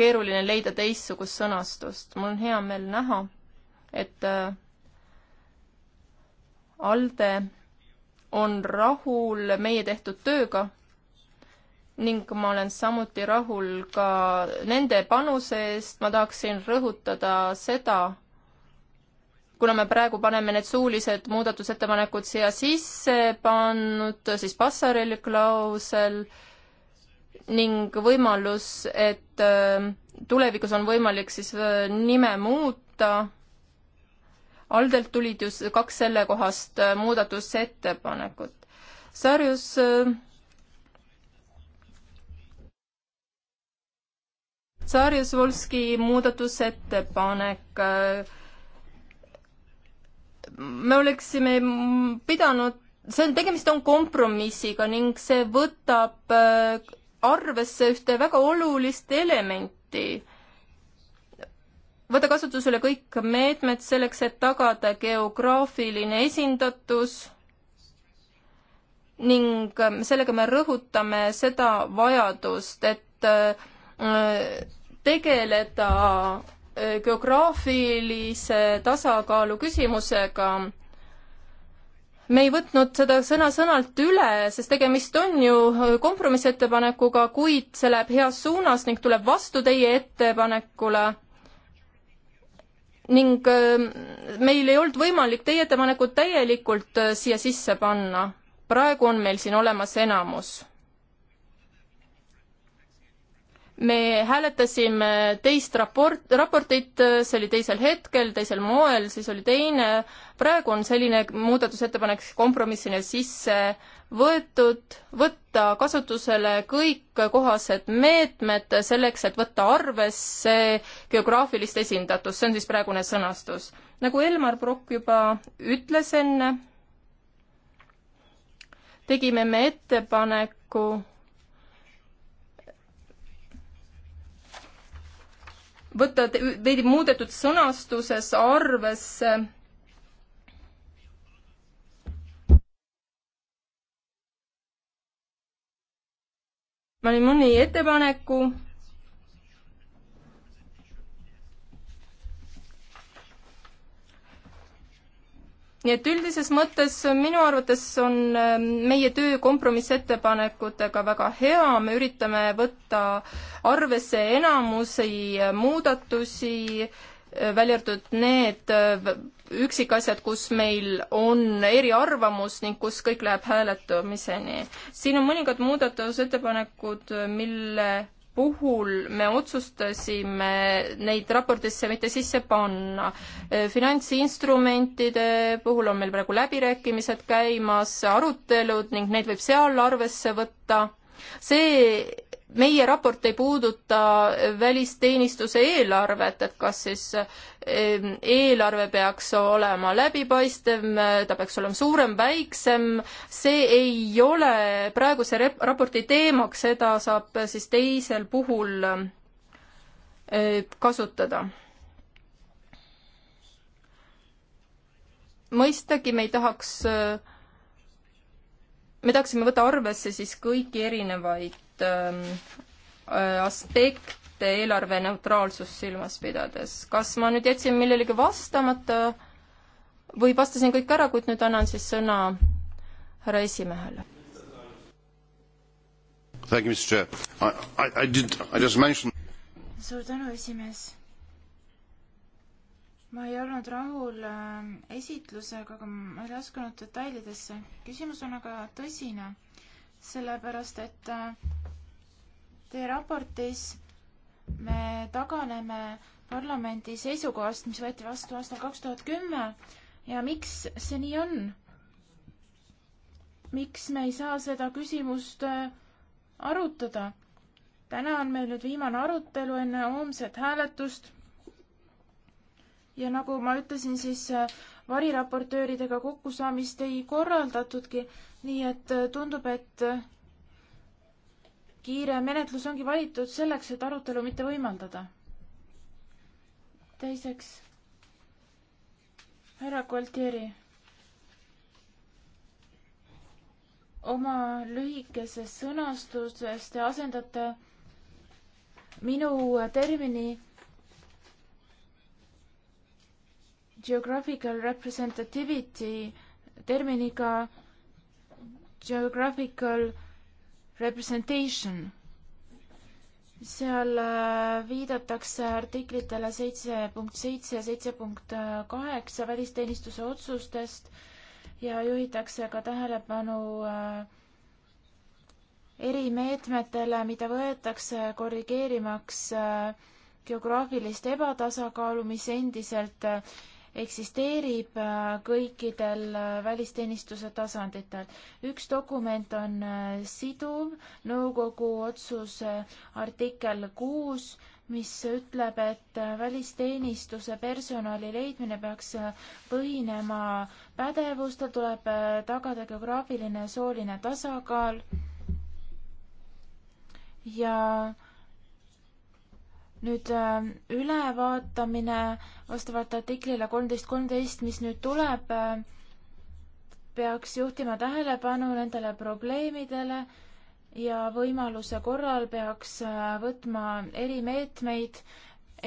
Speaker 5: keeruline leida teistsugust sõnastust. mul on hea meel näha, et äh, ALDE on rahul meie tehtud tööga ning ma olen samuti rahul ka nende panuse eest, ma tahaksin rõhutada seda, kuna me praegu paneme need suulised muudatusettepanekud siia sisse pannud, siis passarelli klausel ning võimalus, et äh, tulevikus on võimalik siis äh, nime muuta. Aldelt tulid ju kaks sellekohast äh, muudatusettepanekut. Sarjus Saarjus-Volski muudatusettepanek. Äh, me oleksime pidanud, see on, tegemist on kompromissiga ning see võtab äh, arvesse ühte väga olulist elementi. võtta kasutusele kõik meetmed selleks, et tagada geograafiline esindatus ning äh, sellega me rõhutame seda vajadust, et Äh, tegeleda äh, geograafilise tasakaalu küsimusega. me ei võtnud seda sõna-sõnalt üle, sest tegemist on ju äh, kompromissettepanekuga, kuid see läheb heas suunas ning tuleb vastu teie ettepanekule ning meil ei olnud võimalik teie ettepanekut täielikult siia sisse panna. praegu on meil siin olemas enamus me hääletasime teist raport, raportit, see oli teisel hetkel, teisel moel, siis oli teine, praegu on selline muudatusettepanek kompromissina sisse võetud, võtta kasutusele kõik kohased meetmed selleks, et võtta arvesse geograafilist esindatust, see on siis praegune sõnastus. nagu Elmar Brokk juba ütles enne, tegime me ettepaneku võtta veidi muudetud sõnastuses arvesse Malimuni ettepaneku nii et üldises mõttes minu arvates on ähm, meie töö kompromissettepanekutega väga hea, me üritame võtta arvesse enamusi äh, muudatusi, äh, välja arvatud need äh, üksikasjad, kus meil on eriarvamus ning kus kõik läheb hääletamiseni. siin on mõningad muudatusettepanekud, mille puhul me otsustasime neid raportisse mitte sisse panna. finantsinstrumentide puhul on meil praegu läbirääkimised käimas, arutelud ning neid võib seal arvesse võtta. see meie raport ei puuduta välisteenistuse eelarvet, et kas siis eelarve peaks olema läbipaistev, ta peaks olema suurem, väiksem, see ei ole praeguse raporti teemaks, seda saab siis teisel puhul e, kasutada. mõistagi me ei tahaks, me tahaksime võtta arvesse siis kõiki erinevaid Ähm, äh, aspekte eelarve neutraalsust silmas pidades. kas ma nüüd jätsin millelegi vastamata või vastasin kõik ära, kuid nüüd annan siis sõna härra esimehele?
Speaker 2: suur tänu, esimees ma ei olnud rahul ähm, esitlusega, aga ma ei laskunud detailidesse. küsimus on aga tõsine sellepärast et äh, teie raportis me taganeme parlamendi seisukohast, mis võeti vastu aastal kaks tuhat kümme ja miks see nii on? miks me ei saa seda küsimust äh, arutada? täna on meil nüüd viimane arutelu enne homset hääletust. ja nagu ma ütlesin, siis äh, variraportööridega kokkusaamist ei korraldatudki, nii et äh, tundub, et äh, kiire menetlus ongi valitud selleks, et arutelu mitte võimaldada. teiseks, härra Gualtieri oma lühikeses sõnastuses te asendate minu termini geographical representativity terminiga geographical representation. seal äh, viidatakse artiklitele seitse punkt seitse ja seitse punkt äh, kaheksa välisteenistuse otsustest ja juhitakse ka tähelepanu äh, erimeetmetele, mida võetakse korrigeerimaks geograafilist ebatasakaalu, mis endiselt eksisteerib äh, kõikidel äh, välisteenistuse tasanditel. üks dokument on äh, siduv, nõukogu otsuse artikkel kuus, mis ütleb, et välisteenistuse personali leidmine peaks põhinema pädevustel, tuleb tagada geograafiline ja sooline tasakaal ja nüüd äh, ülevaatamine vastavalt artiklile kolmteist kolmteist, mis nüüd tuleb, äh, peaks juhtima tähelepanu nendele probleemidele ja võimaluse korral peaks äh, võtma erimeetmeid,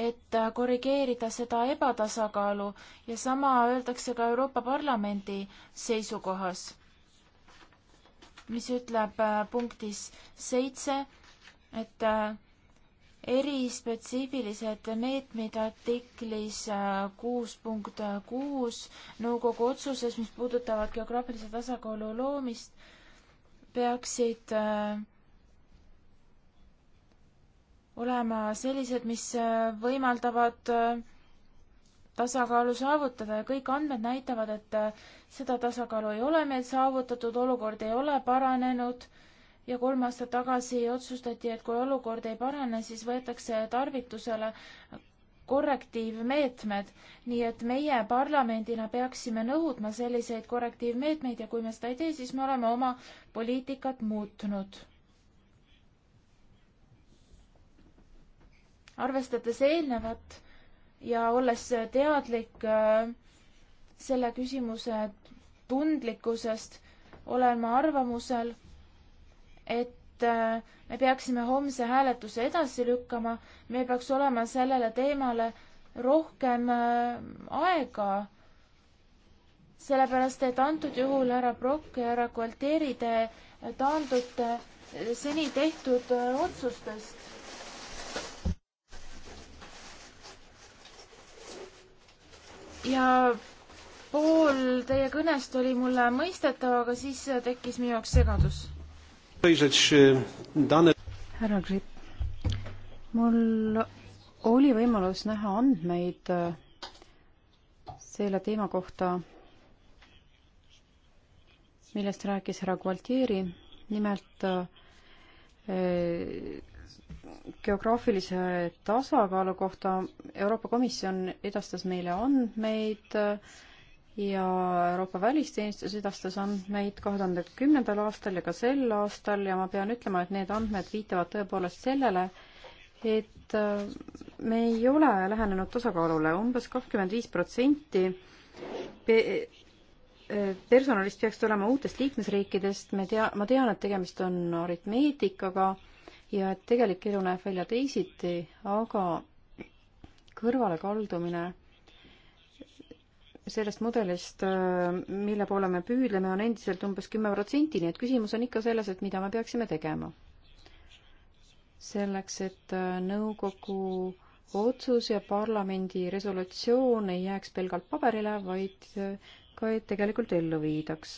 Speaker 2: et korrigeerida seda ebatasakaalu ja sama öeldakse ka Euroopa Parlamendi seisukohas, mis ütleb punktis seitse, et erispetsiifilised meetmed artiklis äh, kuus punkt äh, kuus nõukogu otsuses, mis puudutavad geograafilise tasakaalu loomist, peaksid äh, olema sellised, mis võimaldavad tasakaalu saavutada ja kõik andmed näitavad, et seda tasakaalu ei ole meil saavutatud, olukord ei ole paranenud ja kolm aastat tagasi otsustati, et kui olukord ei parane, siis võetakse tarvitusele korrektiivmeetmed, nii et meie parlamendina peaksime nõudma selliseid korrektiivmeetmeid ja kui me seda ei tee, siis me oleme oma poliitikat muutnud. arvestades eelnevat ja olles teadlik äh, selle küsimuse tundlikkusest, olen ma arvamusel, et äh, me peaksime homse hääletuse edasi lükkama, meil peaks olema sellele teemale rohkem äh, aega. sellepärast, et antud juhul härra Brock ja härra Gualtieri, te taandute seni tehtud äh, otsustest. ja pool teie kõnest oli mulle mõistetav, aga siis tekkis minu jaoks segadus
Speaker 3: E,
Speaker 4: härra Gripp,
Speaker 2: mul
Speaker 4: oli võimalus näha andmeid e, selle teema kohta, millest rääkis härra Gualtieri, nimelt e, geograafilise tasakaalu kohta Euroopa Komisjon edastas meile andmeid äh, ja Euroopa Välisteenistus edastas andmeid kahe tuhande kümnendal aastal ja ka sel aastal ja ma pean ütlema, et need andmed viitavad tõepoolest sellele, et äh, me ei ole lähenenud tasakaalule umbes, umbes kakskümmend viis protsenti äh, personalist peaks tulema uutest liikmesriikidest, me tea, ma tean, et tegemist on aritmeetikaga ja et tegelik elu näeb välja teisiti, aga kõrvalekaldumine sellest mudelist, äh, mille poole me püüdleme, on endiselt umbes kümme protsenti, nii et küsimus on ikka selles, et mida me peaksime tegema. selleks, et äh, nõukogu otsus ja parlamendi resolutsioon ei jääks pelgalt paberile, vaid äh, ka tegelikult ellu viidaks.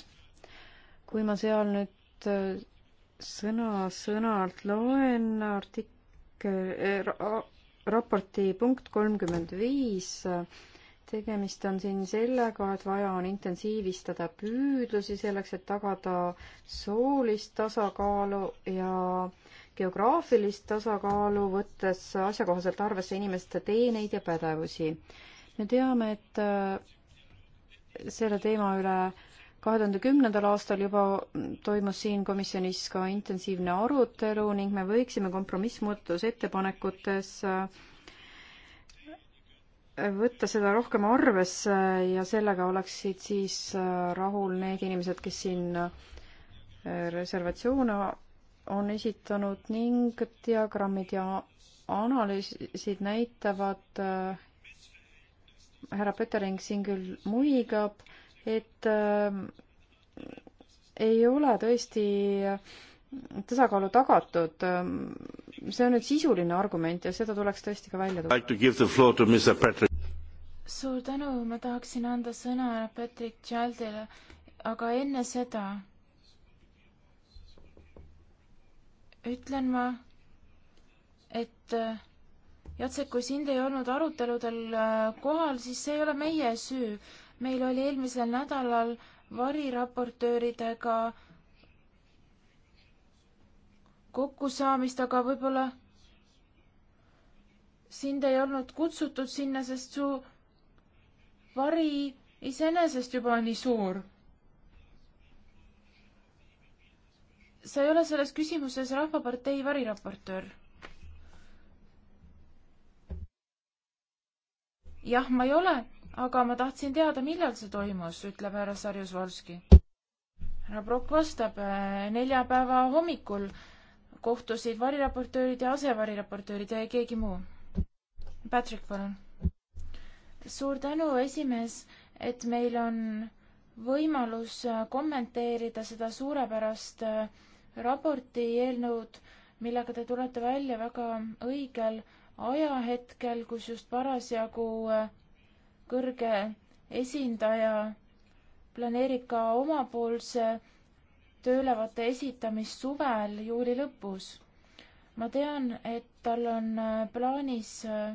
Speaker 4: kui ma seal nüüd sõna-sõnalt loen artikkel äh, ra, raporti punkt kolmkümmend viis, tegemist on siin sellega, et vaja on intensiivistada püüdlusi selleks, et tagada soolist tasakaalu ja geograafilist tasakaalu, võttes asjakohaselt arvesse inimeste teeneid ja pädevusi. me teame, et äh, selle teema üle kahe tuhande kümnendal aastal juba toimus siin komisjonis ka intensiivne arutelu ning me võiksime kompromissmuutusettepanekutes äh, võtta seda rohkem arvesse ja sellega oleksid siis äh, rahul need inimesed, kes siin äh, reservatsioone on esitanud ning diagrammid ja analüüsid näitavad, äh, härra Pöttering siin küll muigab, et ei ole tõesti tasakaalu tagatud see on nüüd sisuline argument ja seda tuleks tõesti ka välja
Speaker 1: tuua.
Speaker 2: suur tänu, ma tahaksin anda sõna Patrick Childile, aga enne seda ütlen ma, et äh, Jacek, kui sind ei olnud aruteludel äh, kohal, siis see ei ole meie süü. meil oli eelmisel nädalal variraportööridega äh, kokkusaamist, aga võib-olla sind ei olnud kutsutud sinna, sest su vari iseenesest juba nii suur. sa ei ole selles küsimuses Rahvapartei variraportöör. jah, ma ei ole, aga ma tahtsin teada, millal see toimus, ütleb härra Sarjus Volski. härra Prokk vastab eh, neljapäeva hommikul kohtusid variraportöörid ja asevariraportöörid ja keegi muu. Patrick, palun. suur tänu, esimees, et meil on võimalus äh, kommenteerida seda suurepärast äh, raporti eelnõud, millega te tulete välja väga õigel ajahetkel, kus just parasjagu äh, kõrge esindaja planeerib ka omapoolse tööülevaate esitamist suvel juuli lõpus. ma tean, et tal on äh, plaanis äh,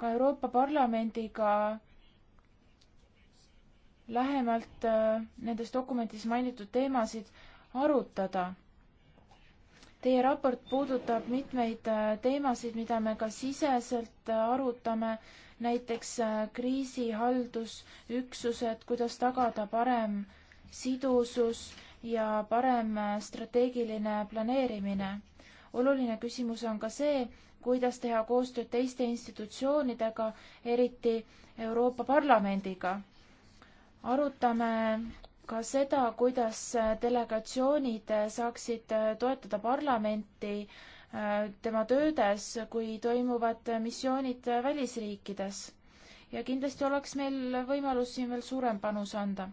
Speaker 2: ka Euroopa Parlamendiga lähemalt äh, nendes dokumentides mainitud teemasid arutada. Teie raport puudutab mitmeid teemasid, mida me ka siseselt arutame näiteks äh, kriisihaldusüksused, kuidas tagada parem sidusus ja parem äh, strateegiline planeerimine. oluline küsimus on ka see, kuidas teha koostööd teiste institutsioonidega, eriti Euroopa Parlamendiga. arutame ka seda, kuidas äh, delegatsioonid saaksid toetada parlamenti äh, tema töödes, kui toimuvad missioonid välisriikides. ja kindlasti oleks meil võimalus siin veel suurem panus anda.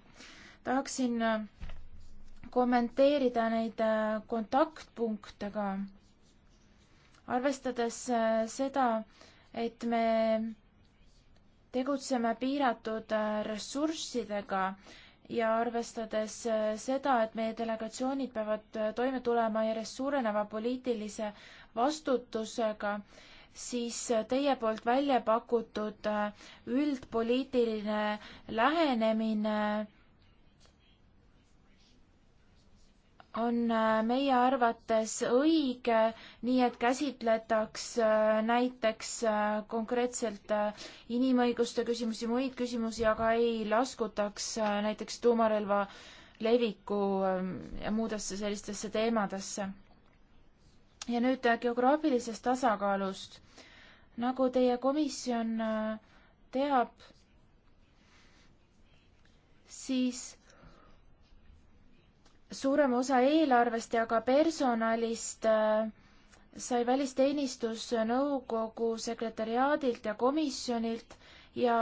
Speaker 2: tahaksin äh, kommenteerida neid äh, kontaktpunkte ka. arvestades äh, seda, et me tegutseme piiratud ressurssidega, ja arvestades äh, seda, et meie delegatsioonid peavad äh, toime tulema järjest suureneva poliitilise vastutusega, siis äh, teie poolt välja pakutud üldpoliitiline lähenemine on äh, meie arvates õige, nii et käsitletaks äh, näiteks äh, konkreetselt inimõiguste küsimusi, muid küsimusi, aga ei laskutaks näiteks tuumarelva leviku ähm, ja muudesse sellistesse teemadesse. ja nüüd geograafilisest tasakaalust. nagu teie komisjon teab, siis suurem osa eelarvest ja ka personalist äh, sai välisteenistus nõukogu sekretariaadilt ja komisjonilt ja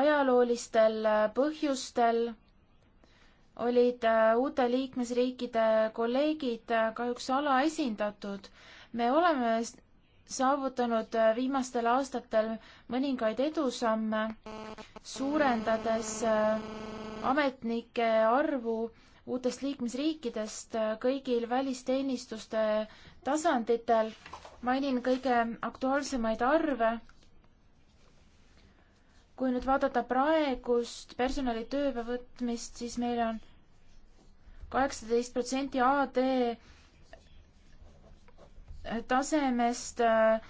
Speaker 2: ajaloolistel äh, põhjustel olid äh, uute liikmesriikide kolleegid kahjuks alaesindatud. me oleme saavutanud viimastel aastatel mõningaid edusamme, suurendades ametnike arvu uutest liikmesriikidest äh, kõigil välisteenistuste tasanditel. mainin kõige aktuaalsemaid arve. kui nüüd vaadata praegust personali töövõtmist, siis meil on kaheksateist protsenti AD tasemest äh,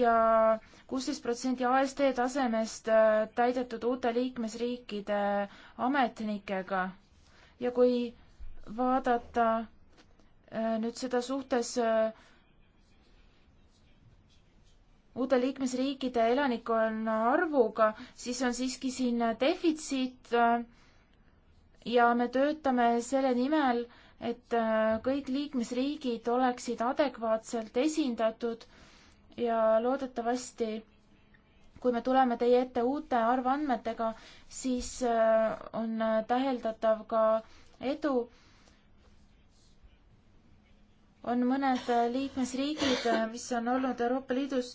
Speaker 2: ja kuusteist protsenti ASD tasemest äh, täidetud uute liikmesriikide ametnikega ja kui vaadata äh, nüüd seda suhtes äh, uute liikmesriikide elanikkonna arvuga, siis on siiski siin defitsiit äh, ja me töötame selle nimel, et kõik liikmesriigid oleksid adekvaatselt esindatud ja loodetavasti kui me tuleme teie ette uute arvandmetega, siis äh, on äh, täheldatav ka edu. on mõned äh, liikmesriigid, mis on olnud Euroopa Liidus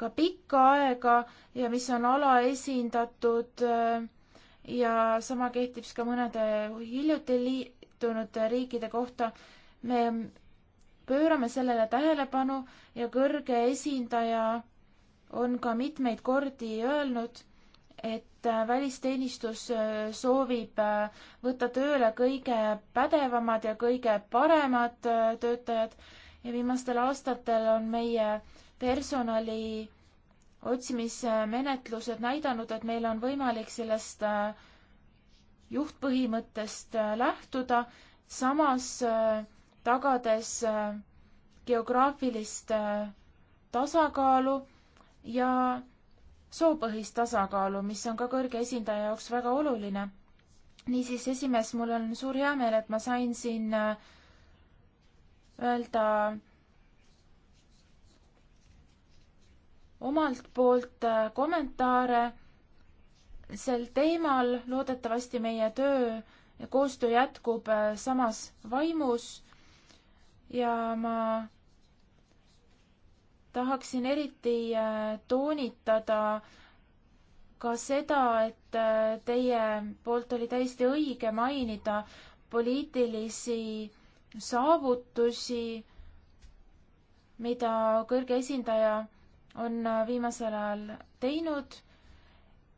Speaker 2: ka pikka aega ja mis on alaesindatud ja sama kehtib siis ka mõnede hiljuti liitunud riikide kohta. me pöörame sellele tähelepanu ja kõrge esindaja on ka mitmeid kordi öelnud, et äh, välisteenistus äh, soovib äh, võtta tööle kõige pädevamad ja kõige paremad töötajad ja viimastel aastatel on meie personali otsimismenetlused näidanud, et meil on võimalik sellest juhtpõhimõttest lähtuda, samas tagades geograafilist tasakaalu ja soopõhist tasakaalu, mis on ka kõrge esindaja jaoks väga oluline. niisiis, esimees, mul on suur heameel, et ma sain siin äh, öelda omalt poolt äh, kommentaare sel teemal, loodetavasti meie töö ja koostöö jätkub äh, samas vaimus ja ma tahaksin eriti äh, toonitada ka seda, et äh, teie poolt oli täiesti õige mainida poliitilisi saavutusi, mida kõrge esindaja on äh, viimasel ajal teinud.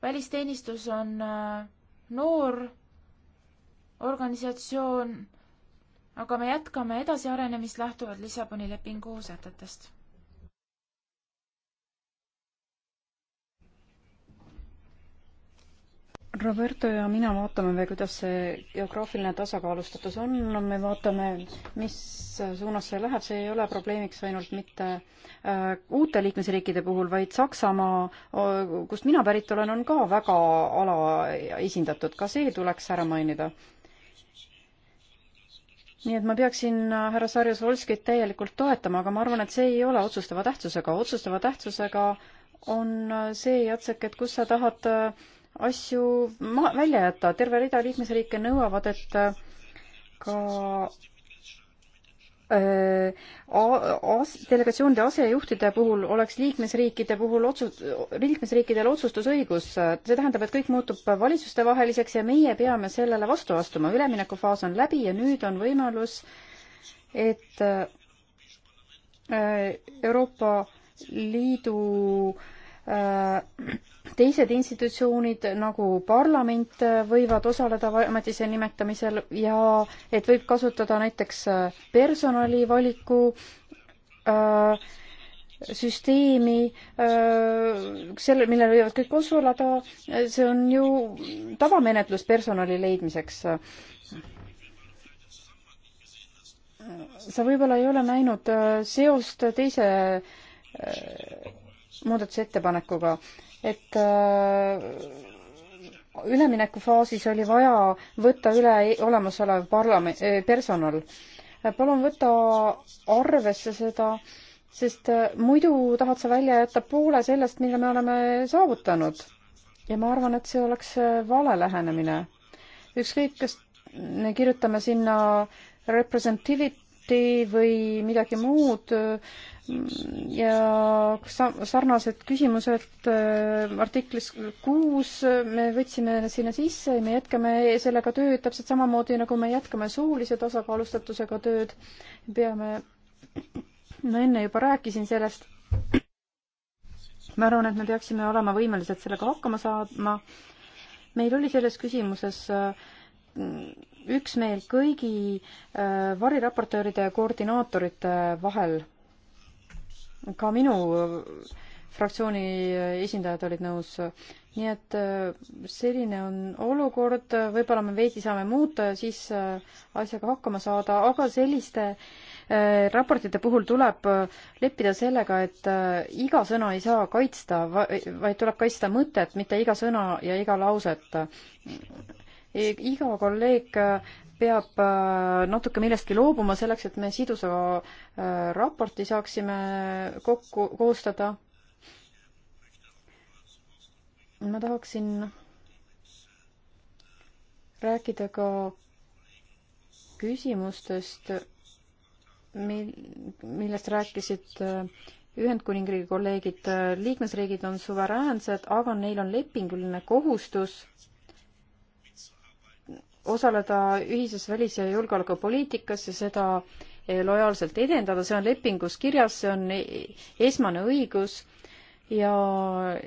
Speaker 2: välisteenistus on noor organisatsioon, aga me jätkame edasiarenemist lähtuvalt Lissaboni lepingu sätetest
Speaker 4: Roberto ja mina vaatame veel, kuidas see geograafiline tasakaalustatus on, me vaatame, mis suunas see läheb, see ei ole probleemiks ainult mitte äh, uute liikmesriikide puhul, vaid Saksamaa, äh, kust mina pärit olen, on ka väga alaesindatud, ka see tuleks ära mainida. nii et ma peaksin äh, härra Sarjas Volskit täielikult toetama, aga ma arvan, et see ei ole otsustava tähtsusega, otsustava tähtsusega on äh, see, Jacek, et kus sa tahad äh, asju ma-, välja jätta, terve rida liikmesriike nõuavad, et ka äh, as-, delegatsioonide asejuhtide puhul oleks liikmesriikide puhul otsus, liikmesriikidel otsustusõigus, see tähendab, et kõik muutub valitsustevaheliseks ja meie peame sellele vastu astuma, üleminekufaas on läbi ja nüüd on võimalus, et äh, Euroopa Liidu äh, Äh, teised institutsioonid nagu parlament äh, võivad osaleda ametisse nimetamisel ja et võib kasutada näiteks äh, personali valiku äh, süsteemi, selle, millel võivad kõik osaleda, see on ju tavamenetlus personali leidmiseks. sa võib-olla ei ole näinud seost teise muudatusettepanekuga, et äh, üleminekufaasis oli vaja võtta üle olemasolev parlament, äh, personal. palun võta arvesse seda, sest äh, muidu tahad sa välja jätta poole sellest, mille me oleme saavutanud. ja ma arvan, et see oleks vale lähenemine. ükskõik, kas me kirjutame sinna representativity või midagi muud, ja sarnased küsimused äh, artiklis kuus äh, me võtsime sinna sisse ja me jätkame sellega tööd täpselt samamoodi, nagu me jätkame suulise tasakaalustatusega tööd. peame, ma enne juba rääkisin sellest. ma arvan, et me peaksime olema võimelised sellega hakkama saama. meil oli selles küsimuses äh, üksmeel kõigi variraportööride ja koordinaatorite vahel ka minu äh, fraktsiooni äh, esindajad olid nõus. nii et äh, selline on olukord, võib-olla me veidi saame muuta ja siis asjaga hakkama saada, aga selliste raportite puhul tuleb leppida sellega, et iga sõna ei saa kaitsta, vaid tuleb kaitsta mõtet, mitte iga sõna ja iga lauset. iga kolleeg peab äh, natuke millestki loobuma selleks, et me sidusa äh, raporti saaksime kokku koostada. ma tahaksin rääkida ka küsimustest, mil, millest rääkisid äh, Ühendkuningriigi kolleegid, liikmesriigid on suveräänsed, aga neil on lepinguline kohustus osaleda ühises välis- ja julgeolekupoliitikas ja seda eh, lojaalselt edendada, see on lepingus kirjas, see on e-, esmane õigus ja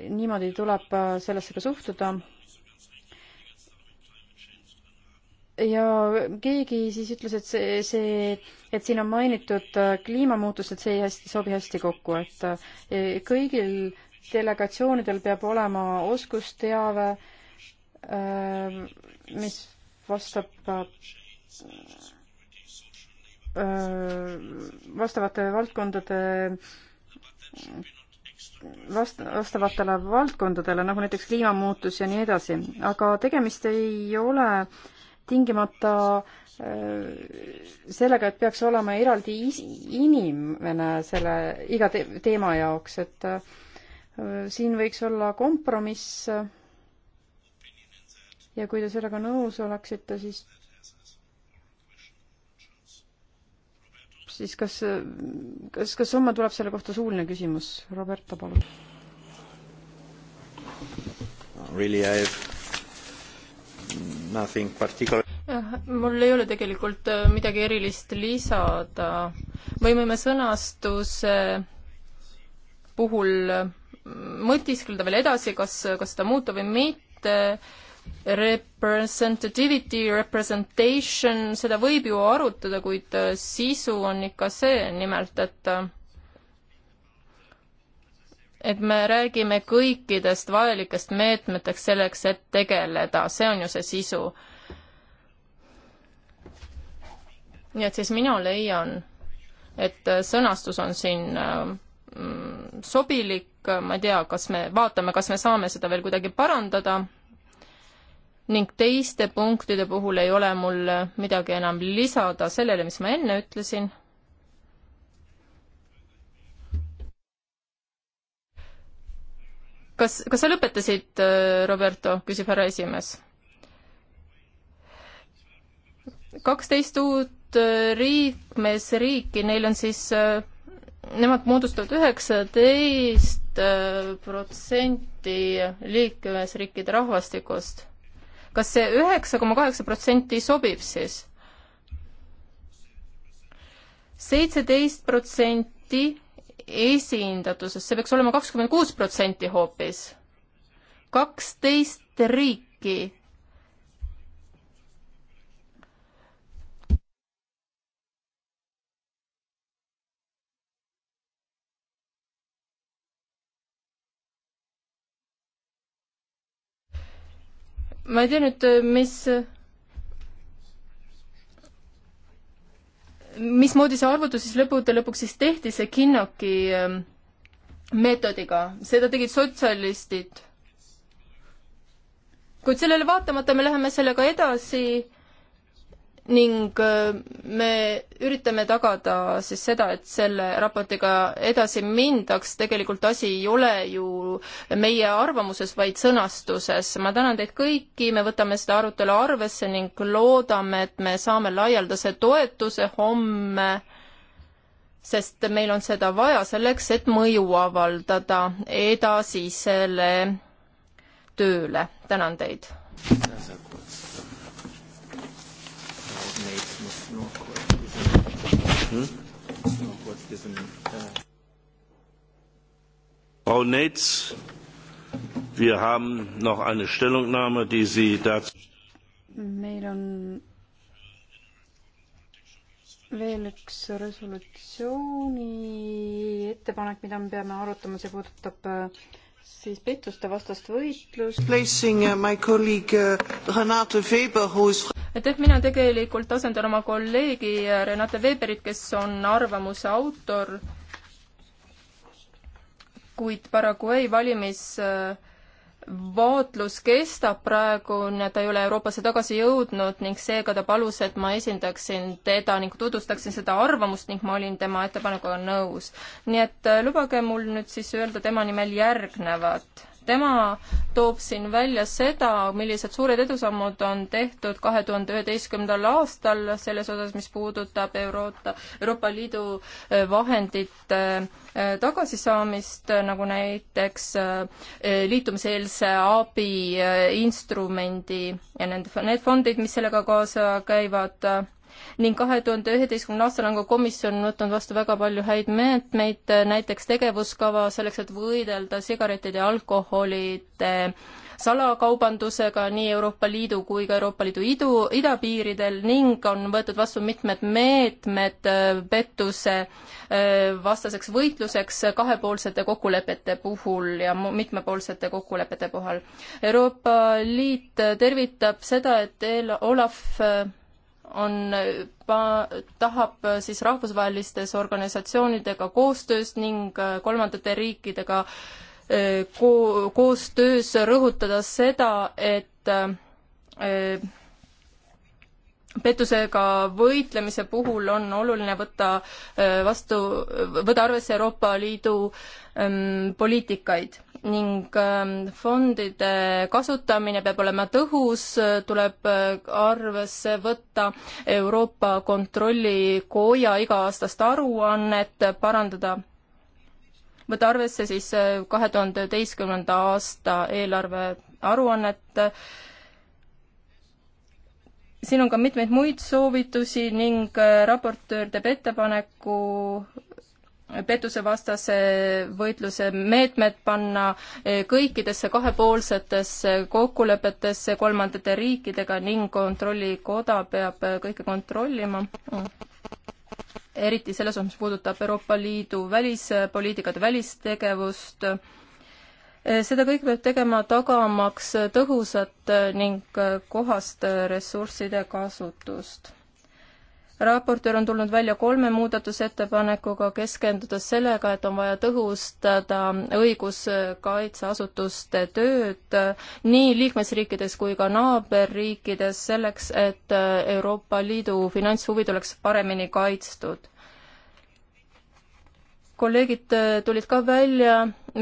Speaker 4: niimoodi tuleb äh, sellesse ka suhtuda. ja keegi siis ütles, et see, see, et siin on mainitud äh, kliimamuutust, et see ei hästi, sobi hästi kokku, et äh, kõigil delegatsioonidel peab olema oskusteave, mis vastab äh, vastavate valdkondade vast-, vastavatele valdkondadele, nagu näiteks kliimamuutus ja nii edasi, aga tegemist ei ole tingimata äh, sellega, et peaks olema eraldi inimene selle iga te teema jaoks, et äh, siin võiks olla kompromiss ja kui te sellega nõus oleksite, siis siis kas, kas, kas homme tuleb selle kohta suuline küsimus? Roberta, palun.
Speaker 3: Really I have nothing particular
Speaker 5: jah, mul ei ole tegelikult äh, midagi erilist lisada. võime sõnastuse puhul äh, mõtiskleda veel edasi, kas, kas seda muuta või mitte representativity, representation, seda võib ju arutada, kuid äh, sisu on ikka see nimelt, et äh, et me räägime kõikidest vajalikest meetmetest selleks, et tegeleda, see on ju see sisu. nii et siis mina leian, et äh, sõnastus on siin mm, sobilik, ma ei tea, kas me vaatame, kas me saame seda veel kuidagi parandada ning teiste punktide puhul ei ole mul midagi enam lisada sellele, mis ma enne ütlesin. kas, kas sa lõpetasid, Roberto, küsib härra esimees. kaksteist uut äh, liikmesriiki, neil on siis, äh, nemad moodustavad üheksateist äh, protsenti liikmesriikide rahvastikust kas see üheksa koma kaheksa protsenti sobib siis? seitseteist protsenti esindatusest, see peaks olema kakskümmend kuus protsenti hoopis. kaksteist riiki ma ei tea nüüd, mis mismoodi see arvutus siis lõppude lõpuks siis tehti, see Kinnoki ähm, meetodiga, seda tegid sotsialistid. kuid sellele vaatamata me läheme sellega edasi äh, ning äh, me üritame tagada siis seda, et selle raportiga edasi mindaks, tegelikult asi ei ole ju meie arvamuses, vaid sõnastuses. ma tänan teid kõiki, me võtame seda arutelu arvesse ning loodame, et me saame laialdase toetuse homme, sest meil on seda vaja selleks, et mõju avaldada edasisele tööle. tänan teid!
Speaker 1: Hm? Frau Nates, wir haben noch eine Stellungnahme, die Sie dazu.
Speaker 4: Meil on veel üks resolutsiooni ettepanek, mida me peame arutama, see puudutab äh, siis pettuste vastast võitlust.
Speaker 5: aitäh, uh, uh, mina tegelikult asendan oma kolleegi uh, Renate Weberit, kes on arvamuse autor, kuid Paraguay valimis äh, vaatlus kestab praegu, ta ei ole Euroopasse tagasi jõudnud ning seega ta palus, et ma esindaksin teda ning tutvustaksin seda arvamust ning ma olin tema ettepanekuga nõus. nii et äh, lubage mul nüüd siis öelda tema nimel järgnevat tema toob siin välja seda, millised suured edusammud on tehtud kahe tuhande üheteistkümnendal aastal selles osas, mis puudutab Euroopa, Euroopa Liidu äh, vahendite äh, tagasisaamist, äh, nagu näiteks liitumiseelse abi instrumendi ja need, need fondid, mis sellega kaasa käivad ning kahe tuhande üheteistkümnendal aastal on ka komisjon võtnud vastu väga palju häid meetmeid, näiteks tegevuskava selleks, et võidelda sigaretide ja alkoholide salakaubandusega nii Euroopa Liidu kui ka Euroopa Liidu idu, idapiiridel ning on võetud vastu mitmed meetmed äh, pettuse äh, vastaseks võitluseks kahepoolsete kokkulepete puhul ja mitmepoolsete kokkulepete puhul. Euroopa Liit tervitab seda, et Olav äh, on, tahab siis rahvusvahelistes organisatsioonidega koostöös ning äh, kolmandate riikidega äh, ko-, koostöös rõhutada seda, et äh, pettusega võitlemise puhul on oluline võtta vastu, võtta arvesse Euroopa Liidu ähm, poliitikaid ning ähm, fondide kasutamine peab olema tõhus, tuleb äh, arvesse võtta Euroopa Kontrollikoja iga-aastast aruannet, parandada, võtta arvesse siis äh, kahe tuhande üheteistkümnenda aasta eelarve aruannet, siin on ka mitmeid muid soovitusi ning äh, raportöör teeb ettepaneku pettusevastase võitluse meetmed panna eh, kõikidesse kahepoolsetesse kokkulepetesse kolmandate riikidega ning Kontrollikoda peab eh, kõike kontrollima eriti selles osas, mis puudutab Euroopa Liidu välispoliitikat, välistegevust, eh, seda kõike peab tegema tagamaks tõhusat ning kohast ressursside kasutust raportöör on tulnud välja kolme muudatusettepanekuga, keskendudes sellega, et on vaja tõhustada õiguskaitseasutuste tööd nii liikmesriikides kui ka naaberriikides, selleks et Euroopa Liidu finantshuvid oleks paremini kaitstud kolleegid äh, tulid ka välja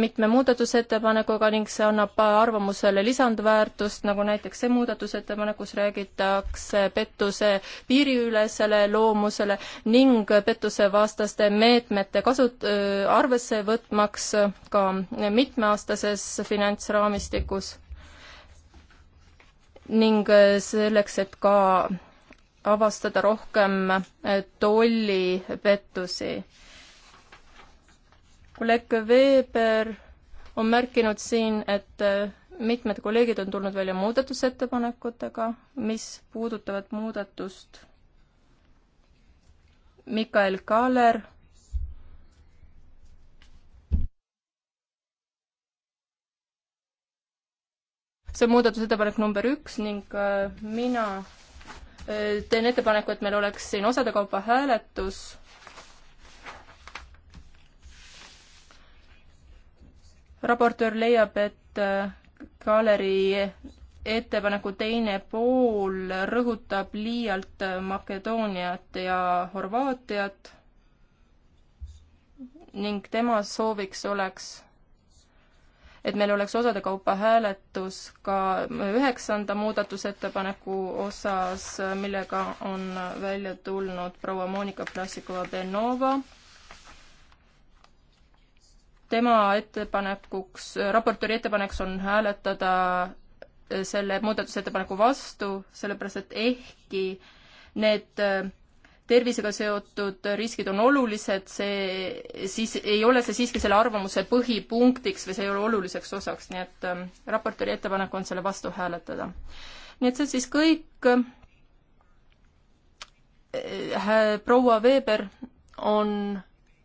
Speaker 5: mitme muudatusettepanekuga ning see annab arvamusele lisandväärtust, nagu näiteks see muudatusettepanek, kus räägitakse pettuse piiriülesele loomusele ning pettusevastaste meetmete kasut-, äh, arvesse võtmaks ka mitmeaastases finantsraamistikus. ning äh, selleks, et ka avastada rohkem tollipettusi kolleeg Weber on märkinud siin, et äh, mitmed kolleegid on tulnud välja muudatusettepanekutega, mis puudutavad muudatust. Mikael Kaaler. see on muudatusettepanek number üks ning äh, mina äh, teen ettepaneku, et meil oleks siin osade kaupa hääletus raportöör leiab, et galerii äh, ettepaneku teine pool rõhutab liialt äh, Makedooniat ja Horvaatiat ning tema sooviks oleks, et meil oleks osade kaupa hääletus ka äh, üheksanda muudatusettepaneku osas, millega on välja tulnud proua Monika Plassikova-Benova tema ettepanekuks, raportööri ettepanekuks on hääletada selle muudatusettepaneku vastu, sellepärast et ehkki need äh, tervisega seotud riskid on olulised, see, siis ei ole see siiski selle arvamuse põhipunktiks või see ei ole oluliseks osaks, nii et ähm, raportööri ettepanek on selle vastu hääletada. nii et see on siis kõik. Äh, proua Veber on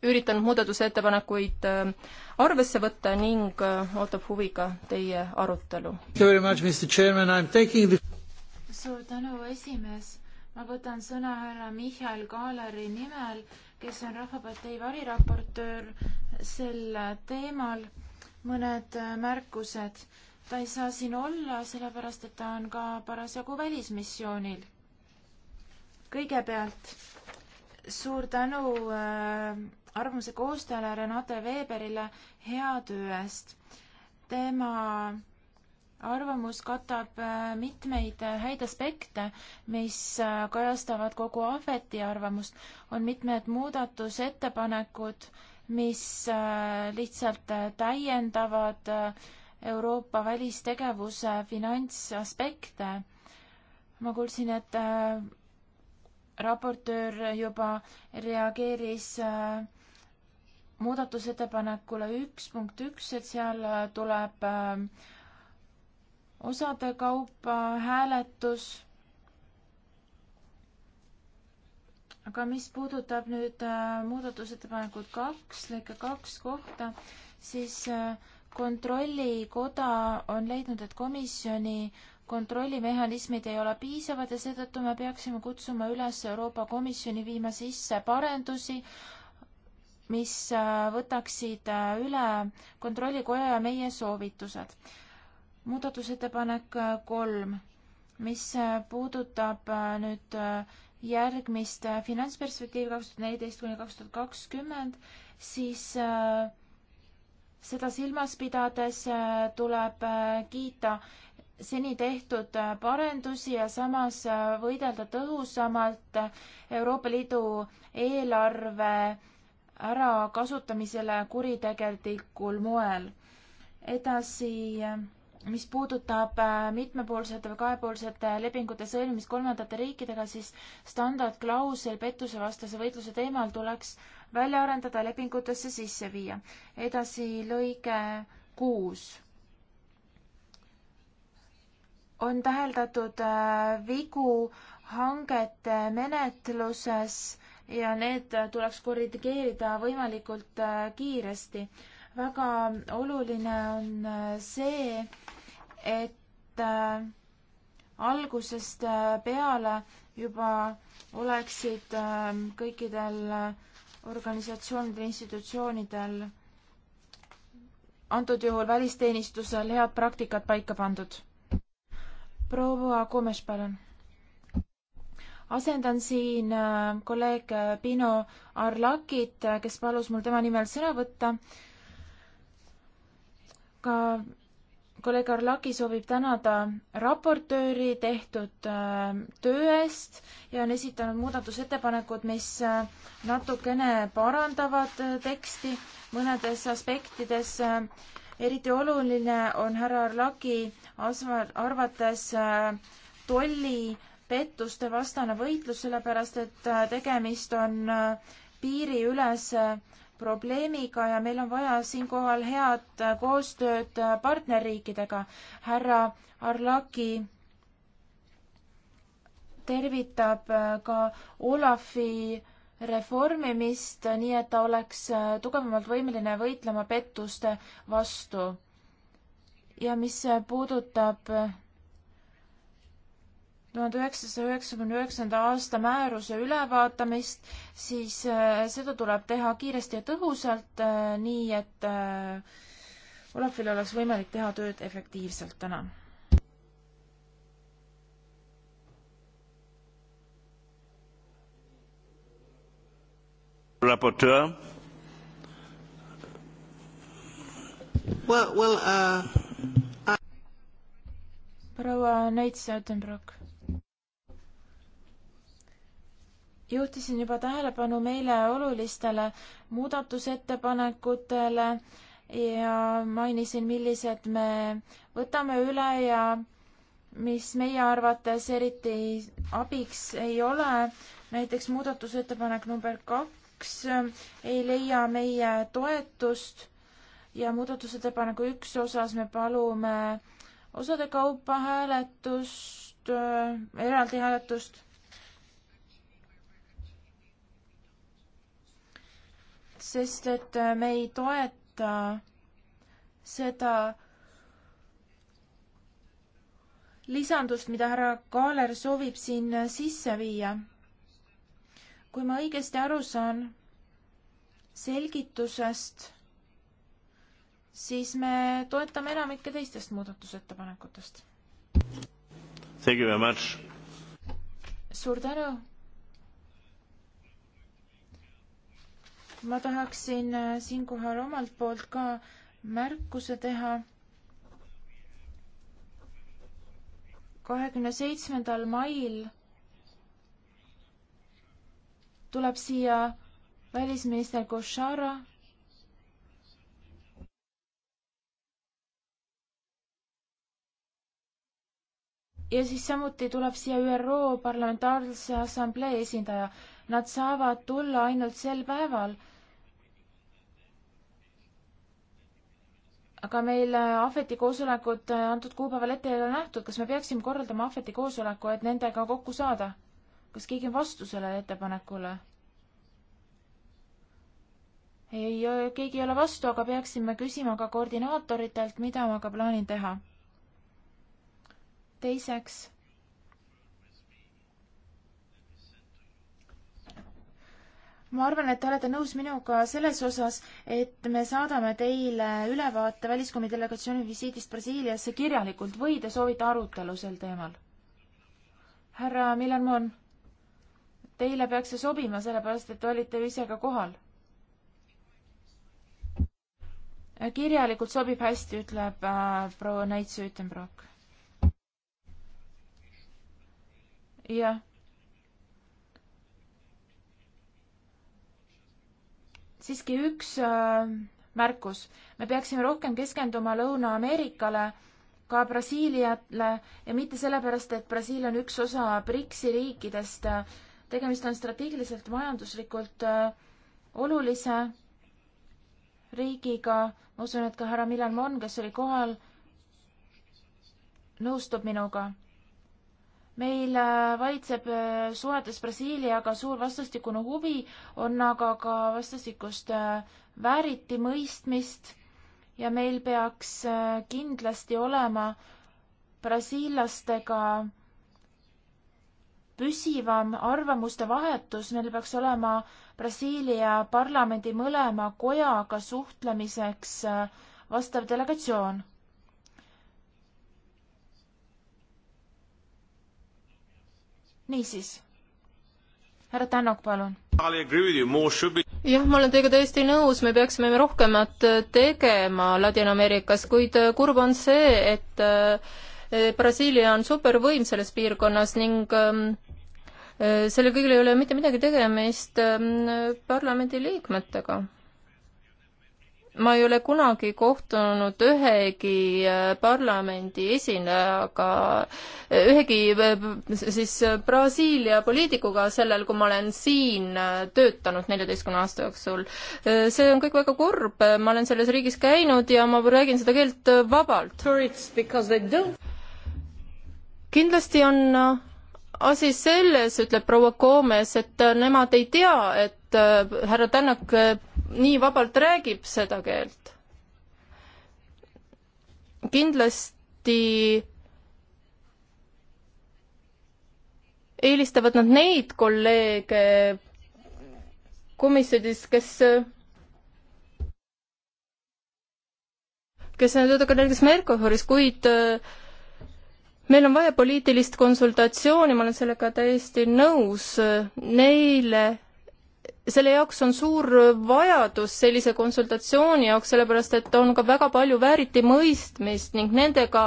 Speaker 5: üritanud muudatusettepanekuid äh, arvesse võtta ning äh, ootab huviga teie arutelu.
Speaker 2: suur tänu, esimees. ma võtan sõna härra Michal Kaaleri nimel, kes on Rahvapartei variraportöör sel teemal. mõned äh, märkused. ta ei saa siin olla, sellepärast et ta on ka parasjagu välismissioonil. kõigepealt suur tänu äh, arvamuse koostajale Renate Weberile hea töö eest. tema arvamus katab äh, mitmeid äh, häid aspekte, mis äh, kajastavad kogu Ahveti arvamust. on mitmed muudatusettepanekud, mis lihtsalt täiendavad Euroopa välistegevuse finantsaspekte. ma kuulsin, et raportöör juba reageeris äh, muudatusettepanekule üks punkt üks, et seal tuleb ähm, osade kaupa hääletus. aga mis puudutab nüüd äh, muudatusettepanekut kaks, lõike kaks kohta, siis äh, kontrollikoda on leidnud, et komisjoni kontrollimehhanismid ei ole piisavad ja seetõttu me peaksime kutsuma üles Euroopa Komisjoni viima sisse parendusi mis äh, võtaksid äh, üle Kontrollikoja ja meie soovitused. muudatusettepanek äh, kolm, mis puudutab nüüd järgmist finantsperspektiivi kaks tuhat neliteist kuni kaks tuhat kakskümmend, siis seda silmas pidades tuleb kiita seni tehtud parendusi ja samas võidelda tõhusamalt Euroopa Liidu eelarve ärakasutamisele kuritegelikul moel. edasi, mis puudutab äh, mitmepoolsete või kahepoolsete lepingute sõlmimist kolmandate riikidega, siis standardklausel pettusevastase võitluse teemal tuleks välja arendada, lepingutesse sisse viia. edasi lõige kuus on täheldatud äh, vigu hangete menetluses ja need tuleks korrigeerida võimalikult äh, kiiresti. väga oluline on äh, see, et äh, algusest peale juba oleksid kõikidel organisatsioonidel, institutsioonidel, antud juhul välisteenistusel head praktikad paika pandud. proua Kumes, palun asendan siin äh, kolleeg äh, Pino Arlakit, äh, kes palus mul tema nimel sõna võtta. ka kolleeg Arlaki soovib tänada raportööri tehtud töö eest ja on esitanud muudatusettepanekud, mis natukene parandavad teksti mõnedes aspektides eriti oluline on härra Arlaki arvates tolli pettuste vastane võitlus, sellepärast et äh, tegemist on äh, piiriülese probleemiga ja meil on vaja siinkohal head äh, koostööd partnerriikidega. härra Arlaki tervitab ka Olafi reformimist, nii et ta oleks tugevamalt võimeline võitlema pettuste vastu. ja mis puudutab tuhande üheksasaja üheksakümne üheksanda aasta määruse ülevaatamist, siis äh, seda tuleb teha kiiresti ja tõhusalt, äh, nii et äh, Olafil oleks võimalik teha tööd efektiivselt. tänan.
Speaker 1: raportöör.
Speaker 2: Well, well, uh, I... proua Neits-Jõtenbrock juhtisin juba tähelepanu meile olulistele muudatusettepanekutele ja mainisin, millised me võtame üle ja mis meie arvates eriti abiks ei ole. näiteks muudatusettepanek number kaks ei leia meie toetust ja muudatusettepaneku üks osas me palume osade kaupa hääletust, äh, eraldi hääletust sest et äh, me ei toeta seda lisandust, mida härra Kaaler soovib siin äh, sisse viia. kui ma õigesti aru saan selgitusest, siis me toetame enamikke teistest muudatusettepanekutest. suur tänu ma tahaksin äh, siinkohal omalt poolt ka märkuse teha. kahekümne seitsmendal mail tuleb siia välisminister Košara. ja siis samuti tuleb siia ÜRO Parlamentaarse Assamblee esindaja. Nad saavad tulla ainult sel päeval aga meil äh, ahveti koosolekut äh, antud kuupäeval ette ei ole nähtud, kas me peaksime korraldama ahveti koosoleku, et nendega kokku saada? kas keegi on vastu sellele ettepanekule? ei, äh, keegi ei ole vastu, aga peaksime küsima ka koordinaatoritelt, mida ma ka plaanin teha. teiseks ma arvan, et te olete nõus minuga selles osas, et me saadame teile ülevaate väliskomi delegatsiooni visiidist Brasiiliasse kirjalikult või te soovite arutelu sel teemal? härra Millermann, teile peaks see sobima, sellepärast et te olite ju ise ka kohal. kirjalikult sobib hästi, ütleb äh, proua Neitsu-Ütenbrock. jah siiski üks äh, märkus. me peaksime rohkem keskenduma Lõuna-Ameerikale, ka Brasiiliale ja mitte sellepärast, et Brasiilia on üks osa BRICS-i riikidest. tegemist on strateegiliselt majanduslikult äh, olulise riigiga. ma usun, et ka härra Milan Mon, kes oli kohal, nõustub minuga meil äh, valitseb äh, suhetes Brasiiliaga suur vastastikune huvi, on aga ka vastastikust äh, vääritimõistmist ja meil peaks kindlasti olema brasiillastega püsivam arvamuste vahetus, meil peaks olema Brasiilia parlamendi mõlema kojaga suhtlemiseks vastav delegatsioon niisiis, härra Tänak, palun.
Speaker 5: jah, ma olen teiega täiesti nõus, me peaksime rohkemat äh, tegema Ladina-Ameerikas, kuid äh, kurb on see, et äh, Brasiilia on supervõim selles piirkonnas ning ähm, sellel kõigil ei ole mitte midagi tegemist ähm, parlamendiliikmetega ma ei ole kunagi kohtunud ühegi äh, parlamendi esindajaga, äh, ühegi äh, siis Brasiilia poliitikuga sellel, kui ma olen siin töötanud neljateistkümne aasta jooksul. see on kõik väga kurb, ma olen selles riigis käinud ja ma räägin seda keelt vabalt. kindlasti on asi selles, ütleb proua Gomes, et nemad ei tea, et härra Tänak nii vabalt räägib seda keelt. kindlasti eelistavad nad neid kolleege komisjonis, kes kes on töötaja näiteks Mercosuris, kuid äh, meil on vaja poliitilist konsultatsiooni, ma olen sellega täiesti nõus, neile selle jaoks on suur vajadus sellise konsultatsiooni jaoks, sellepärast et on ka väga palju vääritimõistmist ning nendega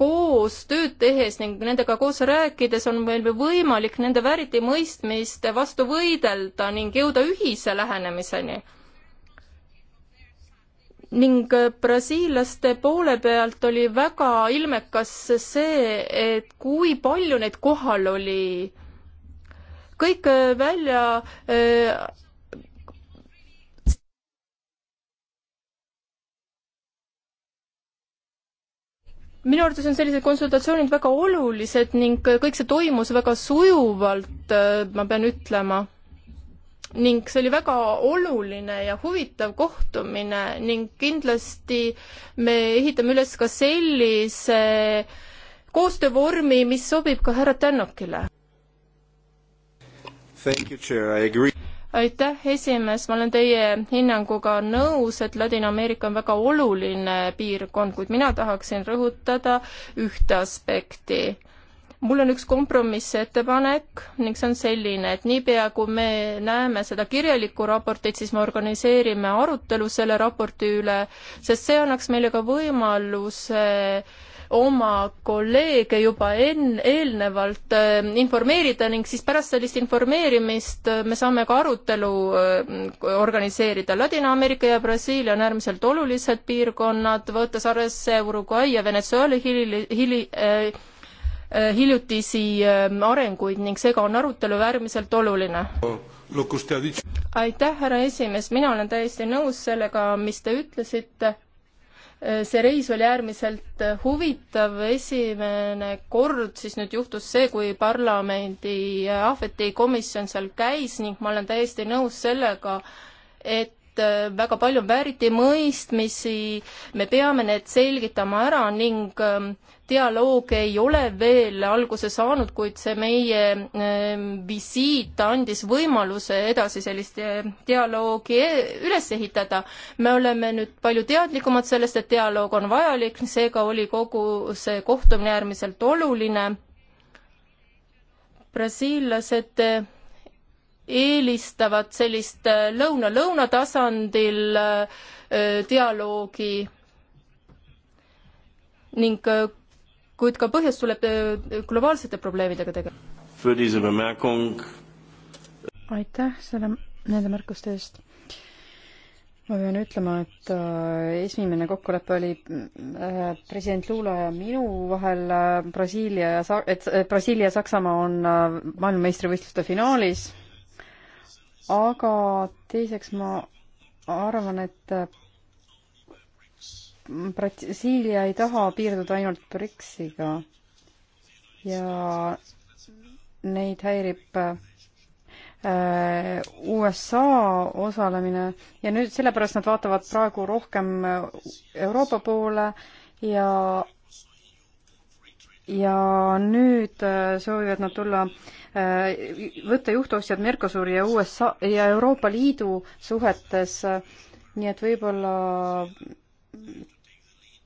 Speaker 5: koos tööd tehes ning nendega koos rääkides on meil võimalik nende vääritimõistmiste vastu võidelda ning jõuda ühise lähenemiseni. ning äh, brasiillaste poole pealt oli väga ilmekas see, et kui palju neid kohal oli kõik äh, välja äh, minu arvates on sellised konsultatsioonid väga olulised ning kõik see toimus väga sujuvalt, äh, ma pean ütlema. ning see oli väga oluline ja huvitav kohtumine ning kindlasti me ehitame üles ka sellise koostöövormi, mis sobib ka härra Tännokile aitäh, esimees, ma olen teie hinnanguga nõus, et Ladina-Ameerika on väga oluline piirkond, kuid mina tahaksin rõhutada ühte aspekti mul on üks kompromissettepanek ning see on selline, et niipea kui me näeme seda kirjalikku raportit, siis me organiseerime arutelu selle raporti üle, sest see annaks meile ka võimaluse äh, oma kolleege juba enn-, eelnevalt äh, informeerida ning siis pärast sellist informeerimist äh, me saame ka arutelu äh, organiseerida. Ladina-Ameerika ja Brasiilia on äärmiselt olulised piirkonnad, võttes arvesse Uruguay ja Venezuela hili-, hili- äh,, hiljutisi arenguid ning seega on arutelu äärmiselt oluline. aitäh, härra esimees, mina olen täiesti nõus sellega, mis te ütlesite Äh, see reis oli äärmiselt äh, huvitav, esimene kord siis nüüd juhtus see, kui parlamendi äh, ahvetikomisjon seal käis ning ma olen täiesti nõus sellega, et et äh, väga palju on vääritimõistmisi, me peame need selgitama ära ning ähm, dialoog ei ole veel alguse saanud, kuid see meie ähm, visiit andis võimaluse edasi sellist äh, dialoogi äh, üles ehitada. me oleme nüüd palju teadlikumad sellest, et dialoog on vajalik, seega oli kogu see kohtumine äärmiselt oluline. brasiillased eelistavad sellist lõuna-lõuna äh, tasandil äh, äh, dialoogi ning kuid ka põhjus tuleb globaalsete
Speaker 4: probleemidega
Speaker 1: tegeleda.
Speaker 4: aitäh selle, nende märkuste eest ma pean ütlema, et esimene kokkulepe oli president Lula ja minu vahel Brasiilia ja Sa-, et Brasiilia ja Saksamaa on maailmameistrivõistluste finaalis aga teiseks ma arvan, et mm, Brasiilia ei taha piirduda ainult BRICS-iga ja neid häirib äh, USA osalemine ja nüüd sellepärast nad vaatavad praegu rohkem Euroopa poole ja ja nüüd äh, soovivad nad tulla, äh, võtta juhtohjad Mercosuri ja USA ja Euroopa Liidu suhetes, nii et võib-olla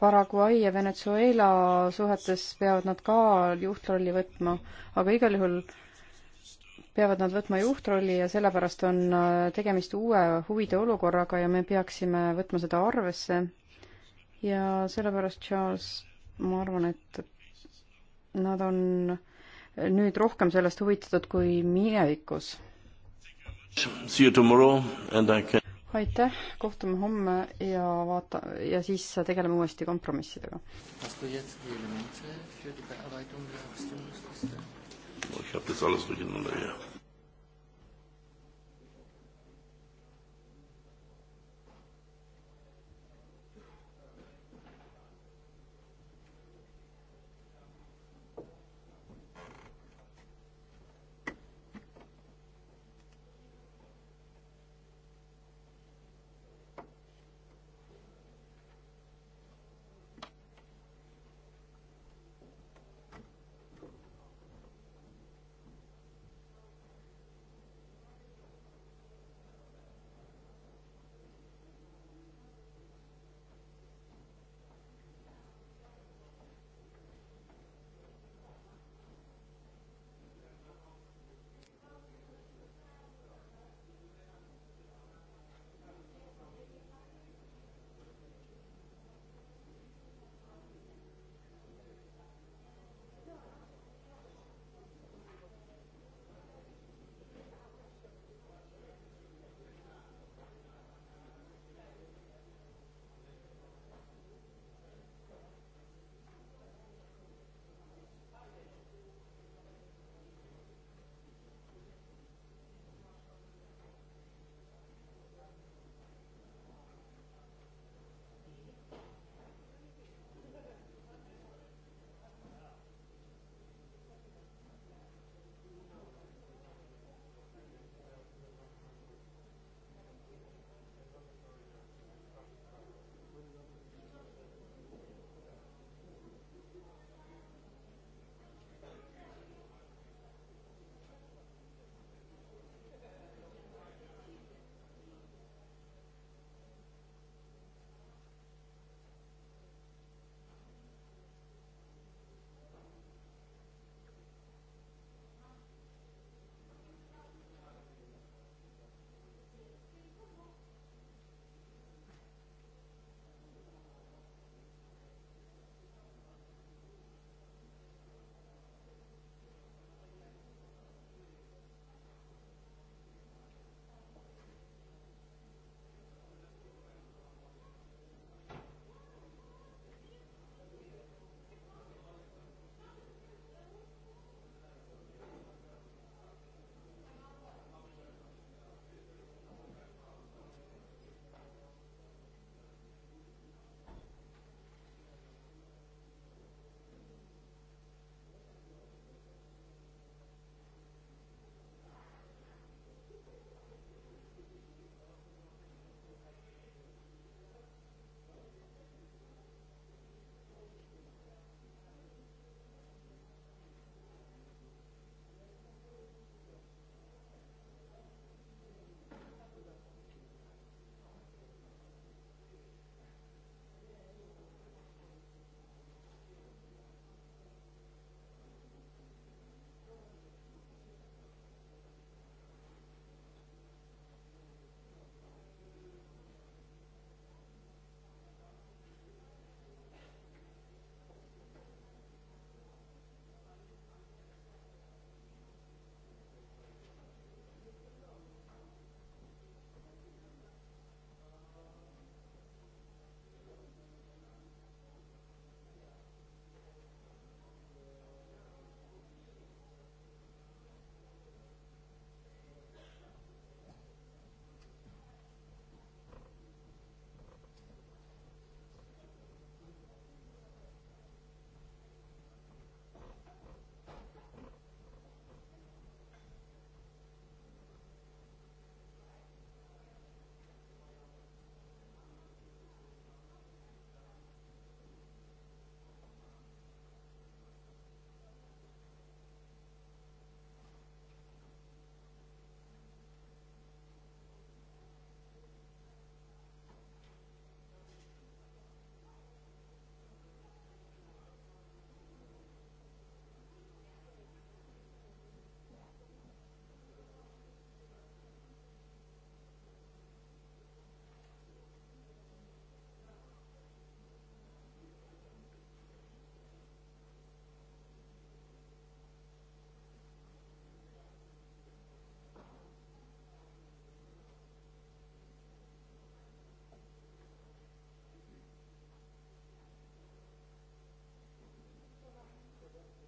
Speaker 4: Paraguay ja Venezuela suhetes peavad nad ka juhtrolli võtma, aga igal juhul peavad nad võtma juhtrolli ja sellepärast on äh, tegemist uue huvide olukorraga ja me peaksime võtma seda arvesse. ja sellepärast, Charles, ma arvan, et nad on nüüd rohkem sellest huvitatud kui minevikus. aitäh, kohtume homme ja vaata, ja siis tegeleme uuesti kompromissidega.
Speaker 1: Ich habe das alles durcheinander hier.